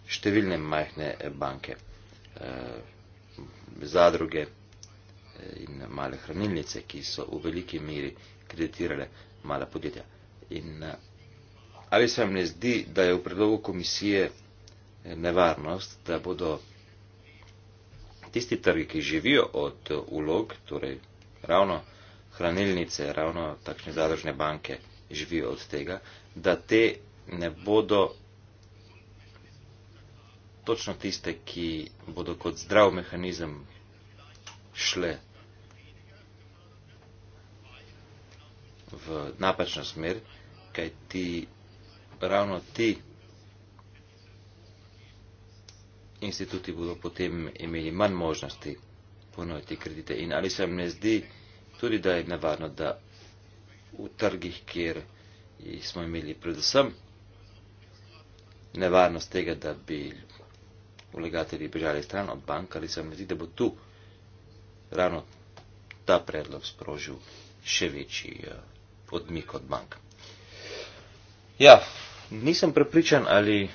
številne majhne banke, eh, zadruge, in male hranilnice, ki so v veliki meri kreditirale mala podjetja. In eh, ali se vam ne zdi, da je v predlogu komisije eh, nevarnost, da bodo tisti trgi, ki živijo od ulog, eh, torej ravno hranilnice, ravno takšne zadržne banke živijo od tega, da te ne bodo točno tiste, ki bodo kot zdrav mehanizem šle v napačno smer, kaj ti, ravno ti instituti bodo potem imeli manj možnosti ponoviti kredite. In ali se vam ne zdi tudi, da je nevarno, da v trgih, kjer smo imeli predvsem nevarnost tega, da bi vlagatelji bežali stran od bank, ali se vam ne zdi, da bo tu ravno ta predlog sprožil še večji uh, odmik od bank. Ja, nisem prepričan, ali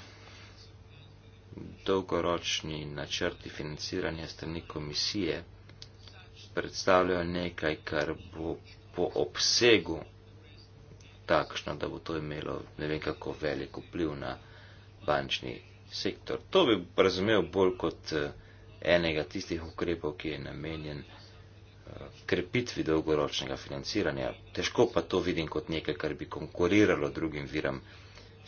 dolgoročni načrti financiranja strani komisije predstavljajo nekaj, kar bo po obsegu takšno, da bo to imelo ne vem kako velik vpliv na bančni sektor. To bi razumel bolj kot eh, enega tistih ukrepov, ki je namenjen krepitvi dolgoročnega financiranja. Težko pa to vidim kot nekaj, kar bi konkuriralo drugim viram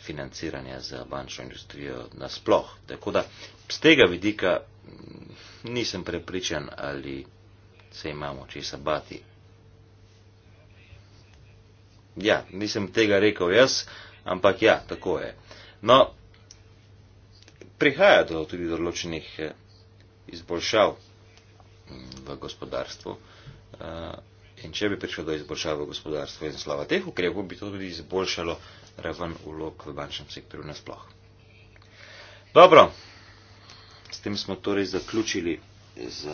financiranja za bančno industrijo nasploh. Tako da z tega vidika mm, nisem prepričan, ali se imamo česa bati. Ja, nisem tega rekel jaz, ampak ja, tako je. No, prihaja do tudi določenih eh, izboljšav mm, v gospodarstvu. Eh, in če bi prišlo do izboljšave v gospodarstvu in slava teh ukrepov, bi to tudi izboljšalo raven vlog v bančnem sektorju nasploh. Dobro, s tem smo torej zaključili z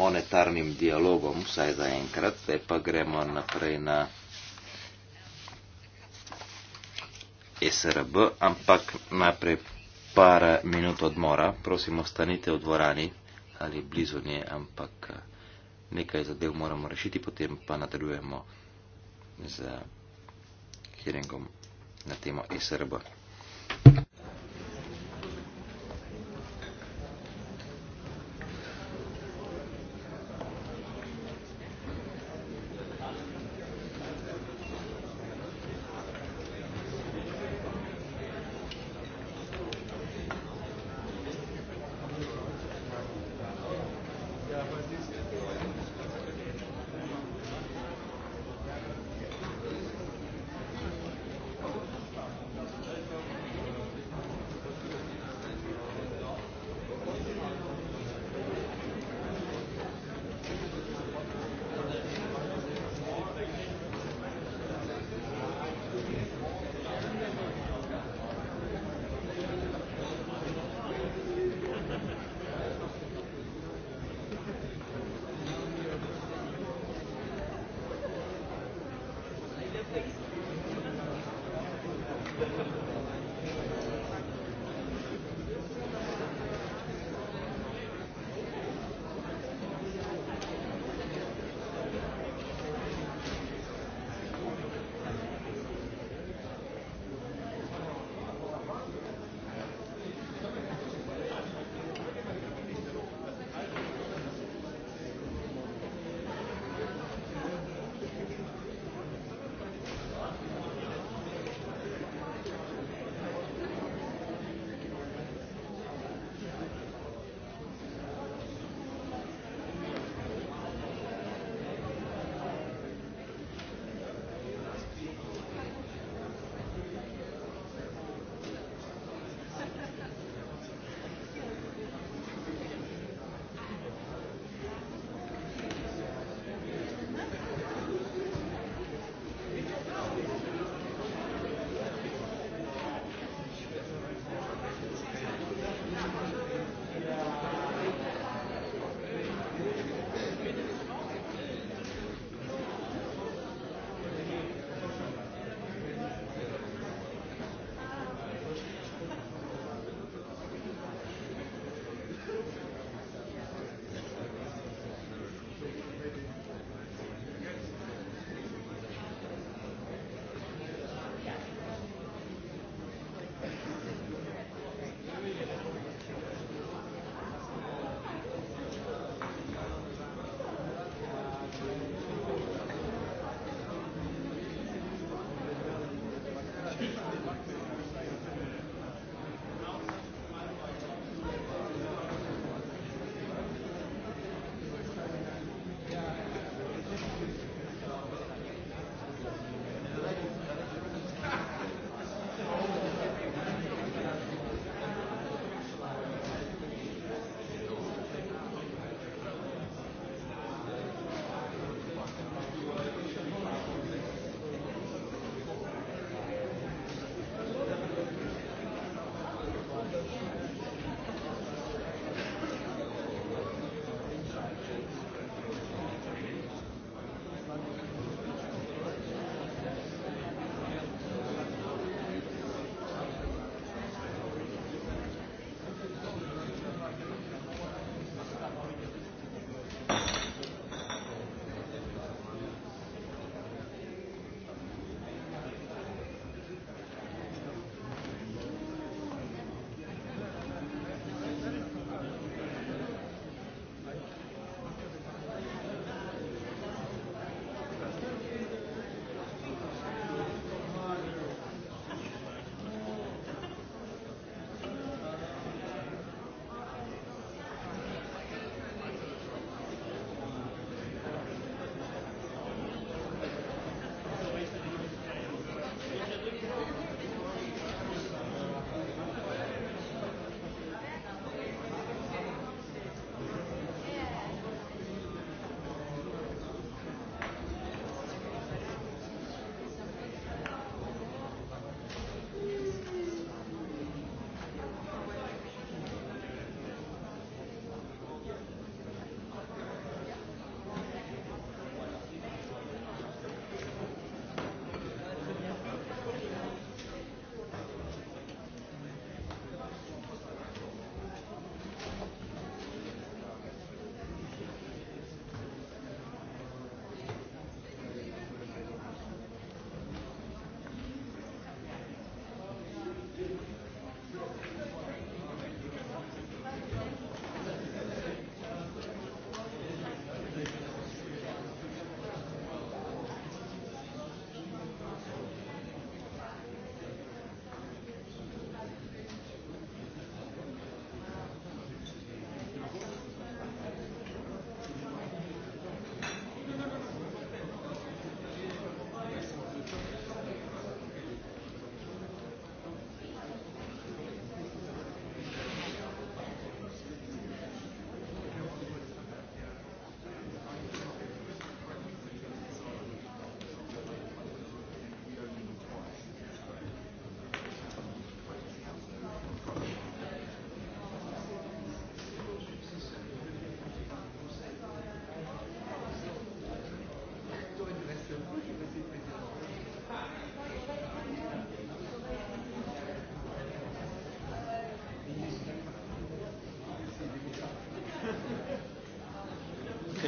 monetarnim dialogom, vsaj za enkrat, zdaj pa gremo naprej na SRB, ampak najprej par minut odmora, prosimo, stanite v dvorani ali blizu nje, ampak. Eh, nekaj zadev moramo rešiti, potem pa nadaljujemo z hiringom na temo SRB.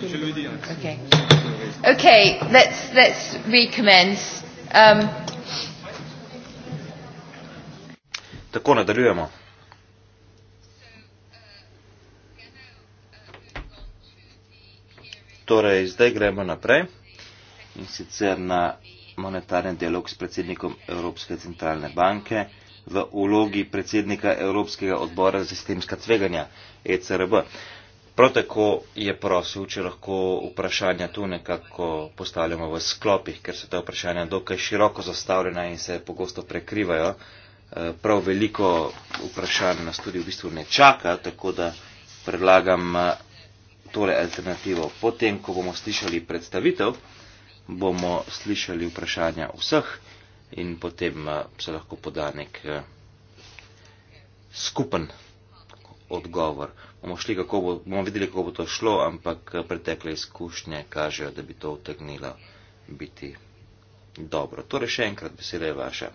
Okay. Okay. Let's let's recommence. Um. Tako nadaljujemo. Torej, zdaj gremo naprej in sicer na monetarni dialog s predsednikom Evropske centralne banke v ulogi predsednika Evropskega odbora za sistemska tveganja, ECRB. Uh, Prav tako je prosil, če lahko vprašanja tu nekako postavljamo v sklopih, ker so ta vprašanja dokaj široko zastavljena in se pogosto prekrivajo. Eh, prav veliko vprašanj nas tudi v bistvu ne čaka, tako da predlagam eh, tole alternativo. Potem, ko bomo slišali predstavitev, bomo slišali vprašanja vseh in potem eh, se lahko poda nek skupen odgovor. Bomo, šli, kako bo, bomo videli, kako bo to šlo, ampak eh, pretekle izkušnje kažejo, da bi to utegnilo biti dobro. Torej, še enkrat beseda je vaša.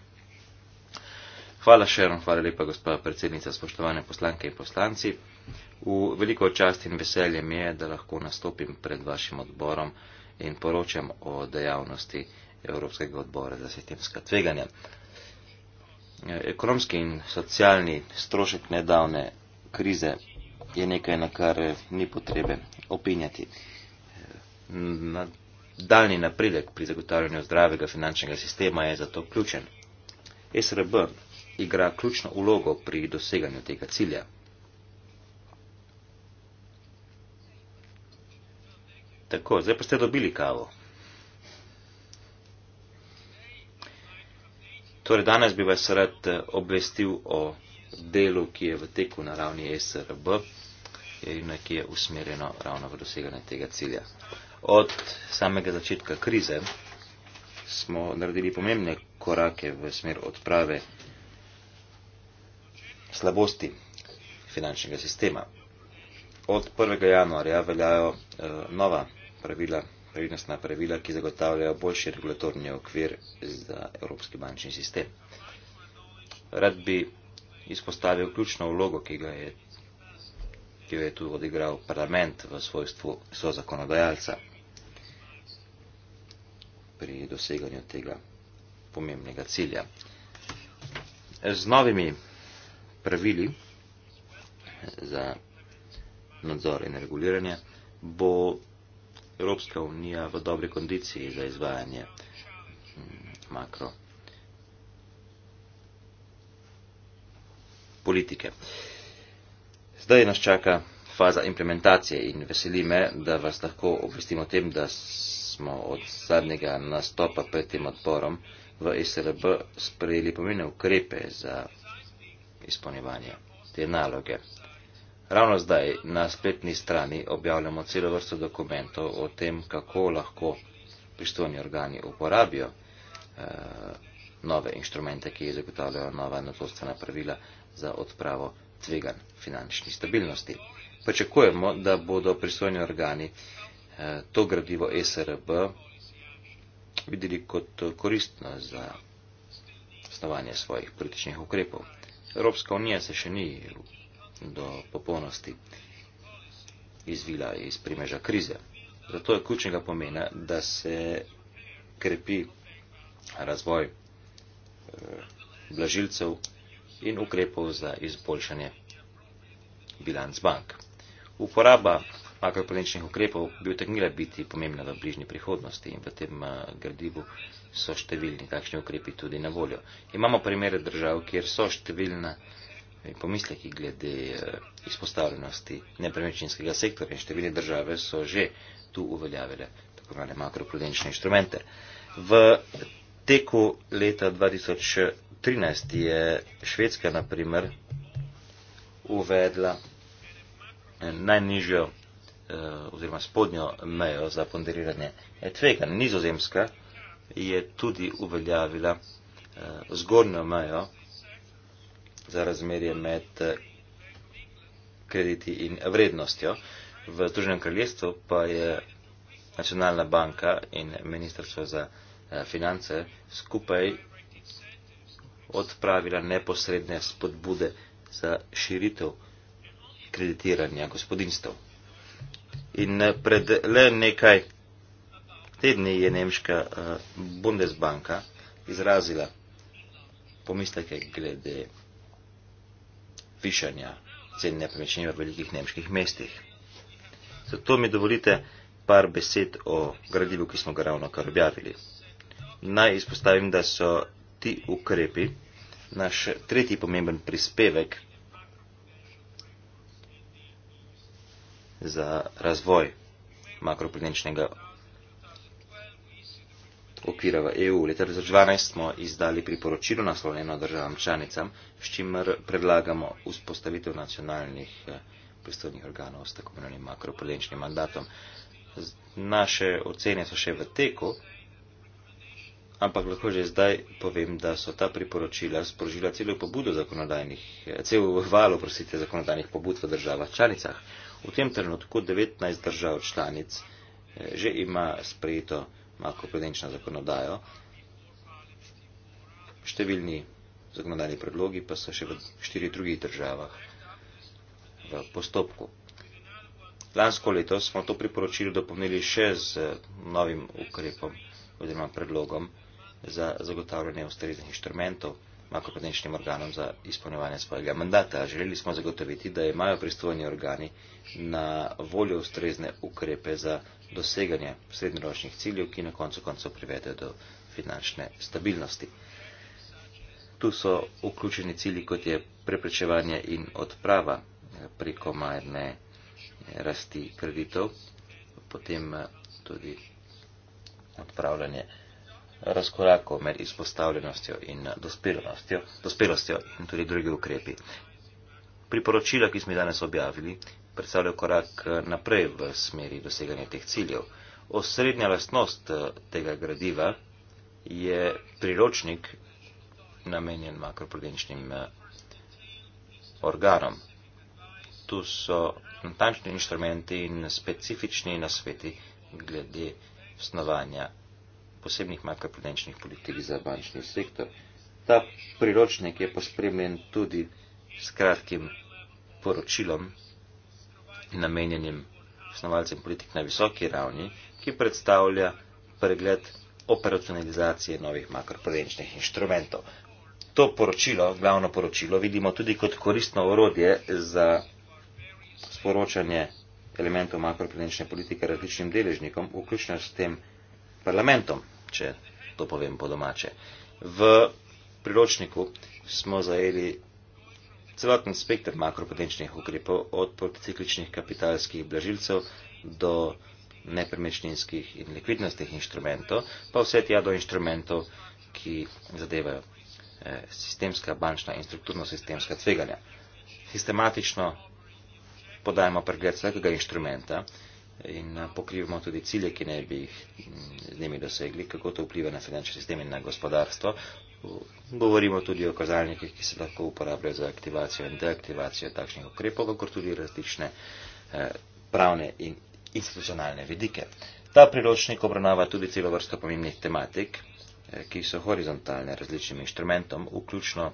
Hvala še eno, hvala lepa, gospod predsednica, spoštovane poslanke in poslanci. V veliko čast in veselje mi je, da lahko nastopim pred vašim odborom in poročam o dejavnosti Evropskega odbora za sistemska tveganja. Ekonomski in socialni strošek nedavne krize je nekaj, na kar eh, ni potrebe opinjati. Na daljni napredek pri zagotavljanju zdravega finančnega sistema je zato ključen. SRB igra ključno ulogo pri doseganju tega cilja. Tako, zdaj pa ste dobili kavo. Torej, danes bi vas rad eh, obvestil o delu, ki je v teku na ravni e SRB in ki je usmerjeno ravno v doseganje tega cilja. Od samega začetka krize smo naredili pomembne korake v smer odprave slabosti finančnega sistema. Od 1. januarja veljajo uh, nova pravila, prednostna pravila, ki zagotavljajo boljši regulatorni okvir za evropski bančni sistem. Rad bi izpostavil ključno vlogo, ki, ga je, ki jo je tu odigral parlament v svojstvu sozakonodajalca pri doseganju tega pomembnega cilja. Z novimi pravili za nadzor in reguliranje bo Evropska unija v dobri kondiciji za izvajanje mm, makro politike. Zdaj nas čaka faza implementacije in veseli me, da vas lahko obvestim o tem, da smo od zadnjega nastopa pred tem odborom v SRB sprejeli pomene ukrepe za izpolnjevanje te naloge. Ravno zdaj na spletni strani objavljamo celo vrsto dokumentov o tem, kako lahko pristojni organi uporabijo eh, nove inštrumente, ki zagotavljajo nova nadzorstvena pravila za odpravo tvegan finančni stabilnosti. Pričakujemo, da bodo pristojni organi eh, to gradivo e SRB videli kot koristno za osnovanje svojih političnih ukrepov. Evropska unija se še ni do popolnosti izvila iz primeža krize. Zato je ključnega pomena, da se krepi razvoj eh, blažilcev in ukrepov za izboljšanje bilanc bank. Uporaba makroponičnih ukrepov bi utegnila biti pomembna v bližnji prihodnosti in v tem eh, gradivu so številni takšni ukrepi tudi na voljo. Imamo primere držav, kjer so številna eh, pomisleki glede eh, izpostavljenosti nepremičninskega sektorja in številne države so že tu uveljavile tako imenovane makroprudenčne inštrumente. V teku leta 2013 je Švedska, na primer, uvedla eh, najnižjo eh, oziroma spodnjo mejo za ponderiranje tvega. Nizozemska je tudi uveljavila eh, zgornjo mejo za razmerje med krediti in vrednostjo. V Združenem kraljestvu pa je Nacionalna banka in Ministrstvo za Eh, finance skupaj odpravila neposredne spodbude za širitev kreditiranja gospodinstv. In eh, pred le nekaj tedni je nemška eh, Bundesbanka izrazila pomisleke glede višanja cen nepremičnin v velikih nemških mestih. Zato mi dovolite par besed o gradivu, ki smo ga ravno kar objavili naj izpostavim, da so ti ukrepi naš tretji pomemben prispevek za razvoj makroprudenčnega okvira v EU. Leta 2012 smo izdali priporočilo naslovljeno državam članicam, s čimer predlagamo vzpostavitev nacionalnih eh, pristojnih organov s tako imenovanim makroprudenčnim mandatom. Naše ocene so še v teku ampak lahko že zdaj povem, da so ta priporočila sprožila celo pobudo zakonodajnih, cel valo, prosite, zakonodajnih pobud v državah članicah. V tem trenutku 19 držav članic eh, že ima sprejeto makroprudenčno zakonodajo. Številni zakonodajni predlogi pa so še v štiri drugih državah v postopku. Lansko leto smo to priporočilo dopolnili še z eh, novim ukrepom oziroma predlogom za zagotavljanje ustreznih inštrumentov makroprudenčnim organom za izpolnjevanje svojega mandata. Želeli smo zagotoviti, da imajo pristojni organi na voljo ustrezne ukrepe za doseganje srednjeročnih ciljev, ki na koncu konca privedejo do finančne stabilnosti. Tu so vključeni cilji, kot je preprečevanje in odprava prekomarne rasti kreditov, potem tudi odpravljanje razkorakov med izpostavljenostjo in dospelostjo in tudi drugi ukrepi. Priporočila, ki smo jih danes objavili, predstavljajo korak eh, naprej v smeri doseganja teh ciljev. Osrednja lastnost eh, tega gradiva je priročnik namenjen makroprudenčnim eh, organom. Tu so natančni inštrumenti in specifični nasveti glede snovanja posebnih makroprudenčnih politik za bančni sektor. Ta priročnik je pospremljen tudi s kratkim poročilom, namenjenim osnovalcem politik na visoki ravni, ki predstavlja pregled operacionalizacije novih makroprudenčnih inštrumentov. To poročilo, glavno poročilo, vidimo tudi kot koristno orodje za sporočanje elementov makroprudenčne politike različnim deležnikom, vključno s tem, parlamentom, če to povem po domače. V priročniku smo zajeli celoten spektr makropotenčnih ukrepov od proticikličnih kapitalskih blažilcev do nepremečninskih in likvidnostnih inštrumentov, pa vse tja do inštrumentov, ki zadevajo eh, sistemska, bančna in strukturno-sistemska tveganja. Sistematično podajamo pregled vsakega inštrumenta, in eh, pokrivamo tudi cilje, ki ne bi jih z njimi dosegli, kako to vpliva na finančni sistem in na gospodarstvo. Govorimo tudi o kazalnikih, ki se lahko uporabljajo za aktivacijo in deaktivacijo takšnih ukrepov, kot tudi različne eh, pravne in institucionalne vidike. Ta priročnik obravnava tudi celo vrsto pomembnih tematik, eh, ki so horizontalne različnim inštrumentom, vključno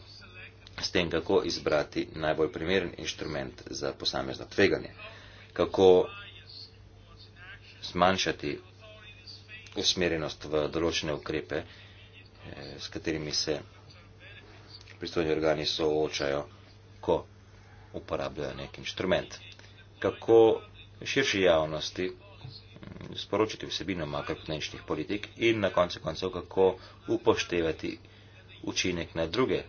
s tem, kako izbrati najbolj primeren inštrument za posamezno tveganje, kako zmanjšati usmerjenost v določene ukrepe, eh, s katerimi se pristojni organi soočajo, ko uporabljajo nek inštrument. Kako širši javnosti mm, sporočiti vsebino makroekonomičnih politik in na koncu koncev, kako upoštevati učinek na druge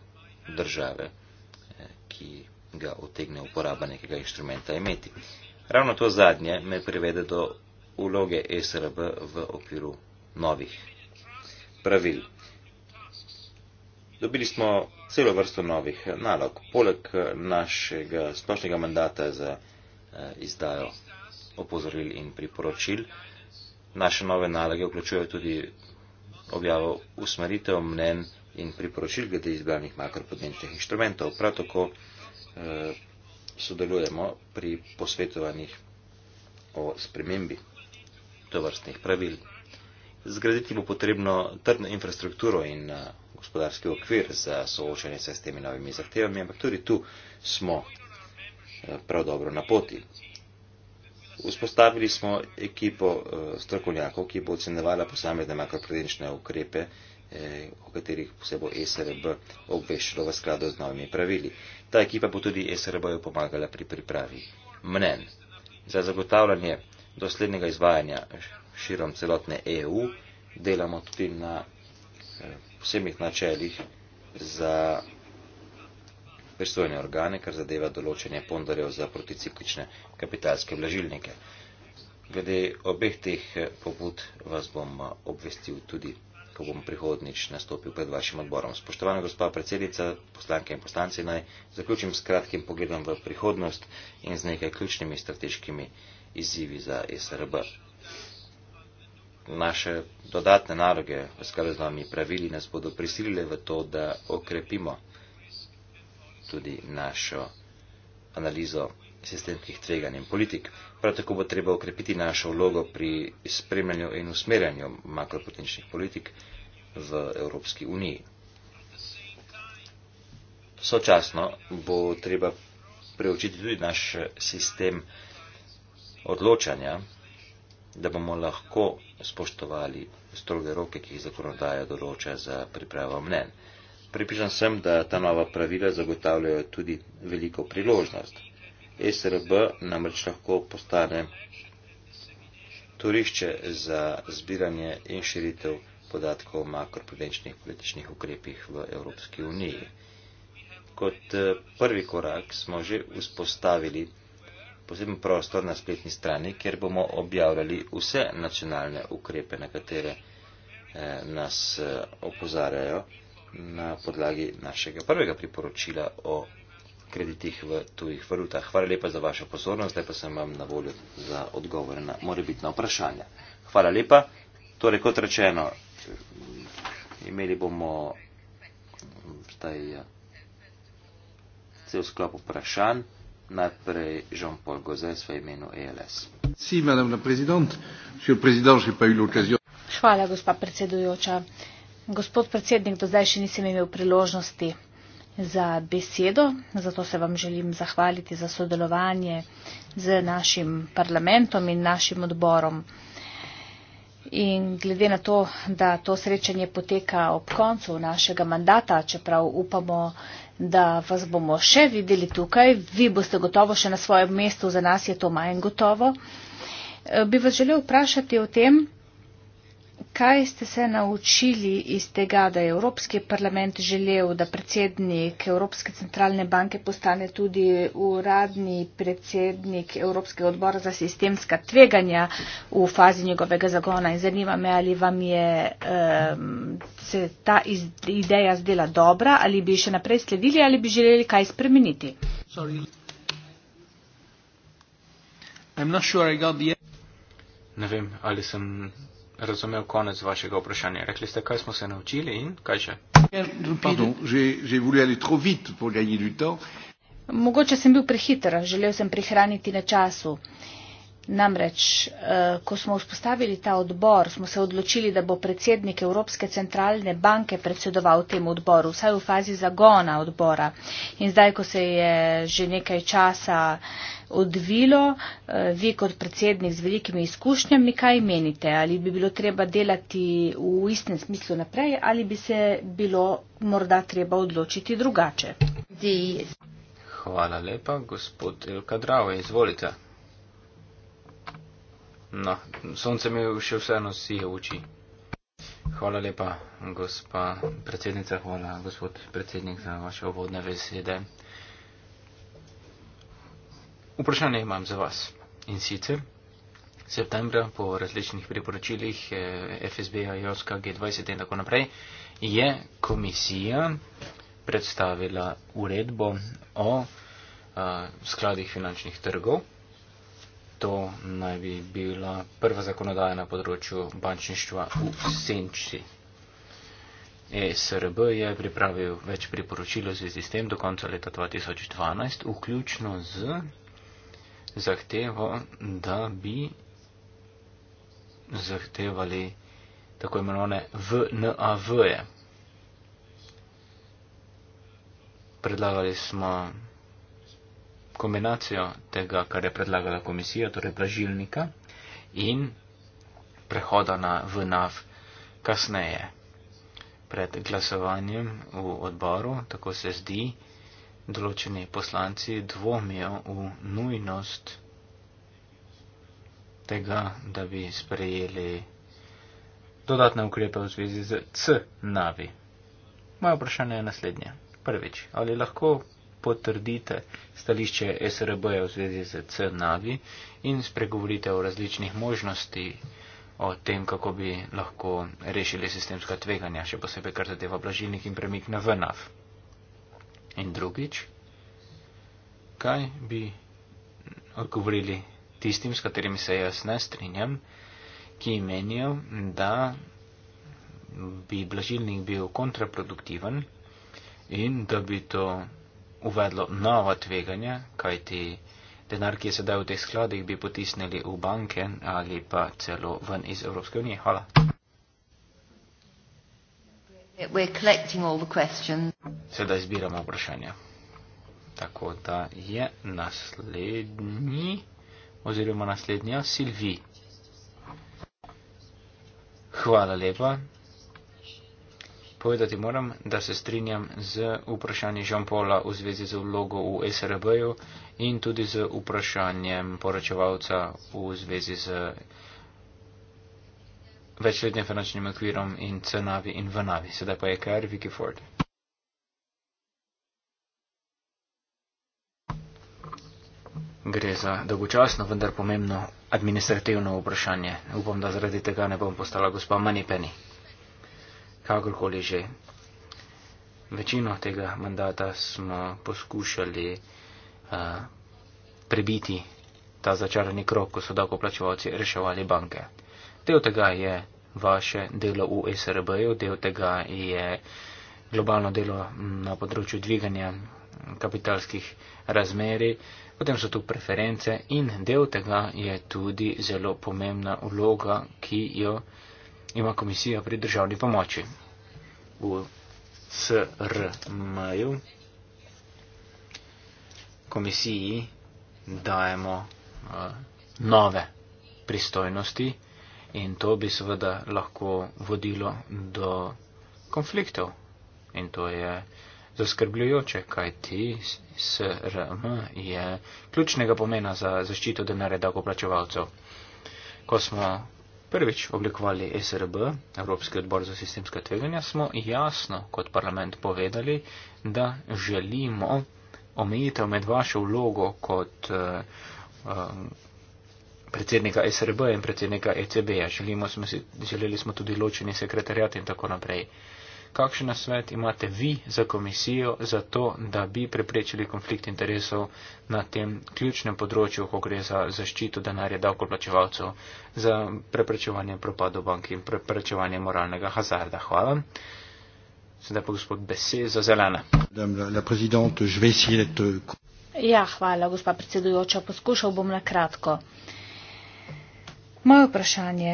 države, eh, ki ga otegne uporaba nekega inštrumenta imeti. Ravno to zadnje me privede do vloge e SRB v okviru novih pravil. Dobili smo celo vrsto novih nalog, poleg našega splošnega mandata za eh, izdajo opozoril in priporočil. Naše nove naloge vključujejo tudi objavo usmeritev mnen in priporočil glede izbranih makropodnebnih inštrumentov. Prav tako eh, sodelujemo pri posvetovanjih o spremembi tovrstnih pravil. Zgraditi bo potrebno trdno infrastrukturo in eh, gospodarski okvir za soočanje se s temi novimi zahtevami, ampak tudi tu smo eh, prav dobro na poti. Vzpostavili smo ekipo eh, strokovnjakov, ki bo ocenjevala posamezne makroprudenčne ukrepe, o katerih se bo SRB obveščalo v skladu z novimi pravili. Ta ekipa bo tudi SRB-ju pomagala pri pripravi mnen. Za zagotavljanje doslednega izvajanja širom celotne EU, delamo tudi na eh, posebnih načeljih za pristojne organe, kar zadeva določenje pondarjev za proticiklične kapitalske vlažilnike. Glede obeh teh eh, pobud vas bom eh, obvestil tudi, ko bom prihodnič nastopil pred vašim odborom. Spoštovana gospa predsednica, poslanke in poslanci, naj zaključim s kratkim pogledom v prihodnost in z nekaj ključnimi strateškimi izzivi za SRB. Naše dodatne naloge v skladu z novimi pravili nas bodo prisilile v to, da okrepimo tudi našo analizo sistemskih tveganj in politik. Prav tako bo treba okrepiti našo vlogo pri spremljanju in usmerjanju makropotenčnih politik v Evropski uniji. Sočasno bo treba preučiti tudi naš sistem politik odločanja, da bomo lahko spoštovali stroge roke, ki jih zakonodaja določa za pripravo mnen. Pripišan sem, da ta nova pravila zagotavljajo tudi veliko priložnost. E SRB namreč lahko postane turišče za zbiranje in širitev podatkov o makroprudenčnih političnih ukrepih v Evropski uniji. Kot eh, prvi korak smo že vzpostavili poseben prostor na spletni strani, kjer bomo objavljali vse nacionalne ukrepe, na katere eh, nas eh, opozarjajo na podlagi našega prvega priporočila o kreditih v tujih valutah. Hvala lepa za vašo pozornost, zdaj pa sem vam na voljo za odgovore na morebitna vprašanja. Hvala lepa. Torej, kot rečeno, imeli bomo mm, zdaj eh, cel sklop vprašanj. Najprej Jean-Paul Gozes v imenu ELS. Si, madame la présidente, monsieur le président, j'ai pas eu l'occasion. Hvala, gospa predsedujoča. Gospod predsednik, do zdaj še nisem imel priložnosti za besedo, zato se vam želim zahvaliti za sodelovanje z našim parlamentom in našim odborom. In glede na to, da to srečanje poteka ob koncu našega mandata, čeprav upamo, da vas bomo še videli tukaj. Vi boste gotovo še na svojem mestu, za nas je to manj gotovo. Eh, bi vas želel vprašati o tem, kaj ste se naučili iz tega, da je Evropski parlament želel, da predsednik Evropske centralne banke postane tudi uradni predsednik Evropskega odbora za sistemska tveganja v fazi njegovega zagona. In zanima me, ali vam je um, se ta iz, ideja zdela dobra, ali bi še naprej sledili, ali bi želeli kaj spremeniti. Sorry. Ne vem, ali sem razumel konec vašega vprašanja. Rekli ste, kaj smo se naučili in kaj še? Pardon, Mogoče sem bil prehiter, želel sem prihraniti na času. Uh, Namreč, eh, ko smo vzpostavili ta odbor, smo se odločili, da bo predsednik Evropske centralne banke predsedoval temu odboru, vsaj v fazi zagona odbora. In zdaj, ko se je že nekaj časa odvilo, eh, vi kot predsednik z velikimi izkušnjami, kaj menite? Ali bi bilo treba delati v istem smislu naprej ali bi se bilo morda treba odločiti drugače? Hvala lepa, gospod Elka Drava, izvolite. No, sonce mi še vseeno si je oči. Hvala lepa, gospa predsednica, hvala, gospod predsednik, za vaše uvodne besede. Vprašanje imam za vas. In sicer, septembra po različnih priporočilih FSB, JOSKA, G20 in tako naprej, je komisija predstavila uredbo o a, eh, skladih finančnih trgov to naj bi bila prva zakonodaja na področju bančništva v senči. ESRB je pripravil več priporočil v zvezi s tem do konca leta 2012, vključno z zahtevo, da bi zahtevali tako imenovane VNAV-je. Predlagali smo kombinacijo tega, kar je predlagala komisija, torej blažilnika in prehoda na VNAV kasneje. Pred glasovanjem v odboru, tako se zdi, določeni poslanci dvomijo v nujnost tega, da bi sprejeli dodatne ukrepe v zvezi z CNAVI. Moje vprašanje je naslednje. Prvič, ali lahko potrdite stališče SRB v zvezi z CNAVI in spregovorite o različnih možnosti o tem, kako bi lahko rešili sistemska tveganja, še posebej kar zadeva blažilnik in premik na VNAV. In drugič, kaj bi odgovorili tistim, s katerimi se jaz ne strinjam, ki menijo, da bi blažilnik bil kontraproduktiven in da bi to uvedlo nova tveganja, kajti denar, ki je sedaj v teh skladih, bi potisnili v banke ali pa celo ven iz Evropske unije. Hvala. Sedaj zbiramo vprašanja. Tako da je naslednji oziroma naslednja Silvi. Hvala lepa. Povedati moram, da se strinjam z vprašanjem Žampola v zvezi z vlogo v SRB-ju in tudi z vprašanjem poročevalca v zvezi z večletnim finančnim okvirom in cenavi in vnavi. Sedaj pa je kar Vicky Ford. Gre za dolgočasno, vendar pomembno administrativno vprašanje. Upam, da zaradi tega ne bom postala gospa Manipeni kakorkoli že. Večino tega mandata smo poskušali uh, prebiti ta začarani krok, ko so davkoplačevalci reševali banke. Del tega je vaše delo v SRB-ju, del tega je globalno delo na področju dviganja kapitalskih razmeri, potem so tu preference in del tega je tudi zelo pomembna vloga, ki jo ima komisija pri državni pomoči. V SRM-ju komisiji dajemo uh, nove pristojnosti in to bi seveda lahko vodilo do konfliktov. In to je zaskrbljujoče, kajti SRM je ključnega pomena za zaščito denarja davkoplačevalcev. Ko smo prvič oblikovali SRB, Evropski odbor za sistemska tveganja, smo jasno kot parlament povedali, da želimo omejitev med vašo vlogo kot uh, uh, predsednika SRB in predsednika ECB. Želimo, smo si, želeli smo tudi ločeni sekretarjat in tako naprej. Uh, kakšen nasvet imate vi za komisijo za to, da bi preprečili konflikt interesov na tem ključnem področju, ko gre za zaščito denarja davkoplačevalcev, za preprečevanje propadov bank in preprečevanje moralnega hazarda. Hvala. Sedaj pa gospod Besej za zelena. Ja, hvala, gospa predsedujoča. Poskušal bom na kratko. Moje vprašanje,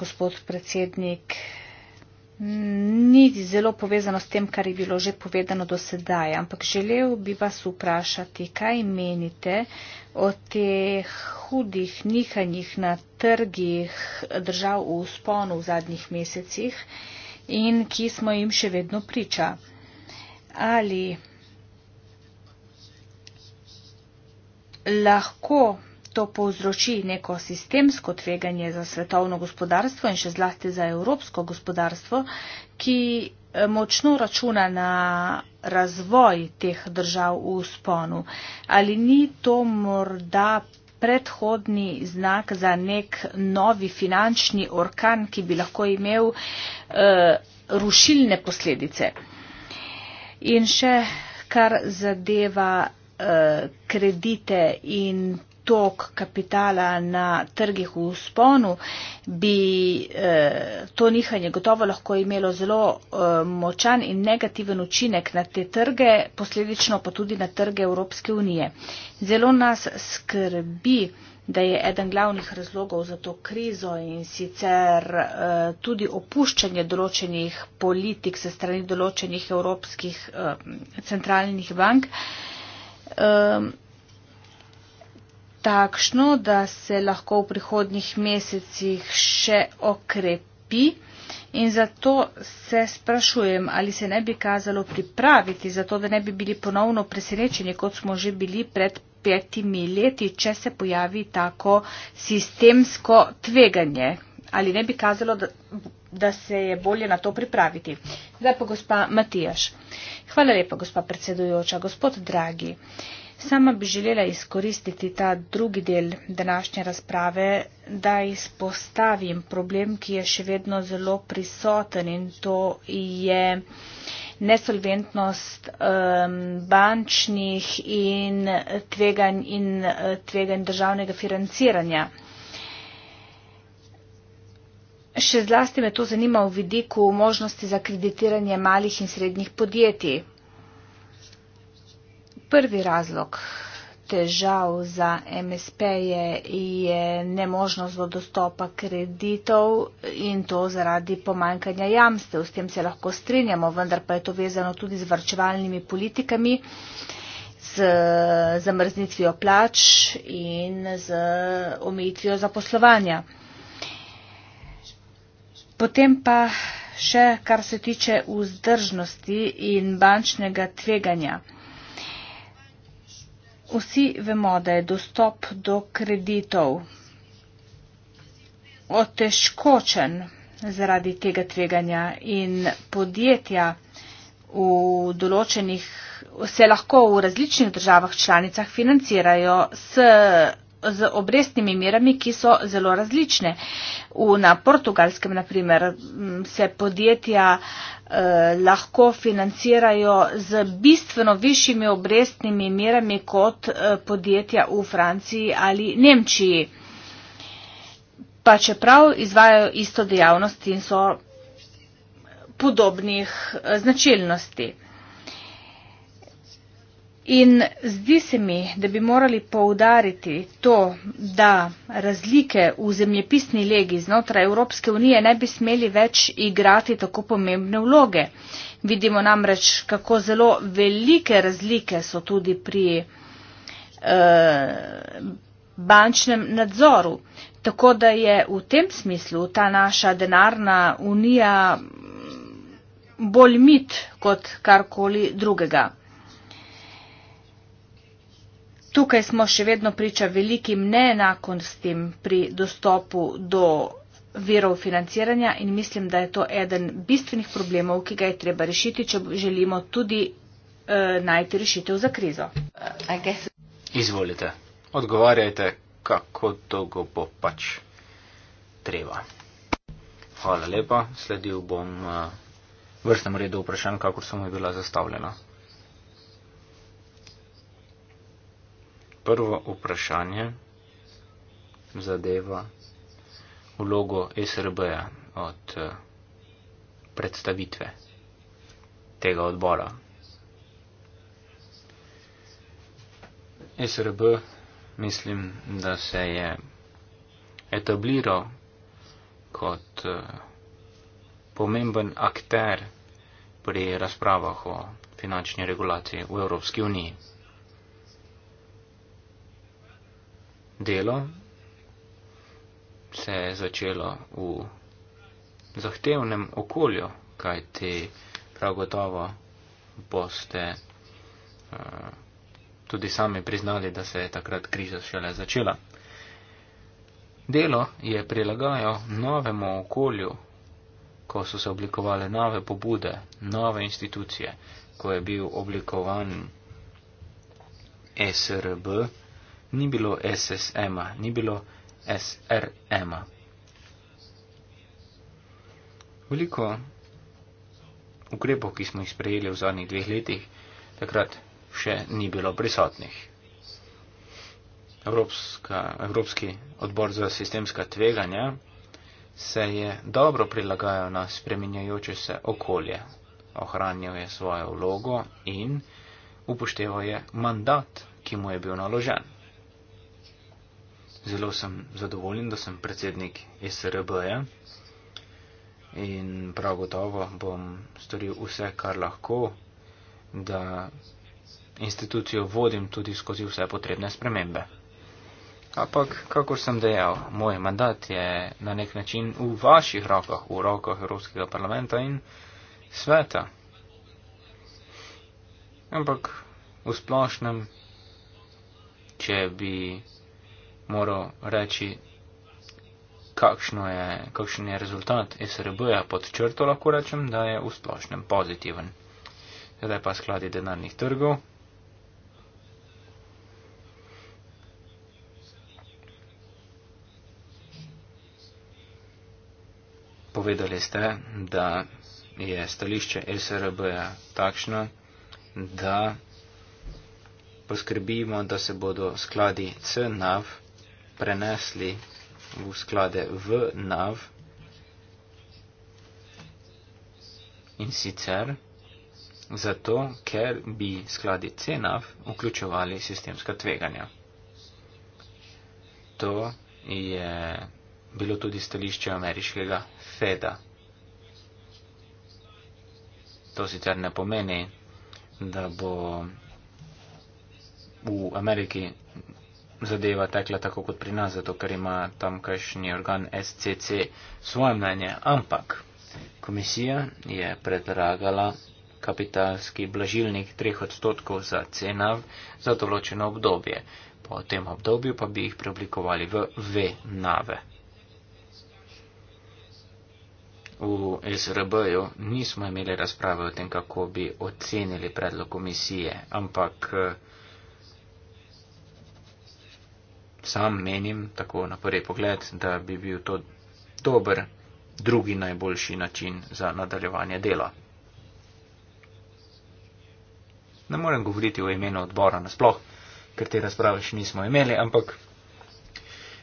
gospod predsednik, ni zelo povezano s tem, kar je bilo že povedano do sedaj, ampak želel bi vas vprašati, kaj menite o teh hudih nihanjih na trgih držav v sponu v zadnjih mesecih in ki smo jim še vedno priča. Ali lahko to povzroči neko sistemsko tveganje za svetovno gospodarstvo in še zlasti za evropsko gospodarstvo, ki eh, močno računa na razvoj teh držav v sponu. Ali ni to morda predhodni znak za nek novi finančni orkan, ki bi lahko imel uh, rušilne posledice? In še kar zadeva eh, kredite in tok kapitala na trgih v usponu, bi eh, to nihanje gotovo lahko imelo zelo eh, močan in negativen učinek na te trge, posledično pa tudi na trge Evropske unije. Zelo nas skrbi, da je eden glavnih razlogov za to krizo in sicer eh, tudi opuščanje določenih politik se strani določenih evropskih centralnih bank takšno, da se lahko v prihodnjih mesecih še okrepi. In zato se sprašujem, ali se ne bi kazalo pripraviti, zato da ne bi bili ponovno presenečeni, kot smo že bili pred petimi leti, če se pojavi tako sistemsko tveganje. Ali ne bi kazalo, da, da se je bolje na to pripraviti. Zdaj pa gospa Matijaš. Hvala lepa, gospa predsedujoča. Gospod Dragi, uh, Sama bi želela izkoristiti ta drugi del današnje razprave, da izpostavim problem, ki je še vedno zelo prisoten in to je nesolventnost um, bančnih in tveganj in eh, tveganj državnega financiranja. Še zlasti me to zanima v vidiku možnosti za kreditiranje malih in srednjih podjetij prvi razlog težav za MSP-je je nemožnost do dostopa kreditov in to zaradi pomankanja jamstev. S tem se lahko strinjamo, vendar pa je to vezano tudi z vrčevalnimi politikami, z zamrznitvijo plač in z omejitvijo zaposlovanja. Potem pa še kar se tiče vzdržnosti in bančnega tveganja. Vsi vemo, da je dostop do kreditov otežkočen zaradi tega tveganja in podjetja v določenih, se lahko v različnih državah članicah financirajo s z obrestnimi merami, ki so zelo različne. V, na portugalskem, na primer, se podjetja eh, lahko financirajo z bistveno višjimi obrestnimi merami kot eh, podjetja v Franciji ali Nemčiji. Pa čeprav izvajajo isto dejavnost in so podobnih eh, značilnosti. In zdi se mi, da bi morali poudariti to, da razlike v zemljepisni legi znotraj Evropske unije ne bi smeli več igrati tako pomembne vloge. Vidimo namreč, kako zelo velike razlike so tudi pri eh, bančnem nadzoru. Tako da je v tem smislu ta naša denarna unija bolj mit kot karkoli drugega. Tukaj smo še vedno priča velikim neenakostim pri dostopu do virov financiranja in mislim, da je to eden bistvenih problemov, ki ga je treba rešiti, če želimo tudi uh, najti rešitev za krizo. Uh, Izvolite, odgovarjajte, kako dolgo bo pač treba. Hvala lepa, sledil bom uh, eh, vrstnem redu vprašanj, kakor so mi bila zastavljena. prvo vprašanje zadeva vlogo SRB-ja od eh, predstavitve tega odbora. SRB mislim, da se je etabliral kot eh, pomemben akter pri razpravah o finančni regulaciji v Evropski uniji. delo se je začelo v zahtevnem okolju, kaj ti prav gotovo boste uh, tudi sami priznali, da se je takrat kriza šele začela. Delo je prilagajal novemu okolju, ko so se oblikovale nove pobude, nove institucije, ko je bil oblikovan SRB, ni bilo SSM-a, ni bilo SRM-a. Veliko ukrepov, ki smo jih sprejeli v zadnjih dveh letih, takrat še ni bilo prisotnih. Evropska, Evropski odbor za sistemska tveganja se je dobro prilagajal na spreminjajoče se okolje. Ohranjal je svojo vlogo in upošteval je mandat, ki mu je bil naložen. Zelo sem zadovoljen, da sem predsednik SRB-ja in prav gotovo bom storil vse, kar lahko, da institucijo vodim tudi skozi vse potrebne spremembe. Ampak, kako sem dejal, moj mandat je na nek način v vaših rokah, v rokah Evropskega parlamenta in sveta. Ampak, v splošnem, če bi moral reči, je, kakšen je rezultat SRB-ja pod črto, lahko rečem, da je v splošnem pozitiven. Zdaj pa skladi denarnih trgov. Povedali ste, da je stališče SRB-ja takšno, da poskrbimo, da se bodo skladi CNAV prenesli v sklade v nav in sicer zato, ker bi skladi CNAV vključevali sistemska tveganja. To je bilo tudi stališče ameriškega FEDA. To sicer ne pomeni, da bo v Ameriki zadeva tekla tako kot pri nas, zato ker ima tamkajšnji organ SCC svoje mnenje. Ampak komisija je predlagala kapitalski blažilnik 3 odstotkov za cenav za določeno obdobje. Po tem obdobju pa bi jih preoblikovali v V nave. V e. SRB-ju nismo imeli razprave o tem, kako bi ocenili predlog komisije, ampak eh, sam menim, tako na prvi pogled, da bi bil to dober drugi najboljši način za nadaljevanje dela. Ne morem govoriti o imenu odbora nasploh, ker te razprave še nismo imeli, ampak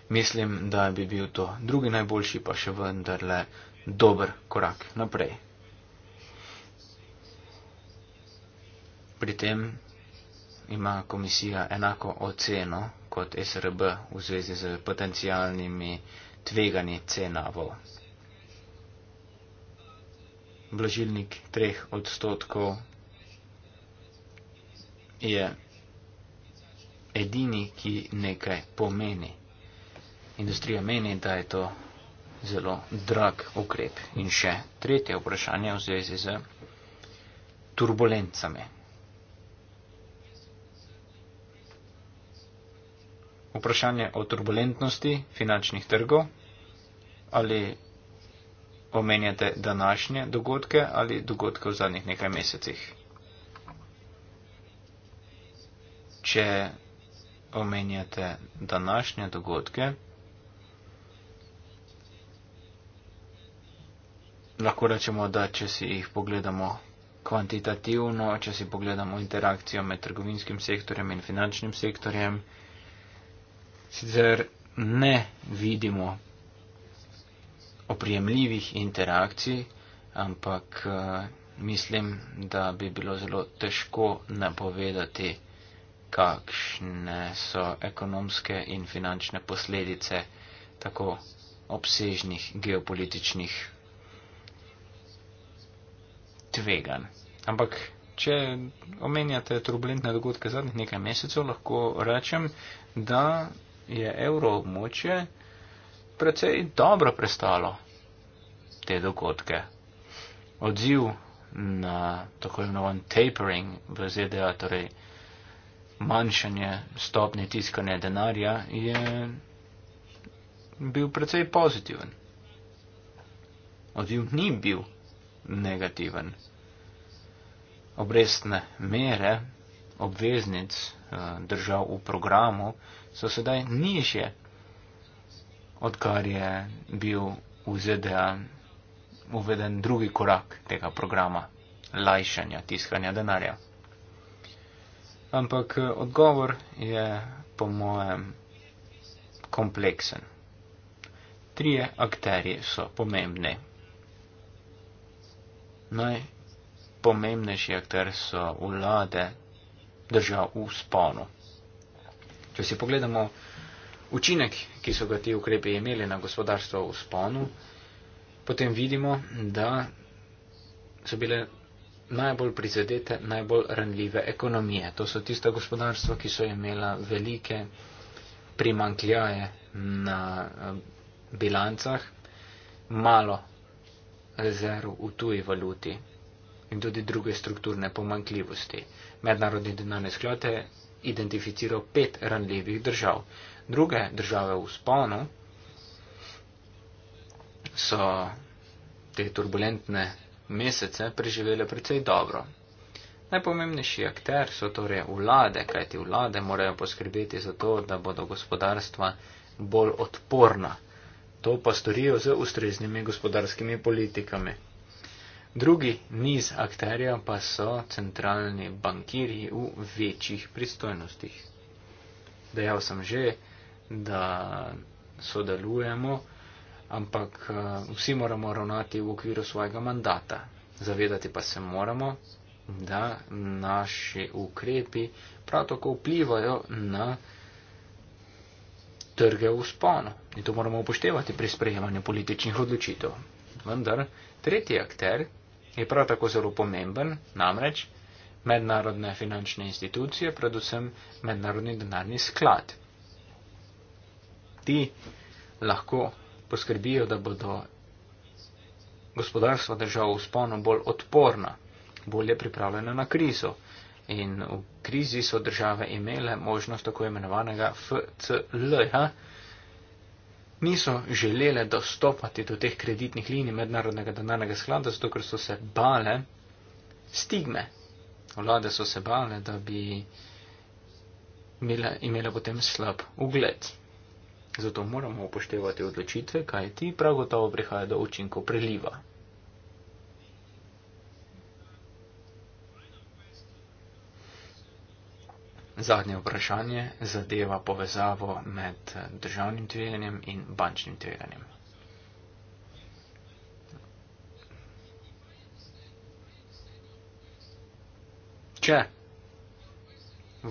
mislim, da bi bil to drugi najboljši, pa še vendarle dober korak naprej. Pri tem ima komisija enako oceno kot SRB v zvezi z potencijalnimi tveganji cenavov. Blažilnik treh odstotkov je edini, ki nekaj pomeni. Industrija meni, da je to zelo drag ukrep. In še tretje vprašanje v zvezi z turbulencami. vprašanje o turbulentnosti finančnih trgov ali omenjate današnje dogodke ali dogodke v zadnjih nekaj mesecih. Če omenjate današnje dogodke, lahko rečemo, da če si jih pogledamo kvantitativno, če si pogledamo interakcijo med trgovinskim sektorjem in finančnim sektorjem, sicer ne vidimo oprijemljivih interakcij, ampak eh, mislim, da bi bilo zelo težko napovedati, kakšne so ekonomske in finančne posledice tako obsežnih geopolitičnih tvegan. Ampak, če omenjate turbulentne dogodke zadnjih nekaj mesecev, lahko rečem, da je evro območje precej dobro prestalo te dogodke. Odziv na tako imenovan tapering v ZDA, torej manjšanje stopni tiskanja denarja, je bil precej pozitiven. Odziv ni bil negativen. Obrestne mere obveznic eh, držav v programu so sedaj nižje, odkar je bil v ZDA uveden drugi korak tega programa lajšanja tiskanja denarja. Ampak eh, odgovor je po mojem kompleksen. Trije akteri so pomembni. Najpomembnejši akter so vlade, držav v sponu. Če si pogledamo učinek, ki so ga ti ukrepi imeli na gospodarstvo v sponu, potem vidimo, da so bile najbolj prizadete, najbolj ranljive ekonomije. To so tiste gospodarstva, ki so imela velike primankljaje na eh, bilancah, malo rezerv v tuji valuti, in tudi druge strukturne pomankljivosti. Mednarodni denarni sklad je identificiral pet ranljivih držav. Druge države v sponu so te turbulentne mesece preživele precej dobro. Najpomembnejši akter so torej vlade, kajti vlade morajo poskrbeti za to, da bodo gospodarstva bolj odporna. To pa storijo z ustreznimi gospodarskimi politikami. Drugi niz akterja pa so centralni bankirji v večjih pristojnostih. Dejal sem že, da sodelujemo, ampak eh, vsi moramo ravnati v okviru svojega mandata. Zavedati pa se moramo, da naši ukrepi prav tako vplivajo na trge v spono. In to moramo upoštevati pri sprejemanju političnih odločitev. Vendar tretji akter, je prav tako zelo pomemben, namreč mednarodne finančne institucije, predvsem mednarodni denarni sklad. Ti lahko poskrbijo, da bodo gospodarstva držav vzpono bolj odporna, bolje pripravljena na krizo. In v krizi so države imele možnost tako imenovanega FCL-ja, -ja, niso želele dostopati do teh kreditnih linij mednarodnega denarnega sklada, zato ker so se bale stigme. Vlade so se bale, da bi imele, imele potem slab ugled. Zato moramo upoštevati odločitve, kaj ti prav gotovo prihaja do učinkov preliva. Zadnje vprašanje zadeva povezavo med državnim tveganjem in bančnim tveganjem. Če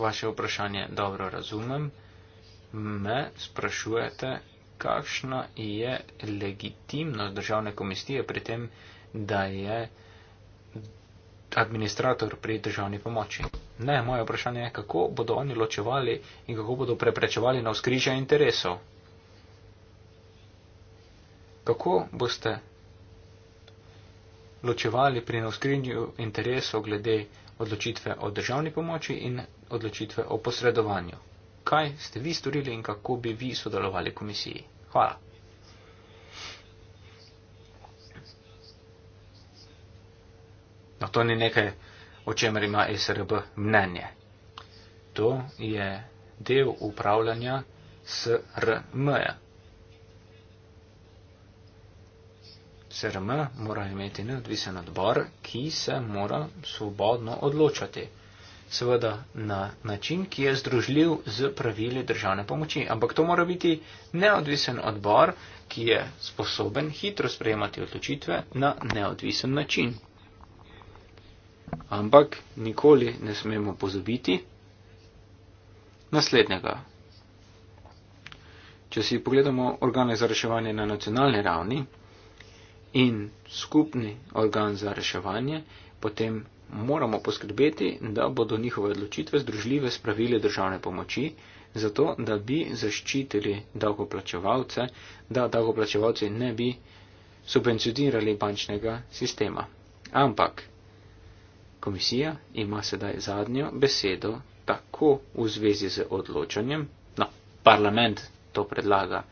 vaše vprašanje dobro razumem, me sprašujete, kakšna je legitimnost državne komisije pri tem, da je administrator pri državni pomoči. Ne, moje vprašanje je, kako bodo oni ločevali in kako bodo preprečevali na vzkrižja interesov. Kako boste ločevali pri na vzkrižju interesov glede odločitve o državni pomoči in odločitve o posredovanju? Kaj ste vi storili in kako bi vi sodelovali komisiji? Hvala. No, to ni nekaj, o čemer ima SRB mnenje. To je del upravljanja SRM. -ja. SRM mora imeti neodvisen odbor, ki se mora svobodno odločati. Seveda na način, ki je združljiv z pravili državne pomoči. Ampak to mora biti neodvisen odbor, ki je sposoben hitro sprejemati odločitve na neodvisen način. Ampak nikoli ne smemo pozabiti naslednjega. Če si pogledamo organe za reševanje na nacionalni ravni in skupni organ za reševanje, potem moramo poskrbeti, da bodo njihove odločitve združljive s pravili državne pomoči, zato da bi zaščitili davkoplačevalce, da davkoplačevalci ne bi subvencionirali bančnega sistema. Ampak Komisija ima sedaj zadnjo besedo tako v zvezi z odločanjem, no, parlament to predlaga,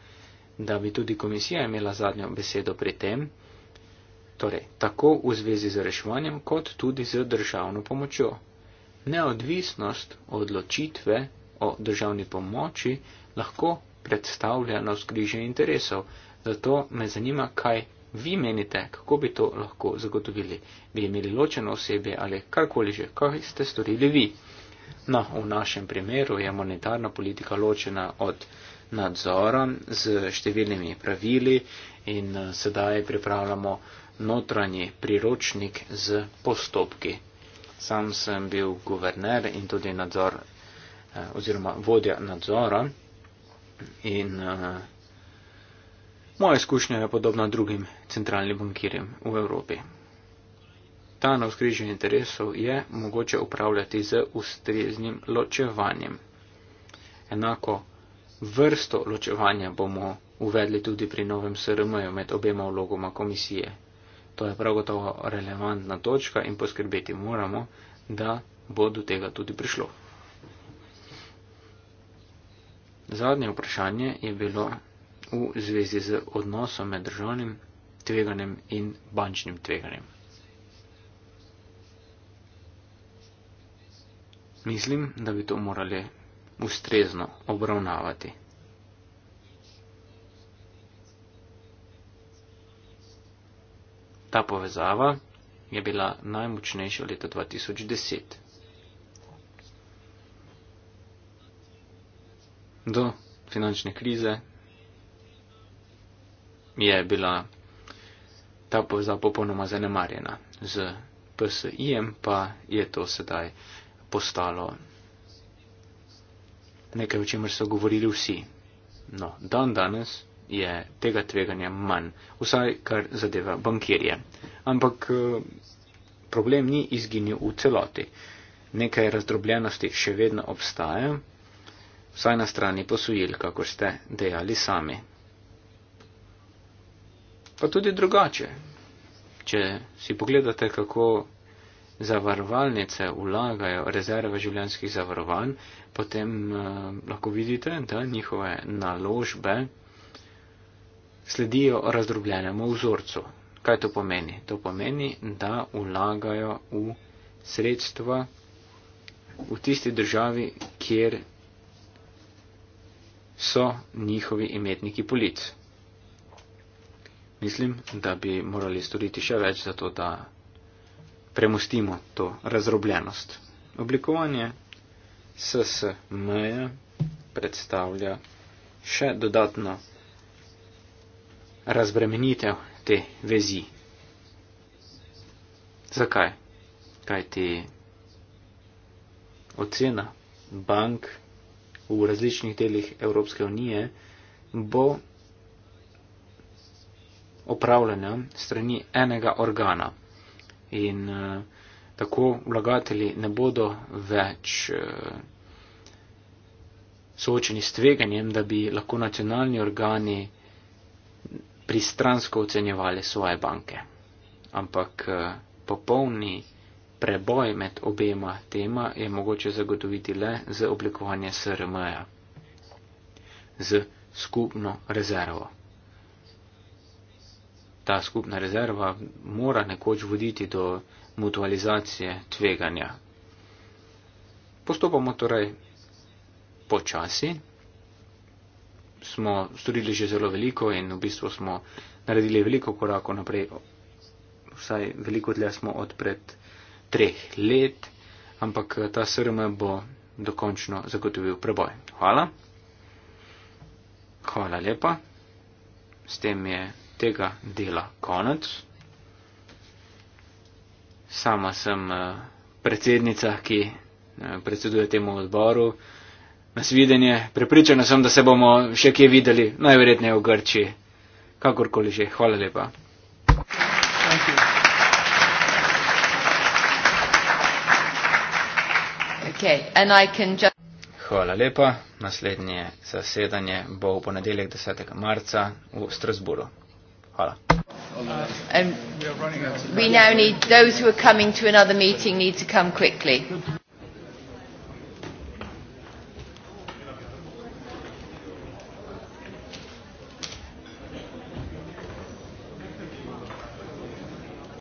da bi tudi komisija imela zadnjo besedo pri tem, torej tako v zvezi z reševanjem, kot tudi z državno pomočjo. Neodvisnost odločitve o državni pomoči lahko predstavlja na skriže interesov, zato me zanima, kaj vi menite, kako bi to lahko zagotovili? Bi imeli ločeno osebje ali karkoli že, kaj ste storili vi? No, v našem primeru je monetarna politika ločena od nadzora z številnimi pravili in eh, sedaj pripravljamo notranji priročnik z postopki. Sam sem bil guverner in tudi nadzor eh, oziroma vodja nadzora in uh, Moja izkušnja je podobna drugim centralnim bankirjem v Evropi. Ta navskrižen interesov je mogoče upravljati z ustreznim ločevanjem. Enako vrsto ločevanja bomo uvedli tudi pri novem SRM-ju med obema vlogoma komisije. To je prav gotovo relevantna točka in poskrbeti moramo, da bo do tega tudi prišlo. Zadnje vprašanje je bilo v zvezi z odnosom med državnim tveganjem in bančnim tveganjem. Mislim, da bi to morali ustrezno obravnavati. Ta povezava je bila najmočnejša leta 2010. Do finančne krize je bila ta povezava popolnoma zanemarjena. Z PSI-jem pa je to sedaj postalo nekaj, o čemer so govorili vsi. No, dan danes je tega tveganja manj, vsaj kar zadeva bankirje. Ampak eh, problem ni izginil v celoti. Nekaj razdrobljenosti še vedno obstaja, vsaj na strani posojil, kako ste dejali sami pa tudi drugače. Če si pogledate, kako zavarovalnice ulagajo rezerve življenskih zavarovanj, potem uh, lahko vidite, da njihove naložbe sledijo razdrobljenemu vzorcu. Kaj to pomeni? To pomeni, da ulagajo v sredstva v tisti državi, kjer so njihovi imetniki policije mislim, da bi morali storiti še več za to, da premustimo to razrobljenost. Oblikovanje SSM predstavlja še dodatno razbremenitev te vezi. Zakaj? Kaj ti ocena bank v različnih delih Evropske unije bo opravljanja strani enega organa. In eh, tako vlagatelji ne bodo več eh, soočeni s tveganjem, da bi lahko nacionalni organi pristransko ocenjevali svoje banke. Ampak eh, popolni preboj med obema tema je mogoče zagotoviti le z oblikovanje SRM-ja, z skupno rezervo ta skupna rezerva mora nekoč voditi do mutualizacije tveganja. Postopamo torej počasi. Smo storili že zelo veliko in v bistvu smo naredili veliko korakov naprej. Vsaj veliko dlje smo od pred treh let, ampak eh, ta srme bo dokončno zagotovil preboj. Hvala. Hvala lepa. S tem je tega dela konec. Sama sem eh, predsednica, ki eh, predseduje temu odboru. Nasvidenje, prepričana sem, da se bomo še kje videli, najverjetneje v Grči, kakorkoli že. Hvala lepa. Okay, Hvala lepa. Naslednje zasedanje bo v ponedeljek 10. marca v Strasburu. Hvala. Uh, um, and we now need those who are coming to another meeting need to come quickly.